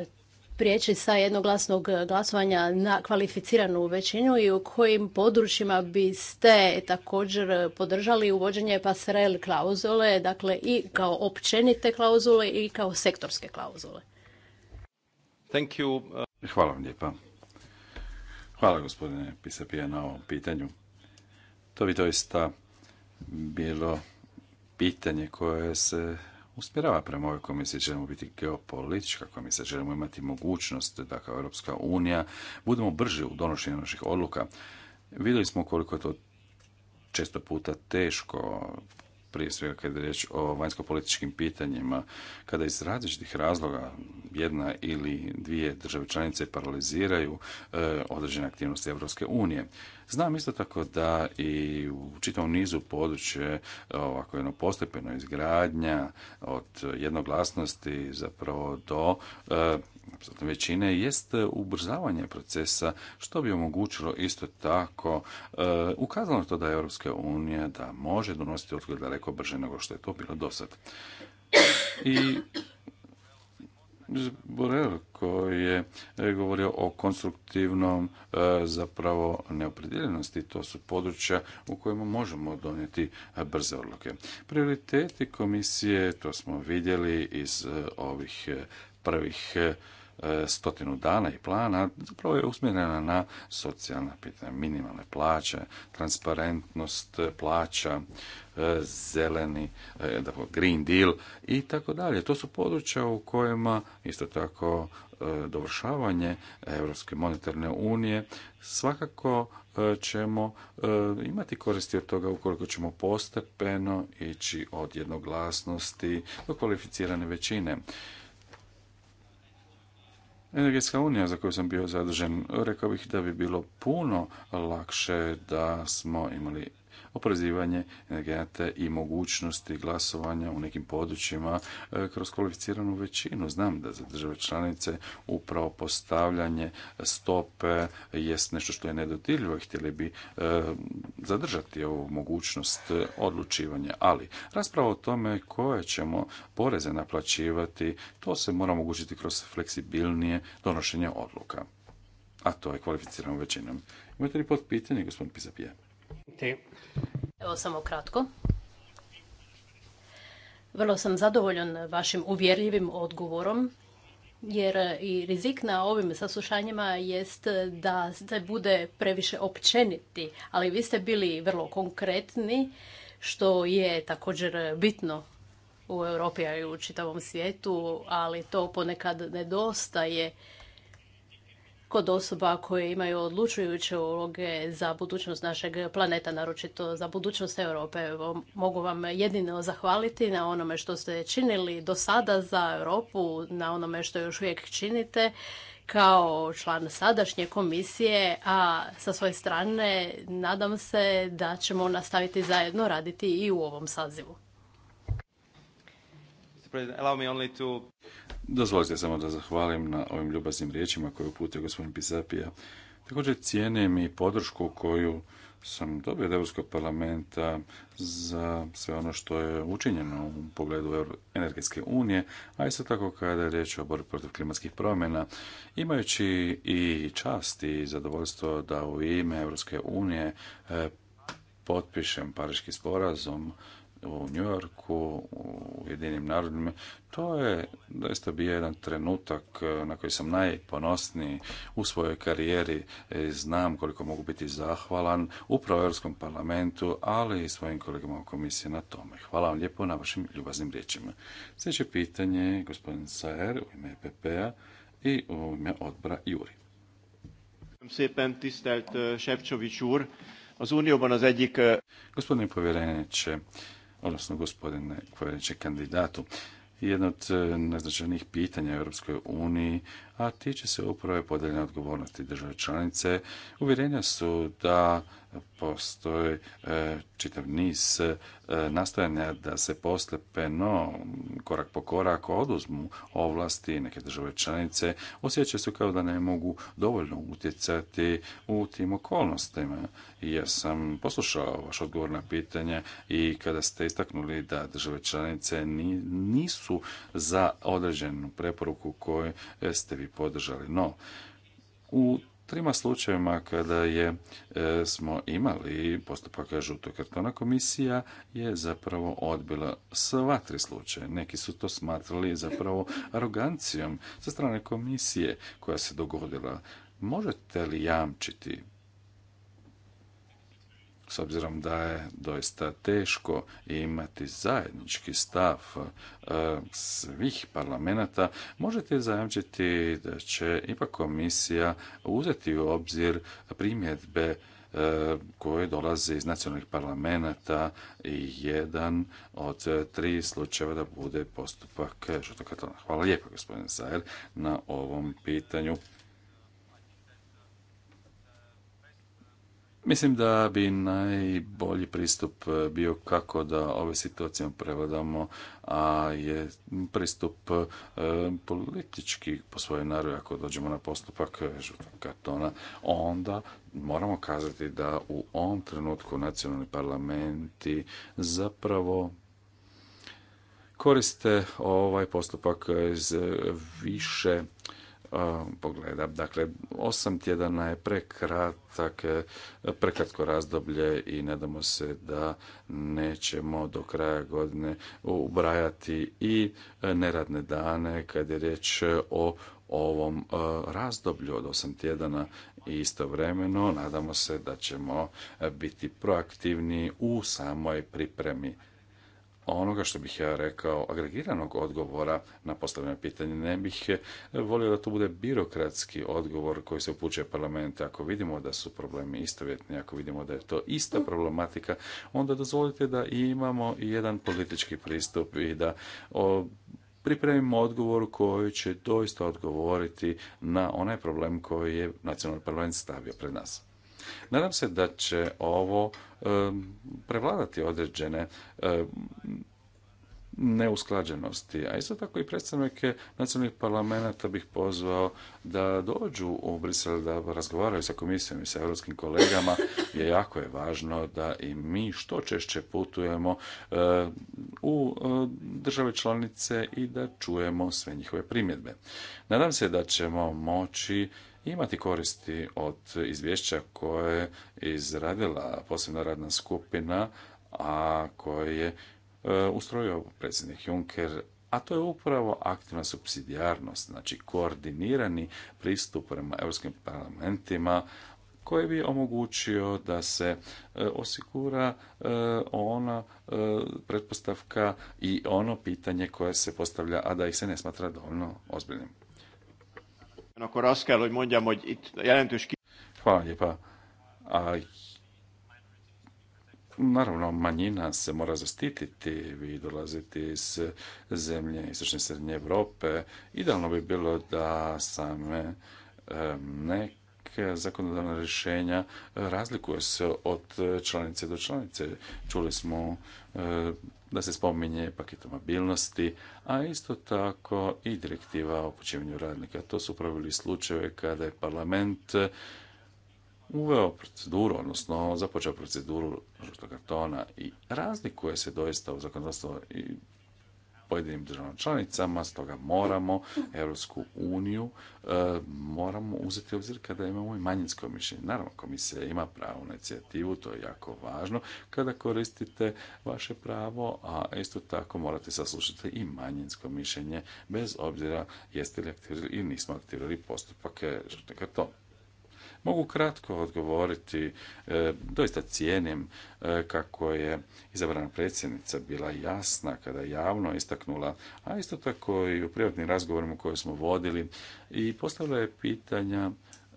B: prijeći sa jednoglasnog glasovanja na kvalificiranu većinu i u kojim područjima biste također podržali uvođenje pasarel klauzule, dakle i kao općenite klauzule i kao sektorske klauzule?
C: Hvala vam lijepa. Hvala gospodine Pisapija na ovom pitanju. To bi doista bilo pitanje koje se uspjerava prema ovoj komisiji. Želimo biti geopolitička komisija, želimo imati mogućnost da kao Europska unija budemo brži u donošenju naših odluka. Vidjeli smo koliko je to često puta teško prije svega kada je riječ o vanjsko-političkim pitanjima, kada iz različitih razloga jedna ili dvije države članice paraliziraju e, određene aktivnosti Europske unije. Znam isto tako da i u čitavom nizu područje eh, ovako jedno postepeno izgradnja od jednoglasnosti zapravo do eh, većine jest e, ubrzavanje procesa što bi omogućilo isto tako e, ukazano to da je Europska unija da može donositi odluke daleko brže nego što je to bilo do sad. I Borel koji je e, govorio o konstruktivnom zapravo neopredjeljenosti. To su područja u kojima možemo donijeti brze odluke. Prioriteti komisije, to smo vidjeli iz ovih prvih e, stotinu dana i plana zapravo je usmjerena na socijalna pitanja, minimalne plaće, transparentnost e, plaća, e, zeleni, dakle, green deal i tako dalje. To su područja u kojima isto tako dovršavanje Europske monetarne unije svakako ćemo imati koristi od toga ukoliko ćemo postepeno ići od jednoglasnosti do kvalificirane većine. Energetska unija za koju sam bio zadužen, rekao bih da bi bilo puno lakše da smo imali oporezivanje energete i mogućnosti glasovanja u nekim područjima e, kroz kvalificiranu većinu. Znam da za države članice upravo postavljanje stope jest nešto što je nedodirljivo i htjeli bi e, zadržati ovu mogućnost odlučivanja. Ali rasprava o tome koje ćemo poreze naplaćivati, to se mora omogućiti kroz fleksibilnije donošenje odluka. A to je kvalificiranom većinom. Imate li pod pitanje, gospodin Pizapije?
B: Evo samo kratko. Vrlo sam zadovoljan vašim uvjerljivim odgovorom jer i rizik na ovim saslušanjima jest da se bude previše općeniti, ali vi ste bili vrlo konkretni, što je također bitno u Europi, a i u čitavom svijetu, ali to ponekad nedostaje kod osoba koje imaju odlučujuće uloge za budućnost našeg planeta, naročito za budućnost Europe. Mogu vam jedino zahvaliti na onome što ste činili do sada za Europu, na onome što još uvijek činite kao član sadašnje komisije, a sa svoje strane nadam se da ćemo nastaviti zajedno raditi i u ovom sazivu.
C: Dozvolite samo da zahvalim na ovim ljubaznim riječima koje uputio gospodin Pisapija. Također cijenim i podršku koju sam dobio od Europskog parlamenta za sve ono što je učinjeno u pogledu energetske unije, a isto tako kada je riječ o borbi protiv klimatskih promjena, imajući i čast i zadovoljstvo da u ime Europske unije eh, potpišem Pariški sporazum u Njujorku, u Jedinim narodima. To je doista bio jedan trenutak e, na koji sam najponosniji u svojoj karijeri. E, znam koliko mogu biti zahvalan upravo Europskom parlamentu, ali i svojim kolegama u komisiji na tome. Hvala vam lijepo na vašim ljubaznim riječima. Sljedeće pitanje gospodin Saer u ime EPP-a i u ime odbora Juri. Sjepen tistelt e, az Gospodine povjereniče, odnosno gospodine koje kandidatu. Jedno od eh, najznačajnijih pitanja Europskoj uniji a tiče se upravo podeljene odgovornosti države članice. Uvjerenja su da postoji e, čitav niz e, nastojanja da se postepeno, korak po korak, oduzmu ovlasti neke države članice, osjećaju se kao da ne mogu dovoljno utjecati u tim okolnostima. Ja sam poslušao vaš odgovor na pitanje i kada ste istaknuli da države članice nisu za određenu preporuku koju ste vi podržali. No, u trima slučajevima kada je e, smo imali postupak žutog kartona komisija je zapravo odbila sva tri slučaja. Neki su to smatrali zapravo arogancijom sa strane komisije koja se dogodila. Možete li jamčiti s obzirom da je doista teško imati zajednički stav e, svih parlamenta, možete zajamčiti da će ipak komisija uzeti u obzir primjedbe e, koje dolaze iz nacionalnih parlamenta i jedan od tri slučajeva da bude postupak žutog Hvala lijepo gospodine Zajer, na ovom pitanju. Mislim da bi najbolji pristup e, bio kako da ove situacije prevladamo, a je pristup e, politički po svojoj naravi ako dođemo na postupak žutog kartona, onda moramo kazati da u ovom trenutku nacionalni parlamenti zapravo koriste ovaj postupak iz više pogleda. Dakle, osam tjedana je prekratak, prekratko razdoblje i nadamo se da nećemo do kraja godine ubrajati i neradne dane kad je riječ o ovom e, razdoblju od osam tjedana i istovremeno nadamo se da ćemo e, biti proaktivni u samoj pripremi onoga što bih ja rekao agregiranog odgovora na postavljeno pitanje. Ne bih eh, volio da to bude birokratski odgovor koji se upućuje parlamentu. Ako vidimo da su problemi istovjetni, ako vidimo da je to ista problematika, onda dozvolite da imamo i jedan politički pristup i da pripremimo odgovor koji će doista odgovoriti na onaj problem koji je nacionalni parlament stavio pred nas. Nadam se da će ovo prevladati određene neusklađenosti. A isto tako i predstavnike nacionalnih parlamenta bih pozvao da dođu u Brisel, da razgovaraju sa komisijom i sa europskim kolegama, je jako je važno da i mi što češće putujemo e, u e, države članice i da čujemo sve njihove primjedbe. Nadam se da ćemo moći imati koristi od izvješća koje je izradila posebna radna skupina, a koje je E, ustrojio predsjednik Juncker, a to je upravo aktivna subsidijarnost, znači koordinirani pristup prema europskim parlamentima koji bi omogućio da se e, osigura e, ona pretpostavka i ono pitanje koje se postavlja, a da ih se ne smatra dovoljno ozbiljnim. Hvala lijepa. A Naravno, manjina se mora zastititi, vi dolazite iz zemlje Istočne Srednje Europe. Idealno bi bilo da same neke zakonodavna rješenja razlikuje se od članice do članice. Čuli smo e, da se spominje paket mobilnosti, a isto tako i direktiva o upućivanju radnika. To su pravili slučajeve kada je parlament uveo proceduru, odnosno započeo proceduru žutog kartona i razlikuje se doista u zakonodavstvu i pojedinim državama članicama, stoga moramo Europsku uniju e, moramo uzeti u obzir kada imamo i manjinsko mišljenje. Naravno, komisija ima pravo na inicijativu, to je jako važno kada koristite vaše pravo, a isto tako morate saslušati i manjinsko mišljenje bez obzira jeste li aktivirali ili nismo aktivirali postupak e, žrtve kartona. Mogu kratko odgovoriti, e, doista cijenim e, kako je izabrana predsjednica bila jasna kada je javno istaknula, a isto tako i u privatnim razgovorima koje smo vodili i postavila je pitanja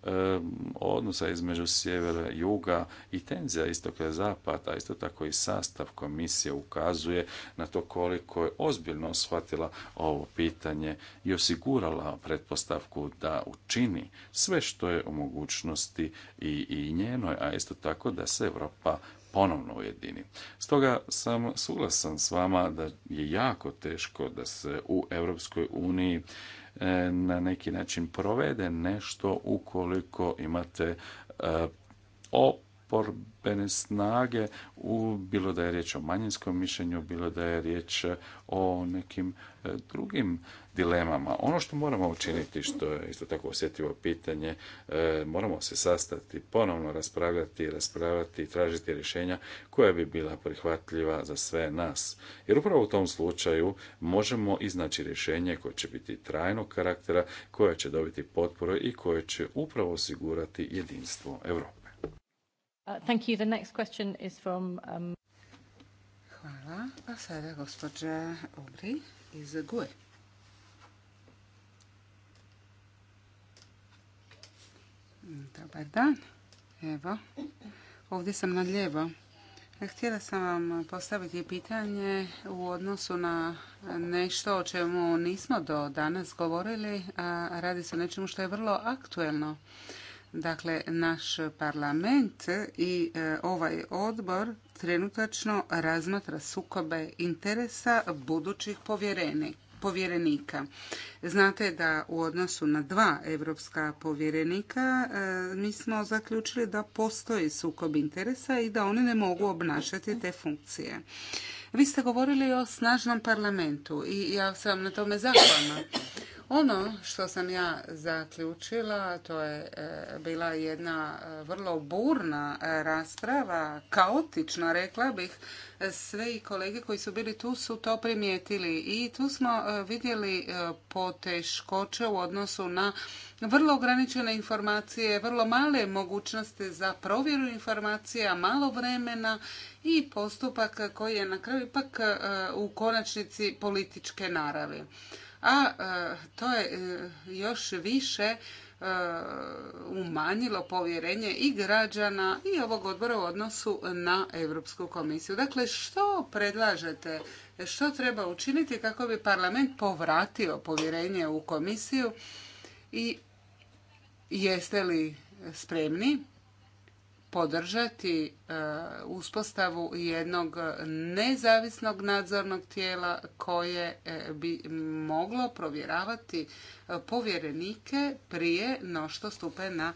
C: Eh, odnosa između sjevera i juga i tenzija istoka i zapada, isto tako i sastav komisije ukazuje na to koliko je ozbiljno shvatila ovo pitanje i osigurala pretpostavku da učini sve što je u mogućnosti i, njenoj, a isto tako da se Europa ponovno ujedini. Stoga sam suglasan s vama da je jako teško da se u Europskoj uniji E, na neki način provede nešto ukoliko imate e, o oporbene snage, u, bilo da je riječ o manjinskom mišljenju, bilo da je riječ o nekim e, drugim dilemama. Ono što moramo učiniti, što je isto tako osjetljivo pitanje, e, moramo se sastati, ponovno raspravljati, raspravljati i tražiti rješenja koja bi bila prihvatljiva za sve nas. Jer upravo u tom slučaju možemo iznaći rješenje koje će biti trajnog karaktera, koje će dobiti potporu i koje će upravo osigurati jedinstvo Europe.
A: Uh, um, Hvala. Pa sada gospođa Obri iz GUE. Mm, dobar dan. Evo, ovdje sam na lijevo. Htjela sam vam postaviti pitanje u odnosu na nešto o čemu nismo do danas govorili, a radi se o nečemu što je vrlo aktuelno. Dakle, naš parlament i e, ovaj odbor trenutačno razmatra sukobe interesa budućih povjerenika. Znate da u odnosu na dva evropska povjerenika e, mi smo zaključili da postoji sukob interesa i da oni ne mogu obnašati te funkcije. Vi ste govorili o snažnom parlamentu i ja sam na tome zahvalna ono što sam ja zaključila, to je e, bila jedna e, vrlo burna e, rasprava, kaotična rekla bih, sve i kolege koji su bili tu su to primijetili i tu smo vidjeli poteškoće u odnosu na vrlo ograničene informacije, vrlo male mogućnosti za provjeru informacija, malo vremena i postupak koji je na kraju ipak u konačnici političke naravi a e, to je e, još više e, umanjilo povjerenje i građana i ovog odbora u odnosu na Europsku komisiju. Dakle, što predlažete? Što treba učiniti kako bi parlament povratio povjerenje u komisiju i jeste li spremni podržati e, uspostavu jednog nezavisnog nadzornog tijela koje e, bi moglo provjeravati e, povjerenike prije no što stupe na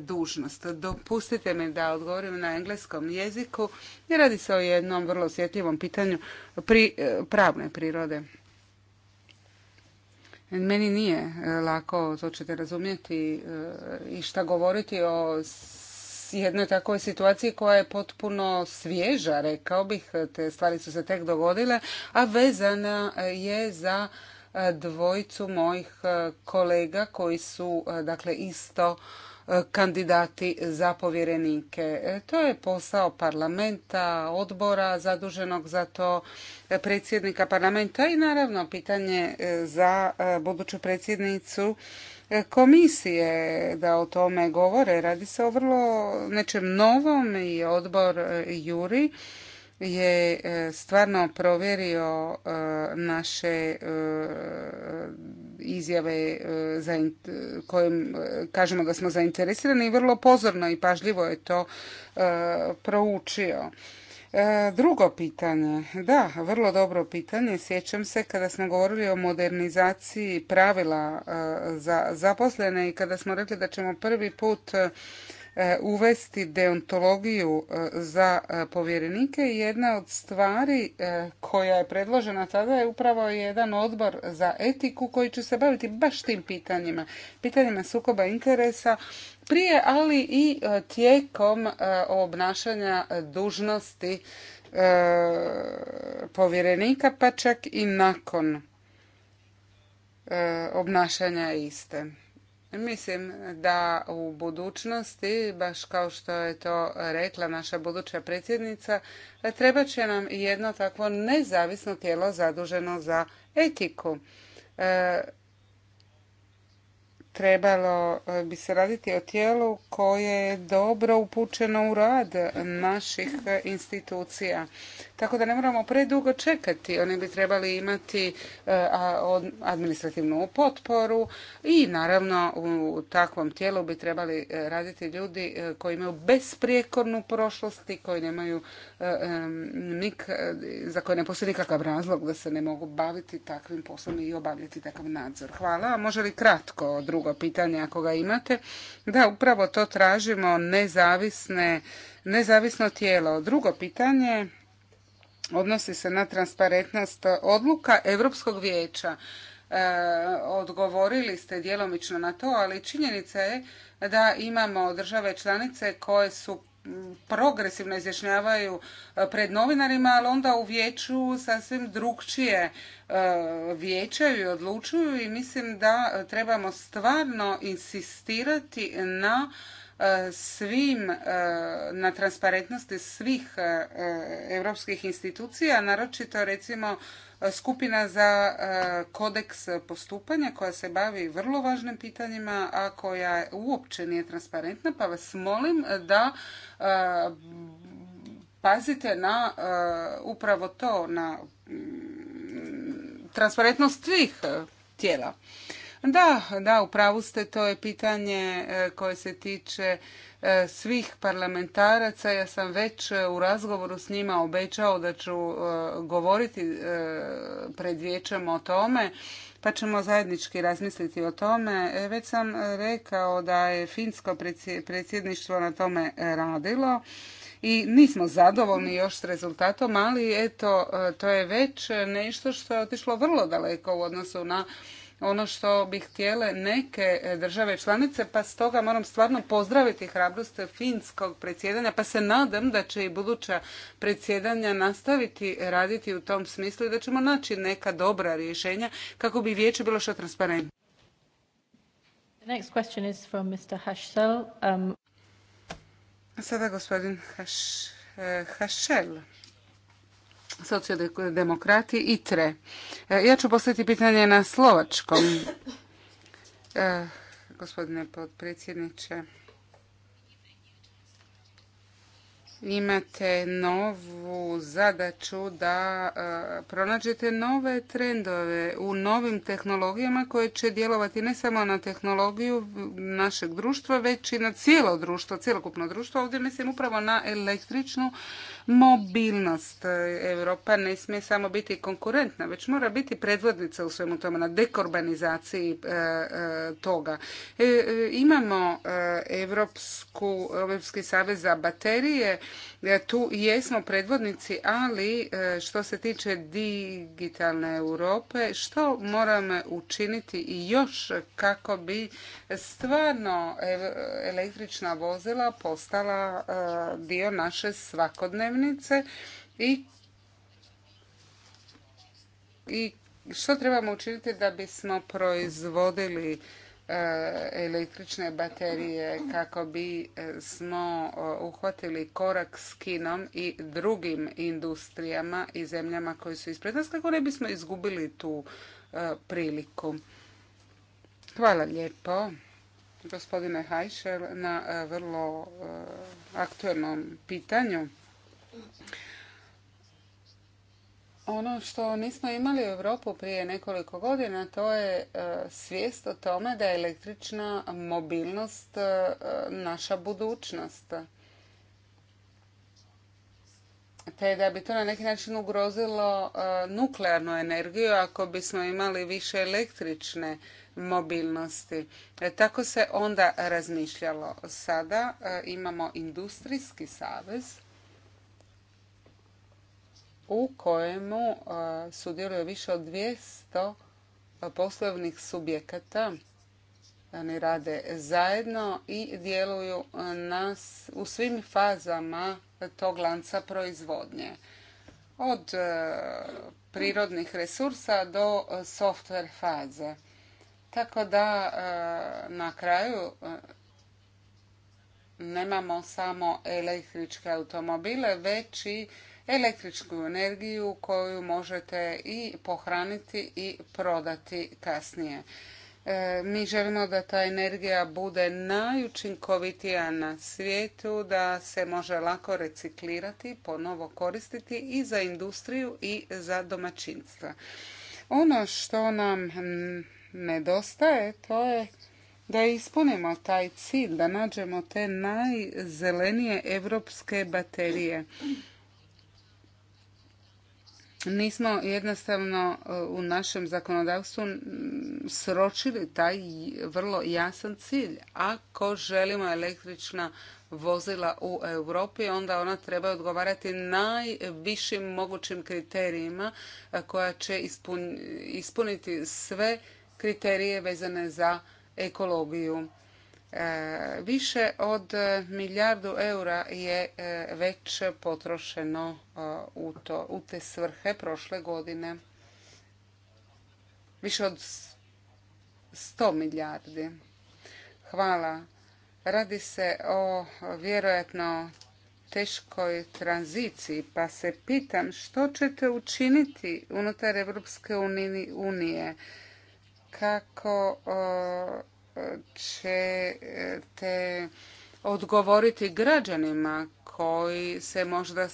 A: dužnost. Dopustite mi da odgovorim na engleskom jeziku. Radi se o jednom vrlo osjetljivom pitanju pri pravne prirode. Meni nije lako, to ćete razumjeti, i šta govoriti o jednoj takvoj situaciji koja je potpuno svježa, rekao bih, te stvari su se tek dogodile, a vezana je za e, dvojicu mojih e, kolega koji su e, dakle isto kandidati za povjerenike. To je posao parlamenta, odbora zaduženog za to, predsjednika parlamenta i naravno pitanje za buduću predsjednicu komisije da o tome govore. Radi se o vrlo nečem novom i odbor e, Juri je e, stvarno provjerio e, naše izjave kojim kažemo da smo zainteresirani i vrlo pozorno i pažljivo je to proučio. E, drugo pitanje, da, vrlo dobro pitanje. Sjećam se kada smo govorili o modernizaciji pravila e, za zaposlene i kada smo rekli da ćemo prvi put e, uvesti deontologiju za povjerenike. Jedna od stvari koja je predložena tada je upravo jedan odbor za etiku koji će se baviti baš tim pitanjima, pitanjima sukoba interesa prije, ali i e, tijekom e, obnašanja dužnosti e, povjerenika, pa čak i nakon obnašanja iste. Mislim da u budućnosti, baš kao što je to rekla naša buduća predsjednica, treba će nam jedno takvo nezavisno tijelo zaduženo za etiku trebalo e, bi se raditi o tijelu koje je dobro upućeno u rad naših e, institucija tako da ne moramo predugo čekati. Oni bi trebali imati e, administrativnu potporu i naravno u takvom tijelu bi trebali e, raditi ljudi e, koji imaju besprijekornu prošlost i koji nemaju nik, za koje ne postoji nikakav razlog da se ne mogu baviti takvim poslom i obavljati takav nadzor. Hvala. može li kratko drugo pitanje ako ga imate? Da, upravo to tražimo nezavisne, nezavisno tijelo. Drugo pitanje odnosi se na transparentnost odluka Europskog vijeća. E, odgovorili ste djelomično na to, ali činjenica je da imamo države članice koje su progresivno izjašnjavaju e, pred novinarima, ali onda u vijeću sasvim drugčije e, vijećaju i odlučuju i mislim da trebamo stvarno insistirati na svim e, na transparentnosti svih europskih institucija, naročito recimo skupina za e, kodeks postupanja koja se bavi vrlo važnim pitanjima, a koja uopće nije transparentna, pa vas molim da e, pazite na upravo to, na mm, transparentnost svih tijela. Da, da, u pravu ste, to je pitanje e, koje se tiče e, svih parlamentaraca. Ja sam već e, u razgovoru s njima obećao da ću govoriti pred vijećem o tome pa ćemo zajednički razmisliti o tome. Već sam rekao da je finsko predsjedništvo na tome radilo i nismo zadovoljni još s rezultatom, ali eto, to je već nešto što je otišlo vrlo daleko u odnosu na ono što bi htjele neke države članice, pa stoga moram stvarno pozdraviti hrabrost finskog predsjedanja, pa se nadam da će i buduća predsjedanja nastaviti raditi u tom smislu i da ćemo naći neka dobra rješenja kako bi vijeće bilo što transparentno. Next um, Sada gospodin eh, socijaldemokrati i tre. E, ja ću postaviti pitanje na slovačkom. E, gospodine potpredsjedniče, imate novu zadaću da e, pronađete nove trendove u novim tehnologijama koje će djelovati ne samo na tehnologiju našeg društva, već i na cijelo društvo, cjelokupno društvo. Ovdje mislim upravo na električnu mobilnost. Europa ne smije samo biti konkurentna, već mora biti predvodnica u svemu tome na dekorbanizaciji e, e, toga. E, imamo Europsku, Europski savez za baterije E, tu jesmo predvodnici, ali e, što se tiče digitalne Europe, što moramo učiniti i još kako bi stvarno električna vozila postala e, dio naše svakodnevnice i i što trebamo učiniti da bismo proizvodili E, električne baterije kako bi e, smo uhvatili korak s Kinom i drugim industrijama i zemljama koje su ispred nas kako ne bismo izgubili tu e, priliku. Hvala lijepo gospodine Hajšel na vrlo aktualnom pitanju ono što nismo imali u Europu prije nekoliko godina, to je e, svijest o tome da je električna mobilnost e, naša budućnost. Te da bi to na neki način ugrozilo e, nuklearnu energiju ako bismo imali više električne mobilnosti. Tako se onda razmišljalo. Sada imamo industrijski savez u kojemu sudjeluje više od 200 poslovnih subjekata. Oni rade zajedno i djeluju nas u svim fazama tog lanca proizvodnje. Od prirodnih resursa do software faze. Tako da na kraju nemamo samo električke automobile, već i električnu energiju koju možete i pohraniti i prodati kasnije. E, mi želimo da ta energija bude najučinkovitija na svijetu, da se može lako reciklirati, ponovo koristiti i za industriju i za domaćinstva. Ono što nam nedostaje to je da ispunimo taj cilj, da nađemo te najzelenije evropske baterije nismo jednostavno e, u našem zakonodavstvu sročili taj vrlo jasan cilj. Ako želimo električna vozila u Europi, onda ona treba odgovarati najvišim mogućim kriterijima e, koja će ispuniti sve kriterije vezane za ekologiju. E, više od milijardu eura je e, već potrošeno e, u, to, te svrhe prošle godine. Više od 100 milijardi. Hvala. Radi se o vjerojatno teškoj tranziciji, pa se pitam što ćete učiniti unutar Europske unije kako ćete odgovoriti građanima koji se možda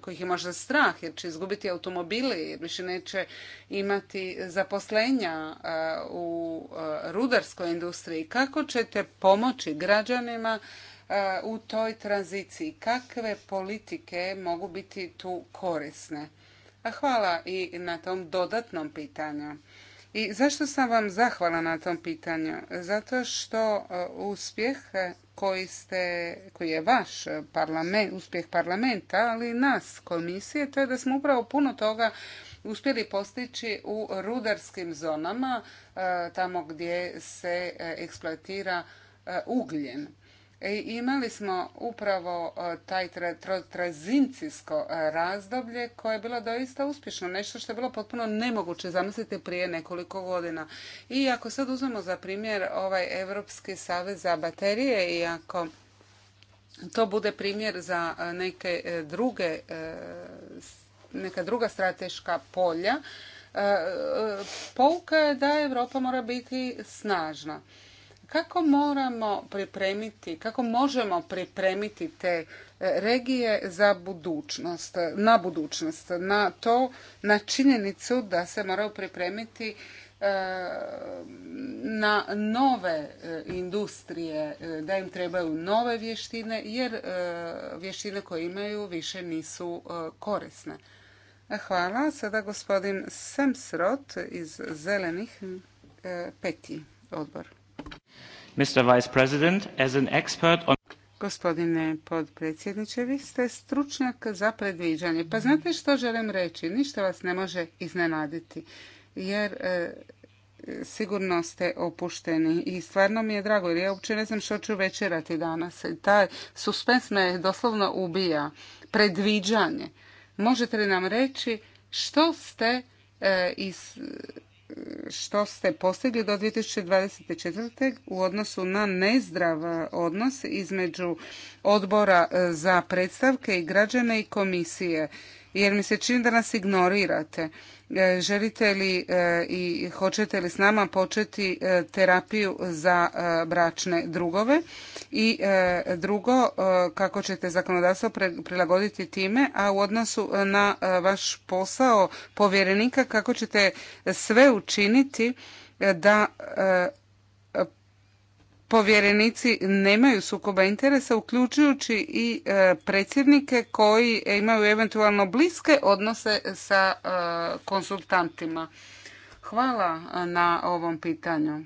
A: kojih je možda strah jer će izgubiti automobili, jer više neće imati zaposlenja e, u e, rudarskoj industriji. Kako ćete pomoći građanima e, u toj tranziciji? Kakve politike mogu biti tu korisne? A hvala i na tom dodatnom pitanju. I zašto sam vam zahvala na tom pitanju? Zato što e, uspjeh e, koji, ste, koji je vaš parlament, uspjeh parlamenta, ali i nas komisije, to je da smo upravo puno toga uspjeli postići u rudarskim zonama, e, tamo gdje se eksploatira ugljen. E, imali smo upravo e, taj tranzicijsko e, razdoblje koje je bilo doista uspješno, nešto što je bilo potpuno nemoguće zamisliti prije nekoliko godina. I ako sad uzmemo za primjer ovaj Europski savez za baterije i ako to bude primjer za neke druge, neka druga strateška polja, pouka je da Europa mora biti snažna. Kako moramo pripremiti, kako možemo pripremiti te e, regije za budućnost, na budućnost, na to, na činjenicu da se moraju pripremiti e, na nove e, industrije, da im trebaju nove vještine, jer vještine koje imaju više nisu korisne. Hvala. Sada gospodin Semsrot iz Zelenih peti odbor. Gospodine podpredsjedniče, vi ste stručnjak za predviđanje. Pa znate što želim reći? Ništa vas ne može iznenaditi, jer e, sigurno ste opušteni i stvarno mi je drago jer ja uopće ne znam što ću večerati danas. Taj suspens me doslovno ubija. Predviđanje. Možete li nam reći što ste e, iz, što ste postigli do 2024. u odnosu na nezdrav odnos između odbora za predstavke i građane i komisije jer mi se čini da nas ignorirate. E, želite li e, i hoćete li s nama početi e, terapiju za bračne drugove? I drugo, kako ćete zakonodavstvo prilagoditi time, a u odnosu na vaš posao povjerenika, kako ćete sve učiniti da povjerenici nemaju sukoba interesa, uključujući i e, predsjednike koji imaju eventualno bliske odnose sa e, konsultantima. Hvala e, na ovom pitanju.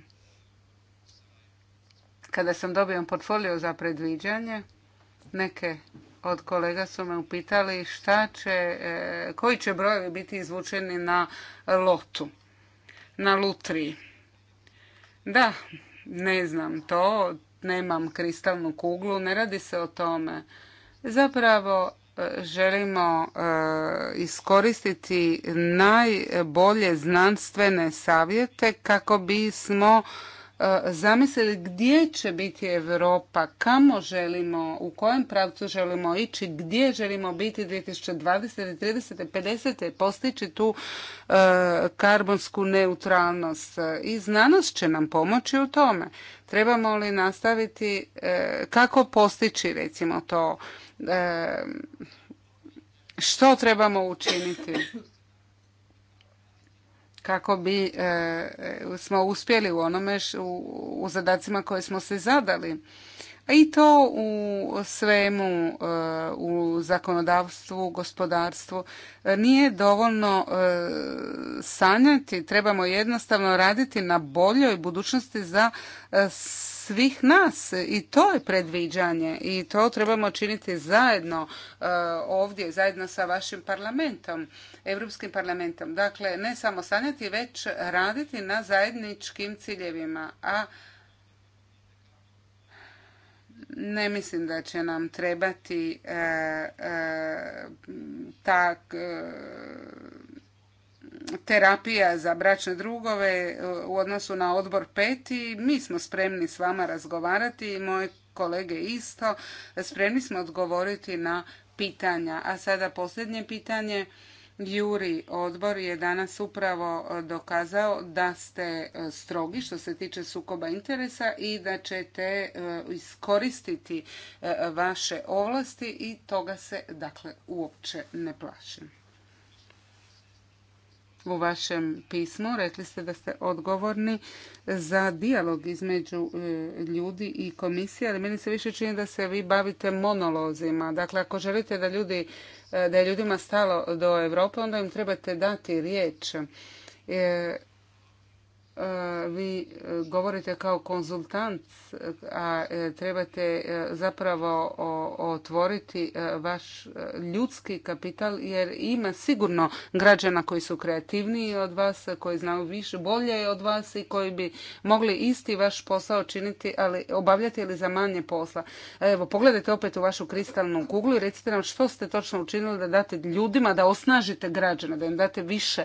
A: Kada sam dobio portfolio za predviđanje, neke od kolega su me upitali šta će, koji će brojevi biti izvučeni na lotu, na lutriji. Da, ne znam to, nemam kristalnu kuglu, ne radi se o tome. Zapravo e, želimo e, iskoristiti najbolje znanstvene savjete kako bismo zamislili gdje će biti Europa, kamo želimo, u kojem pravcu želimo ići, gdje želimo biti 2020. 30. 50. postići tu e, karbonsku neutralnost. I znanost će nam pomoći u tome. Trebamo li nastaviti e, kako postići recimo to e, što trebamo učiniti? kako bi e, smo uspjeli u onome u zadacima koje smo se zadali. I to u svemu, e, u zakonodavstvu, gospodarstvu. E, nije dovoljno sanjati, trebamo jednostavno raditi na boljoj budućnosti za svih nas i to je predviđanje i to trebamo činiti zajedno e, ovdje, zajedno sa vašim parlamentom, Europskim parlamentom. Dakle, ne samo sanjati, već raditi na zajedničkim ciljevima, a ne mislim da će nam trebati e, e, tak, terapija za bračne drugove e, u odnosu na odbor peti. Mi smo spremni s vama razgovarati i moje kolege isto. Spremni smo odgovoriti na pitanja. A sada posljednje pitanje. Juri odbor je danas upravo e, dokazao da ste e, strogi što se tiče sukoba interesa i da ćete iskoristiti vaše ovlasti i toga se dakle uopće ne plašim. U vašem pismu rekli ste da ste odgovorni za dijalog između e, ljudi i komisije, ali meni se više čini da se vi bavite monolozima. Dakle, ako želite da, ljudi, e, da je ljudima stalo do Europe, onda im trebate dati riječ. E, E, vi e, govorite kao konzultant, a e, trebate zapravo otvoriti vaš ljudski kapital jer ima sigurno građana koji su kreativniji od vas, koji znaju više, bolje od vas i koji bi mogli isti vaš posao činiti, ali obavljati ili za manje posla. Evo, pogledajte opet u vašu kristalnu kuglu i recite nam što ste točno učinili da date ljudima, da osnažite građana, da im date više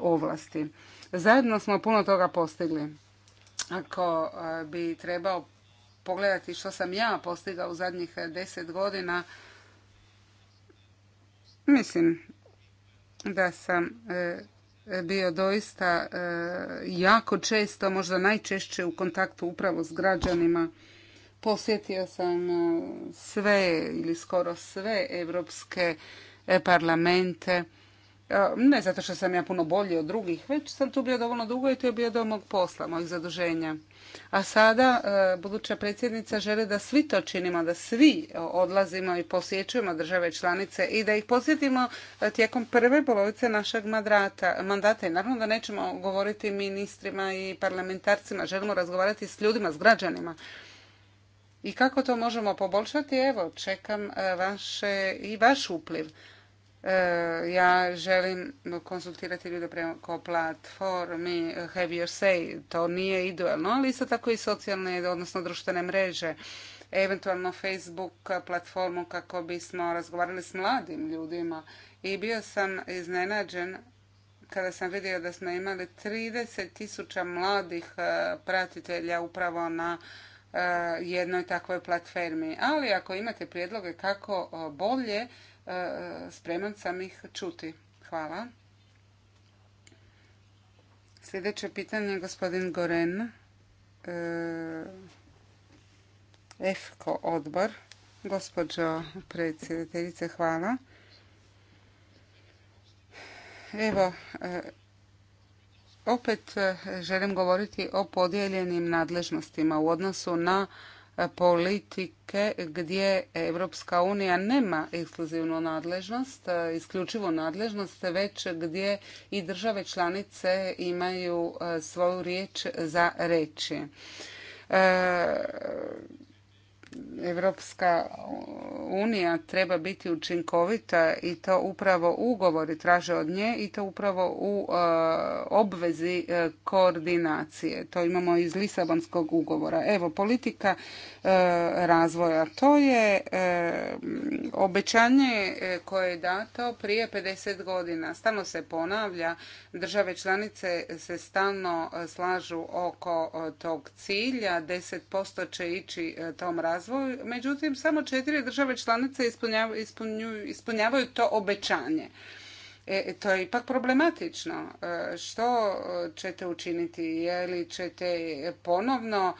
A: ovlasti. Zajedno smo puno toga postigli. Ako e, bi trebao pogledati što sam ja postigao u zadnjih e, deset godina, mislim da sam e, bio doista jako često, možda najčešće u kontaktu upravo s građanima. Posjetio sam sve ili skoro sve evropske parlamente ne zato što sam ja puno bolji od drugih, već sam tu bio dovoljno dugo i to je bio do mog posla, mojih zaduženja. A sada e, buduća predsjednica želi da svi to činimo, da svi e, odlazimo i posjećujemo države članice i da ih posjetimo e, tijekom prve polovice našeg mandata. I naravno da nećemo govoriti ministrima i parlamentarcima, želimo razgovarati s ljudima, s građanima. I kako to možemo poboljšati? Evo, čekam vaše i vaš upliv. Eh, ja želim konsultirati ljude preko platformi eh, Have Your Say. To nije idealno, ali isto tako i socijalne, odnosno društvene mreže. Eventualno Facebook platformu kako bismo razgovarali s mladim ljudima. I bio sam iznenađen kada sam vidio da smo imali 30 tisuća mladih eh, pratitelja upravo na jednoj takvoj platformi. Ali ako imate prijedloge kako bolje, Spreman sam ih čuti. Hvala. Sljedeće pitanje gospodin Goren. EFKO odbor. Gospođo predsjedateljice, hvala. Evo, e, opet želim govoriti o podijeljenim nadležnostima u odnosu na politike gdje Europska unija nema ekskluzivnu nadležnost, isključivu nadležnost, već gdje i države članice imaju e, svoju riječ za reći. E, Evropska unija treba biti učinkovita i to upravo ugovori traže od nje i to upravo u e, obvezi e, koordinacije. To imamo iz Lisabonskog ugovora. Evo, politika e, razvoja. To je obećanje koje je dato prije 50 godina. Stalno se ponavlja, države članice se stalno slažu oko tog cilja, 10% će ići tom razvoju razvoj, međutim samo četiri države članice ispunjavaju, to obećanje. E, to je ipak problematično. E, što ćete učiniti? Je li ćete ponovno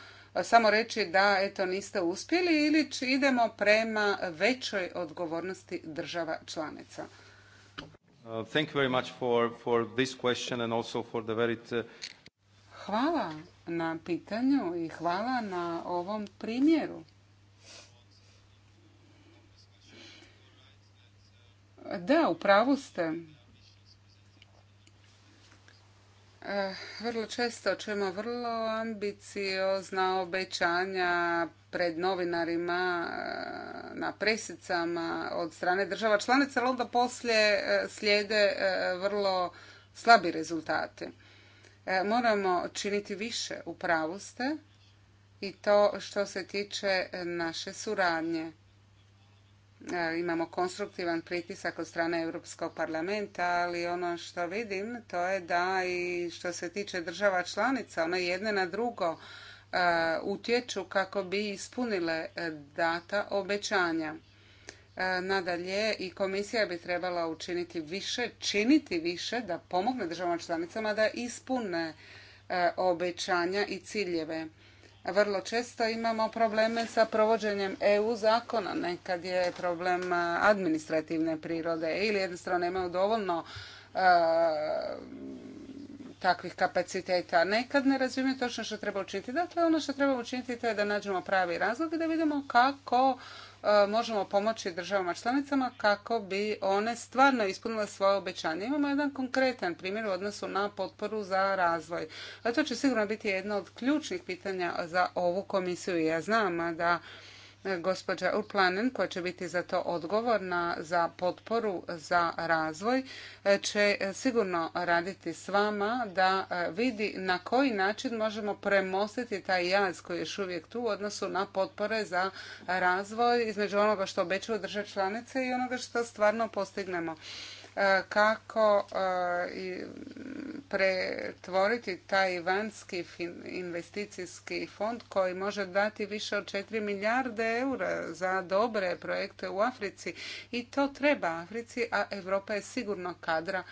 A: samo reći da eto niste uspjeli ili idemo prema većoj odgovornosti država članica? Uh, uh, hvala na pitanju i hvala na ovom primjeru. Da, u pravu ste. Eh, vrlo često čujemo vrlo ambiciozna obećanja pred novinarima eh, na presicama od strane država članica, ali onda poslije eh, slijede vrlo slabi rezultati. Moramo činiti više, u pravu ste, i to što se tiče naše suradnje. E, imamo konstruktivan pritisak od strane Europskog parlamenta, ali ono što vidim to je da i što se tiče država članica, one jedne na drugo e, utječu kako bi ispunile e, data obećanja. Nadalje, i komisija bi trebala učiniti više, činiti više da pomogne državama članicama da ispune obećanja i ciljeve vrlo često imamo probleme sa provođenjem EU zakona. Nekad je problem administrativne prirode ili jednostavno nemaju dovoljno takvih kapaciteta. Nekad ne razumiju točno što treba učiniti. Dakle, ono što treba učiniti to je da nađemo pravi razlog i da vidimo kako E, možemo pomoći državama članicama kako bi one stvarno ispunile svoje obećanje. Imamo jedan konkretan primjer u odnosu na potporu za razvoj. to će sigurno biti jedno od ključnih pitanja za ovu komisiju. Ja znam da gospođa Urplanen koja će biti za to odgovorna za potporu za razvoj će sigurno raditi s vama da e, vidi na koji način možemo premostiti taj jaz koji je još uvijek tu u odnosu na potpore za razvoj između onoga što obećaju države članice i onoga što stvarno postignemo. E, kako e, pretvoriti taj vanjski investicijski fond koji može dati više od 4 milijarde eura za dobre projekte u Africi i to treba Africi, a Europa je sigurno kadra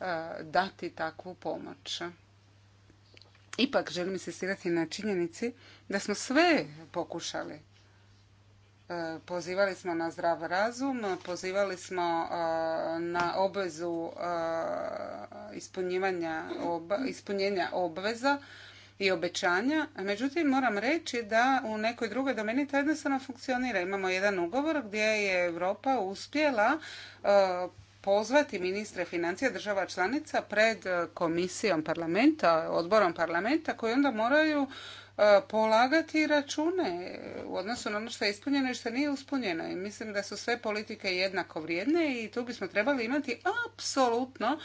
A: e, dati takvu pomoć. Ipak želim insistirati na činjenici da smo sve pokušali E, pozivali smo na zdrav razum, pozivali smo e, na obvezu e, ispunjenja obveza i obećanja. Međutim, moram reći da u nekoj drugoj domeni to jednostavno funkcionira. Imamo jedan ugovor gdje je Europa uspjela pozvati ministre financija država članica pred komisijom parlamenta, odborom parlamenta koji onda moraju E, polagati račune u odnosu na ono što je ispunjeno i što nije ispunjeno. I mislim da su sve politike jednako vrijedne i tu bismo trebali imati apsolutno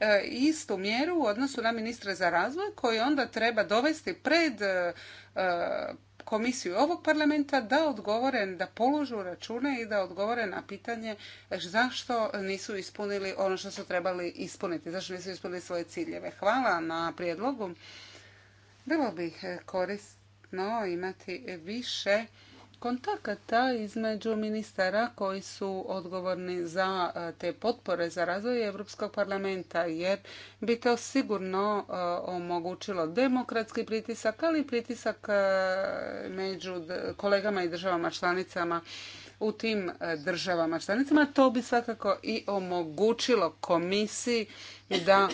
A: e, istu mjeru u odnosu na ministra za razvoj koji onda treba dovesti pred e, komisiju ovog parlamenta da odgovore, da položu račune i da odgovore na pitanje zašto nisu ispunili ono što su trebali ispuniti, zašto nisu ispunili svoje ciljeve. Hvala na prijedlogu bilo bi eh, korisno imati više kontakata između ministara koji su odgovorni za eh, te potpore za razvoj Europskog parlamenta jer bi to sigurno eh, omogućilo demokratski pritisak, ali i pritisak među kolegama i državama članicama u tim državama članicama. To bi svakako i omogućilo komisiji da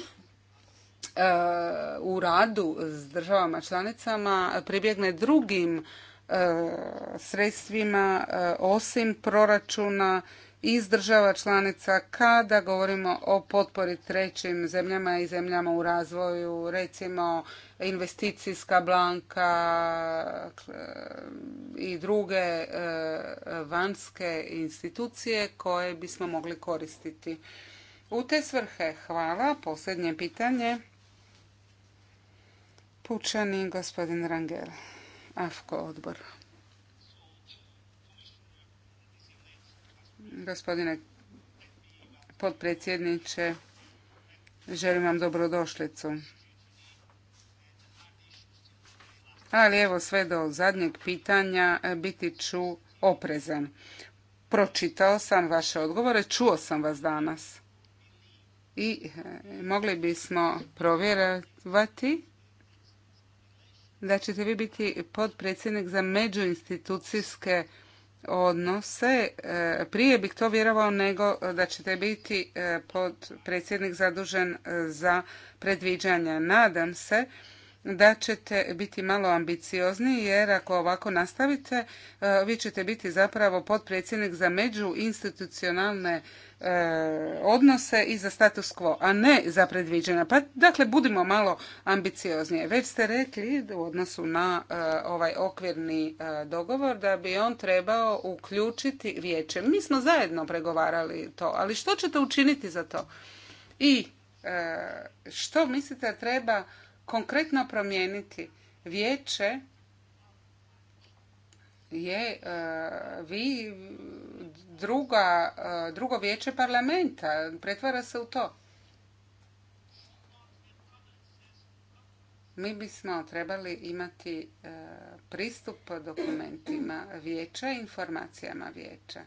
A: u radu s državama članicama pribjegne drugim e, sredstvima e, osim proračuna iz država članica kada govorimo o potpori trećim zemljama i zemljama u razvoju, recimo investicijska blanka i druge e, vanjske institucije koje bismo mogli koristiti u te svrhe. Hvala. Posljednje pitanje. Pučani gospodin Rangel. AFKO odbor. Gospodine potpredsjedniče, želim vam dobrodošlicu. Ali evo sve do zadnjeg pitanja e, biti ću oprezan. Pročitao sam vaše odgovore, čuo sam vas danas i eh, mogli bismo provjerovati da ćete vi biti podpredsjednik za međuinstitucijske odnose. Eh, prije bih to vjerovao nego da ćete biti eh, podpredsjednik zadužen za predviđanja. Nadam se da ćete biti malo ambiciozni jer ako ovako nastavite e, vi ćete biti zapravo potpredsjednik za međuinstitucionalne e, odnose i za status quo, a ne za predviđena. Pa dakle, budimo malo ambicioznije. Već ste rekli u odnosu na e, ovaj okvirni dogovor da bi on trebao uključiti vijeće. Mi smo zajedno pregovarali to, ali što ćete učiniti za to? I što mislite treba konkretno promijeniti. Vijeće je e, vi druga, e, drugo vijeće parlamenta. Pretvara se u to. Mi bismo trebali imati e, pristup dokumentima vijeća, informacijama vijeća.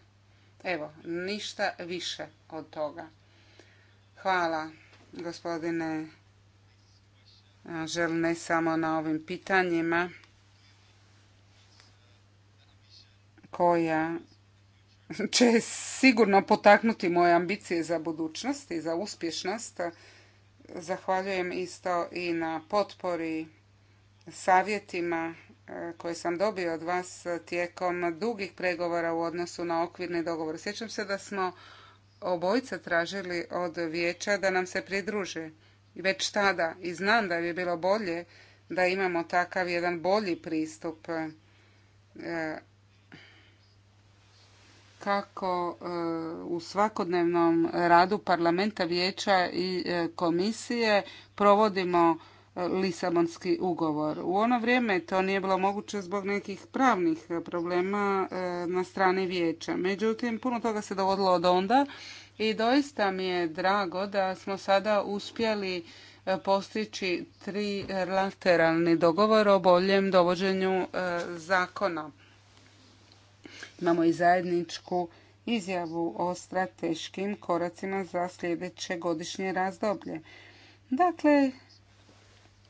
A: Evo, ništa više od toga. Hvala gospodine želim ne samo na ovim pitanjima koja će sigurno potaknuti moje ambicije za budućnost i za uspješnost. Zahvaljujem isto i na potpori savjetima e, koje sam dobio od vas tijekom dugih pregovora u odnosu na okvirni dogovor. Sjećam se da smo obojica tražili od vijeća da nam se pridruže već tada i znam da bi bilo bolje da imamo takav jedan bolji pristup e, kako e, u svakodnevnom radu parlamenta, vijeća i e, komisije provodimo Lisabonski ugovor. U ono vrijeme to nije bilo moguće zbog nekih pravnih problema na strani vijeća. Međutim, puno toga se dogodilo od onda i doista mi je drago da smo sada uspjeli e, postići tri lateralni dogovor o boljem dovođenju e, zakona. Imamo i zajedničku izjavu o strateškim koracima za sljedeće godišnje razdoblje. Dakle,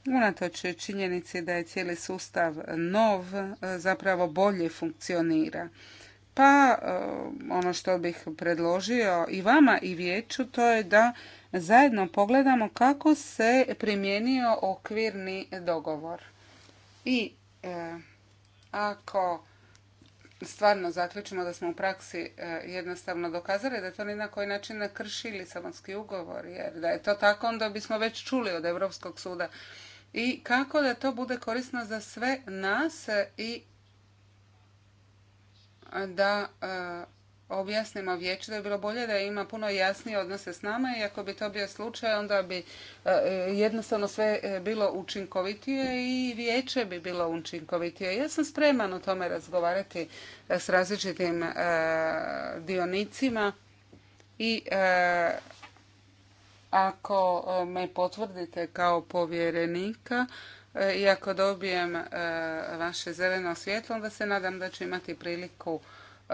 A: unatoč činjenici da je cijeli sustav nov, e, zapravo bolje funkcionira. Pa eh, ono što bih predložio i vama i vijeću to je da zajedno pogledamo kako se primijenio okvirni dogovor. I eh, ako stvarno zaključimo da smo u praksi eh, jednostavno dokazali da to ni na koji način ne krši Lisabonski ugovor, jer da je to tako onda bismo već čuli od Europskog suda. I kako da to bude korisno za sve nas i da e, objasnimo vijeću da bi bilo bolje da ima puno jasnije odnose s nama i ako bi to bio slučaj onda bi e, e, jednostavno sve bilo učinkovitije i vijeće bi bilo učinkovitije. Ja sam spreman o tome razgovarati s različitim dionicima i ako me potvrdite kao povjerenika E, i ako dobijem e, vaše zeleno svjetlo, onda se nadam da ću imati priliku e,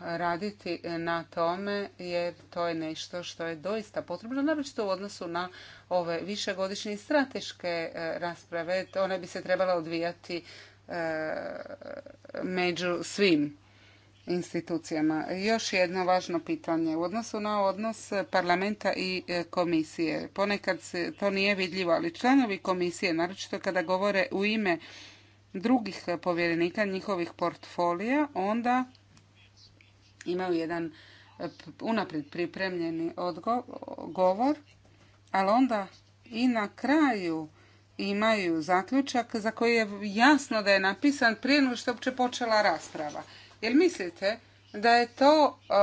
A: raditi na tome jer to je nešto što je doista potrebno, naročito u odnosu na ove višegodišnje strateške rasprave. One bi se trebala odvijati među svim institucijama. Još jedno važno pitanje u odnosu na odnos parlamenta i e, komisije. Ponekad se to nije vidljivo, ali članovi komisije, naročito kada govore u ime drugih povjerenika njihovih portfolija, onda imaju jedan e, unaprijed pripremljeni govor, ali onda i na kraju imaju zaključak za koji je jasno da je napisan prije nego što je uopće počela rasprava. Jel mislite da je to e,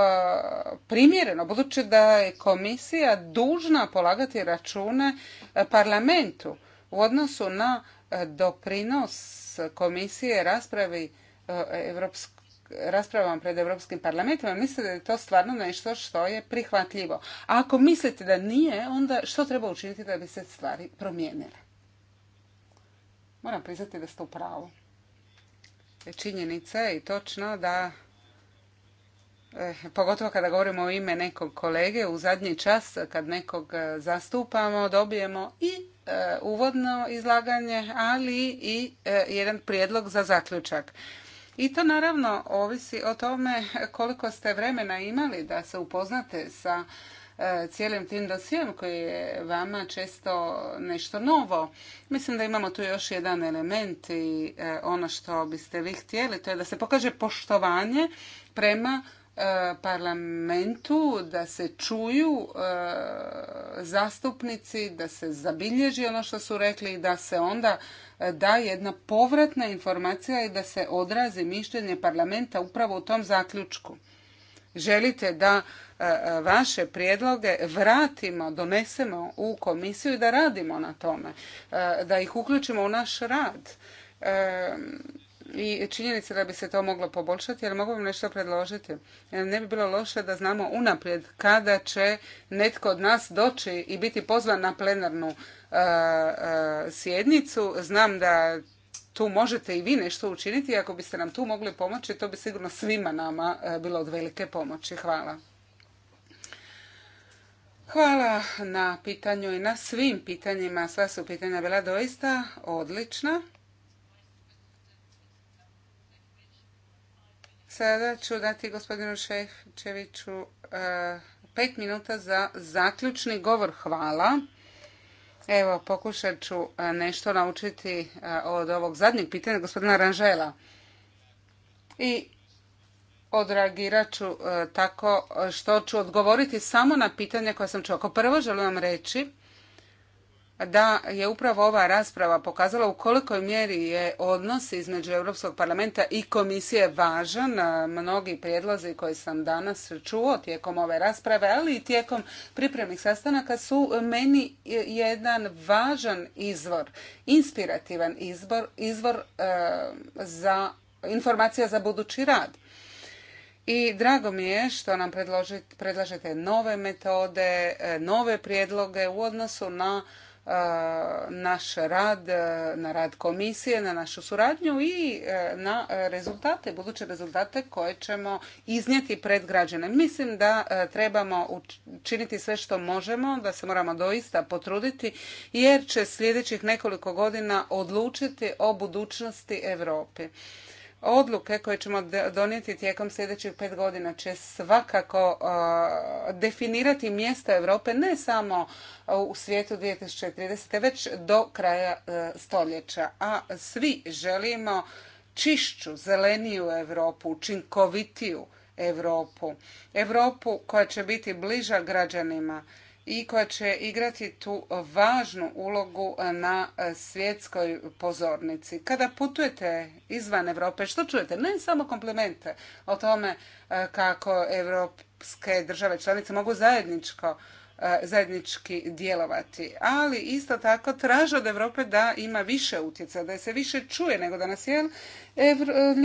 A: primjereno, budući da je komisija dužna polagati račune e, parlamentu u odnosu na e, doprinos komisije raspravi raspravama pred Europskim parlamentom, mislite da je to stvarno nešto što je prihvatljivo. A ako mislite da nije, onda što treba učiniti da bi se stvari promijenile? Moram priznati da ste u pravu činjenica je i točno da eh, pogotovo kada govorimo o ime nekog kolege, u zadnji čas kad nekog eh, zastupamo dobijemo i eh, uvodno izlaganje, ali i jedan prijedlog za zaključak. I to naravno ovisi o tome koliko ste vremena imali da se upoznate sa cijelim tim dosijem koji je vama često nešto novo. Mislim da imamo tu još jedan element i e, ono što biste vi htjeli, to je da se pokaže poštovanje prema e, parlamentu, da se čuju e, zastupnici, da se zabilježi ono što su rekli i da se onda da jedna povratna informacija i da se odrazi mišljenje parlamenta upravo u tom zaključku. Želite da E, e, vaše prijedloge vratimo, donesemo u komisiju i da radimo na tome, e, da ih uključimo u naš rad. I činjenica da bi se to moglo poboljšati, jer mogu vam nešto predložiti. Ne bi bilo loše da znamo unaprijed kada će netko od nas doći i biti pozvan na plenarnu sjednicu. Znam da tu možete i vi nešto učiniti. Ako biste nam tu mogli pomoći, to bi sigurno svima nama bilo od velike pomoći. Hvala. Hvala na pitanju i na svim pitanjima. Sva su pitanja bila doista odlična. Sada ću dati gospodinu Šefčeviću eh, pet minuta za zaključni govor. Hvala. Evo, pokušat ću eh, nešto naučiti eh, od ovog zadnjeg pitanja gospodina Ranžela. I odreagirat ću e, tako e, što ću odgovoriti samo na pitanje koje sam čuo. Ako prvo želim vam reći da je upravo ova rasprava pokazala u kolikoj mjeri je odnos između Europskog parlamenta i komisije važan. E, mnogi prijedlozi koje sam danas čuo tijekom ove rasprave, ali i tijekom pripremnih sastanaka su meni jedan važan izvor, inspirativan izvor, izvor za informacija za budući rad i drago mi je što nam predlažete nove metode, e, nove prijedloge u odnosu na e, naš rad, e, na rad komisije, na našu suradnju i na rezultate, buduće rezultate koje ćemo iznijeti pred građane. Mislim da trebamo učiniti sve što možemo, da se moramo doista potruditi jer će sljedećih nekoliko godina odlučiti o budućnosti Europe odluke koje ćemo donijeti tijekom sljedećih pet godina će svakako uh, definirati mjesto Europe ne samo uh, u svijetu 2030. već do kraja uh, stoljeća. A svi želimo čišću, zeleniju Europu, učinkovitiju Europu, Europu koja će biti bliža građanima i koja će igrati tu važnu ulogu na e, svjetskoj pozornici. Kada putujete izvan Europe, što čujete? Ne samo komplimente o tome e, kako evropske države članice mogu zajedničko E, zajednički djelovati. Ali isto tako traže od Europe da ima više utjecaja, da se više čuje nego nas jel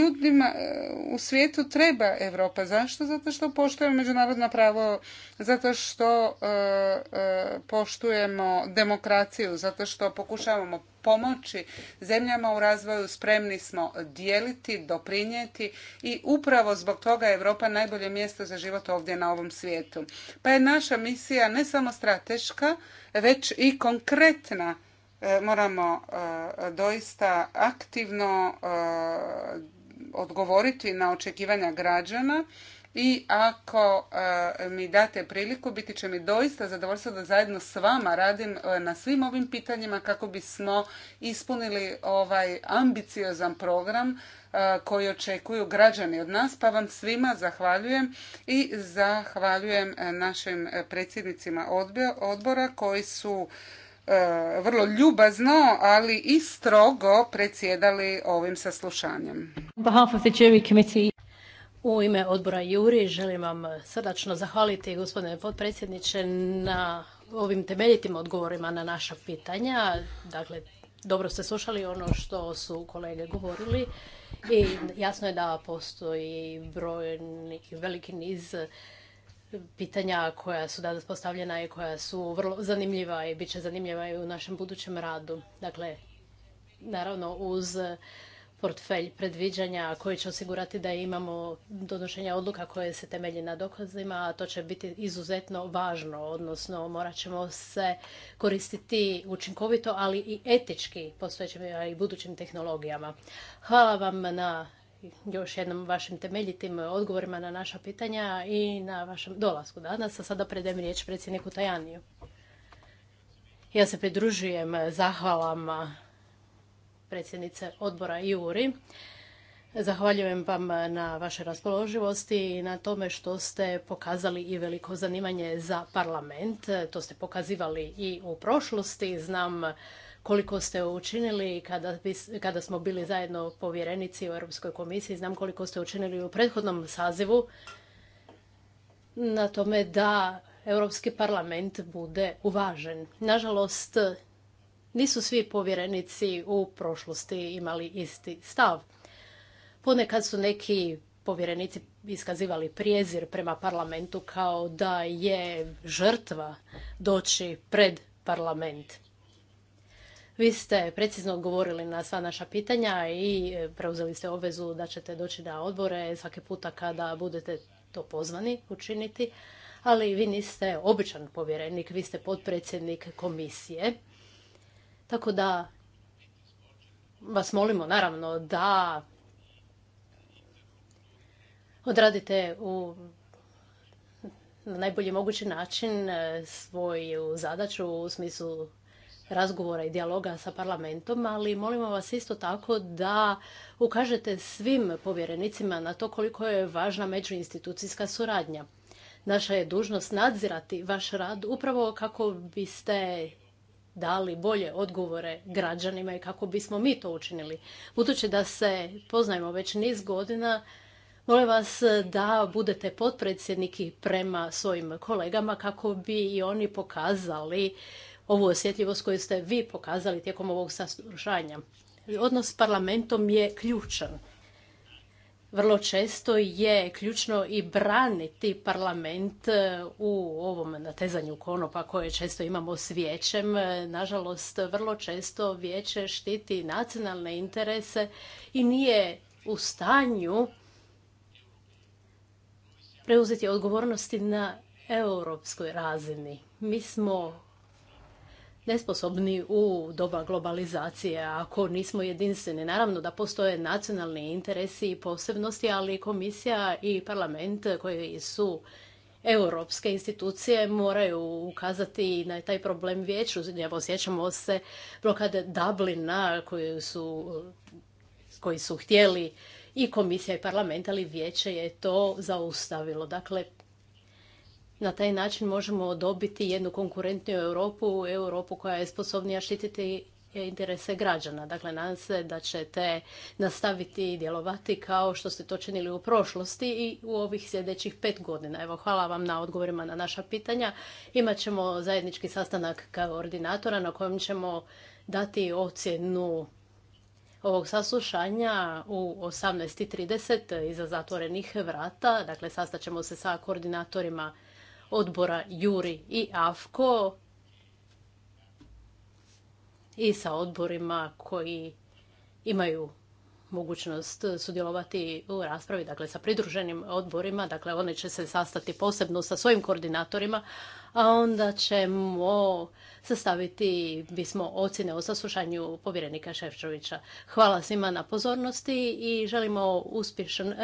A: ljudima e, u svijetu treba Europa. Zašto? Zato što poštujemo međunarodno pravo, zato što e, poštujemo demokraciju, zato što pokušavamo pomoći zemljama u razvoju, spremni smo dijeliti, doprinijeti i upravo zbog toga je Europa najbolje mjesto za život ovdje na ovom svijetu. Pa je naša misija ne samo strateška, već i konkretna e, moramo e, doista aktivno e, odgovoriti na očekivanja građana i ako e, mi date priliku, biti će mi doista zadovoljstvo da zajedno s vama radim e, na svim ovim pitanjima kako bismo ispunili ovaj ambiciozan program e, koji očekuju građani od nas, pa vam svima zahvaljujem i zahvaljujem našim predsjednicima odbora koji su vrlo ljubazno, ali i strogo predsjedali ovim saslušanjem.
B: U ime odbora Juri želim vam srdačno zahvaliti gospodine potpredsjedniče na ovim temeljitim odgovorima na naša pitanja. Dakle, dobro ste slušali ono što su kolege govorili i jasno je da postoji brojni veliki niz pitanja koja su danas postavljena i koja su vrlo zanimljiva i bit će zanimljiva i u našem budućem radu. Dakle, naravno uz portfelj predviđanja koji će osigurati da imamo donošenje odluka koje se temelji na dokazima, a to će biti izuzetno važno, odnosno morat ćemo se koristiti učinkovito, ali i etički postojećim i budućim tehnologijama. Hvala vam na još jednom vašim temeljitim odgovorima na naša pitanja i na vašem dolasku danas. A sada predajem riječ predsjedniku Tajaniju. Ja se pridružujem zahvalama predsjednice odbora Juri. Zahvaljujem vam na vašoj raspoloživosti i na tome što ste pokazali i veliko zanimanje za parlament. To ste pokazivali i u prošlosti. Znam koliko ste učinili kada, kada smo bili zajedno povjerenici u Europskoj komisiji. Znam koliko ste učinili u prethodnom sazivu na tome da Europski parlament bude uvažen. Nažalost, nisu svi povjerenici u prošlosti imali isti stav. Ponekad su neki povjerenici iskazivali prijezir prema parlamentu kao da je žrtva doći pred parlament. Vi ste precizno odgovorili na sva naša pitanja i e, preuzeli ste obvezu da ćete doći na odbore svaki puta kada budete to pozvani učiniti, ali vi niste običan povjerenik, vi ste potpredsjednik komisije tako da vas molimo naravno da odradite u na najbolji mogući način e, svoju zadaću u smislu razgovora i dijaloga sa parlamentom, ali molimo vas isto tako da ukažete svim povjerenicima na to koliko je važna međuinstitucijska suradnja. Naša je dužnost nadzirati vaš rad upravo kako biste dali bolje odgovore građanima i kako bismo mi to učinili. Budući da se poznajemo već niz godina, molim vas da budete potpredsjedniki prema svojim kolegama kako bi i oni pokazali ovu osjetljivost koju ste vi pokazali tijekom ovog saslušanja. Odnos s parlamentom je ključan vrlo često je ključno i braniti parlament e, u ovom natezanju konopa koje često imamo s vijećem. E, nažalost, vrlo često vijeće štiti nacionalne interese i nije u stanju preuzeti odgovornosti na europskoj razini. Mi smo nesposobni u doba globalizacije ako nismo jedinstveni. Naravno da postoje nacionalni interesi i posebnosti, ali komisija i parlament koji su europske institucije moraju ukazati na taj problem vijeću. Evo, sjećamo se blokade Dublina koji su, koji su htjeli i komisija i parlament, ali vijeće je to zaustavilo. Dakle, na taj način možemo dobiti jednu konkurentniju Europu, Europu koja je sposobnija štititi interese građana. Dakle, nadam se da ćete nastaviti i djelovati kao što ste to činili u prošlosti i u ovih sljedećih pet godina. Evo, hvala vam na odgovorima na naša pitanja. Imaćemo zajednički sastanak ordinatora na kojem ćemo dati ocjenu ovog saslušanja u 18.30 iza zatvorenih vrata. Dakle, ćemo se sa koordinatorima odbora Juri i Avko i sa odborima koji imaju mogućnost sudjelovati u raspravi, dakle sa pridruženim odborima, dakle oni će se sastati posebno sa svojim koordinatorima, a onda ćemo sastaviti bismo ocjene o saslušanju povjerenika Ševčovića. Hvala svima na pozornosti i želimo uspješan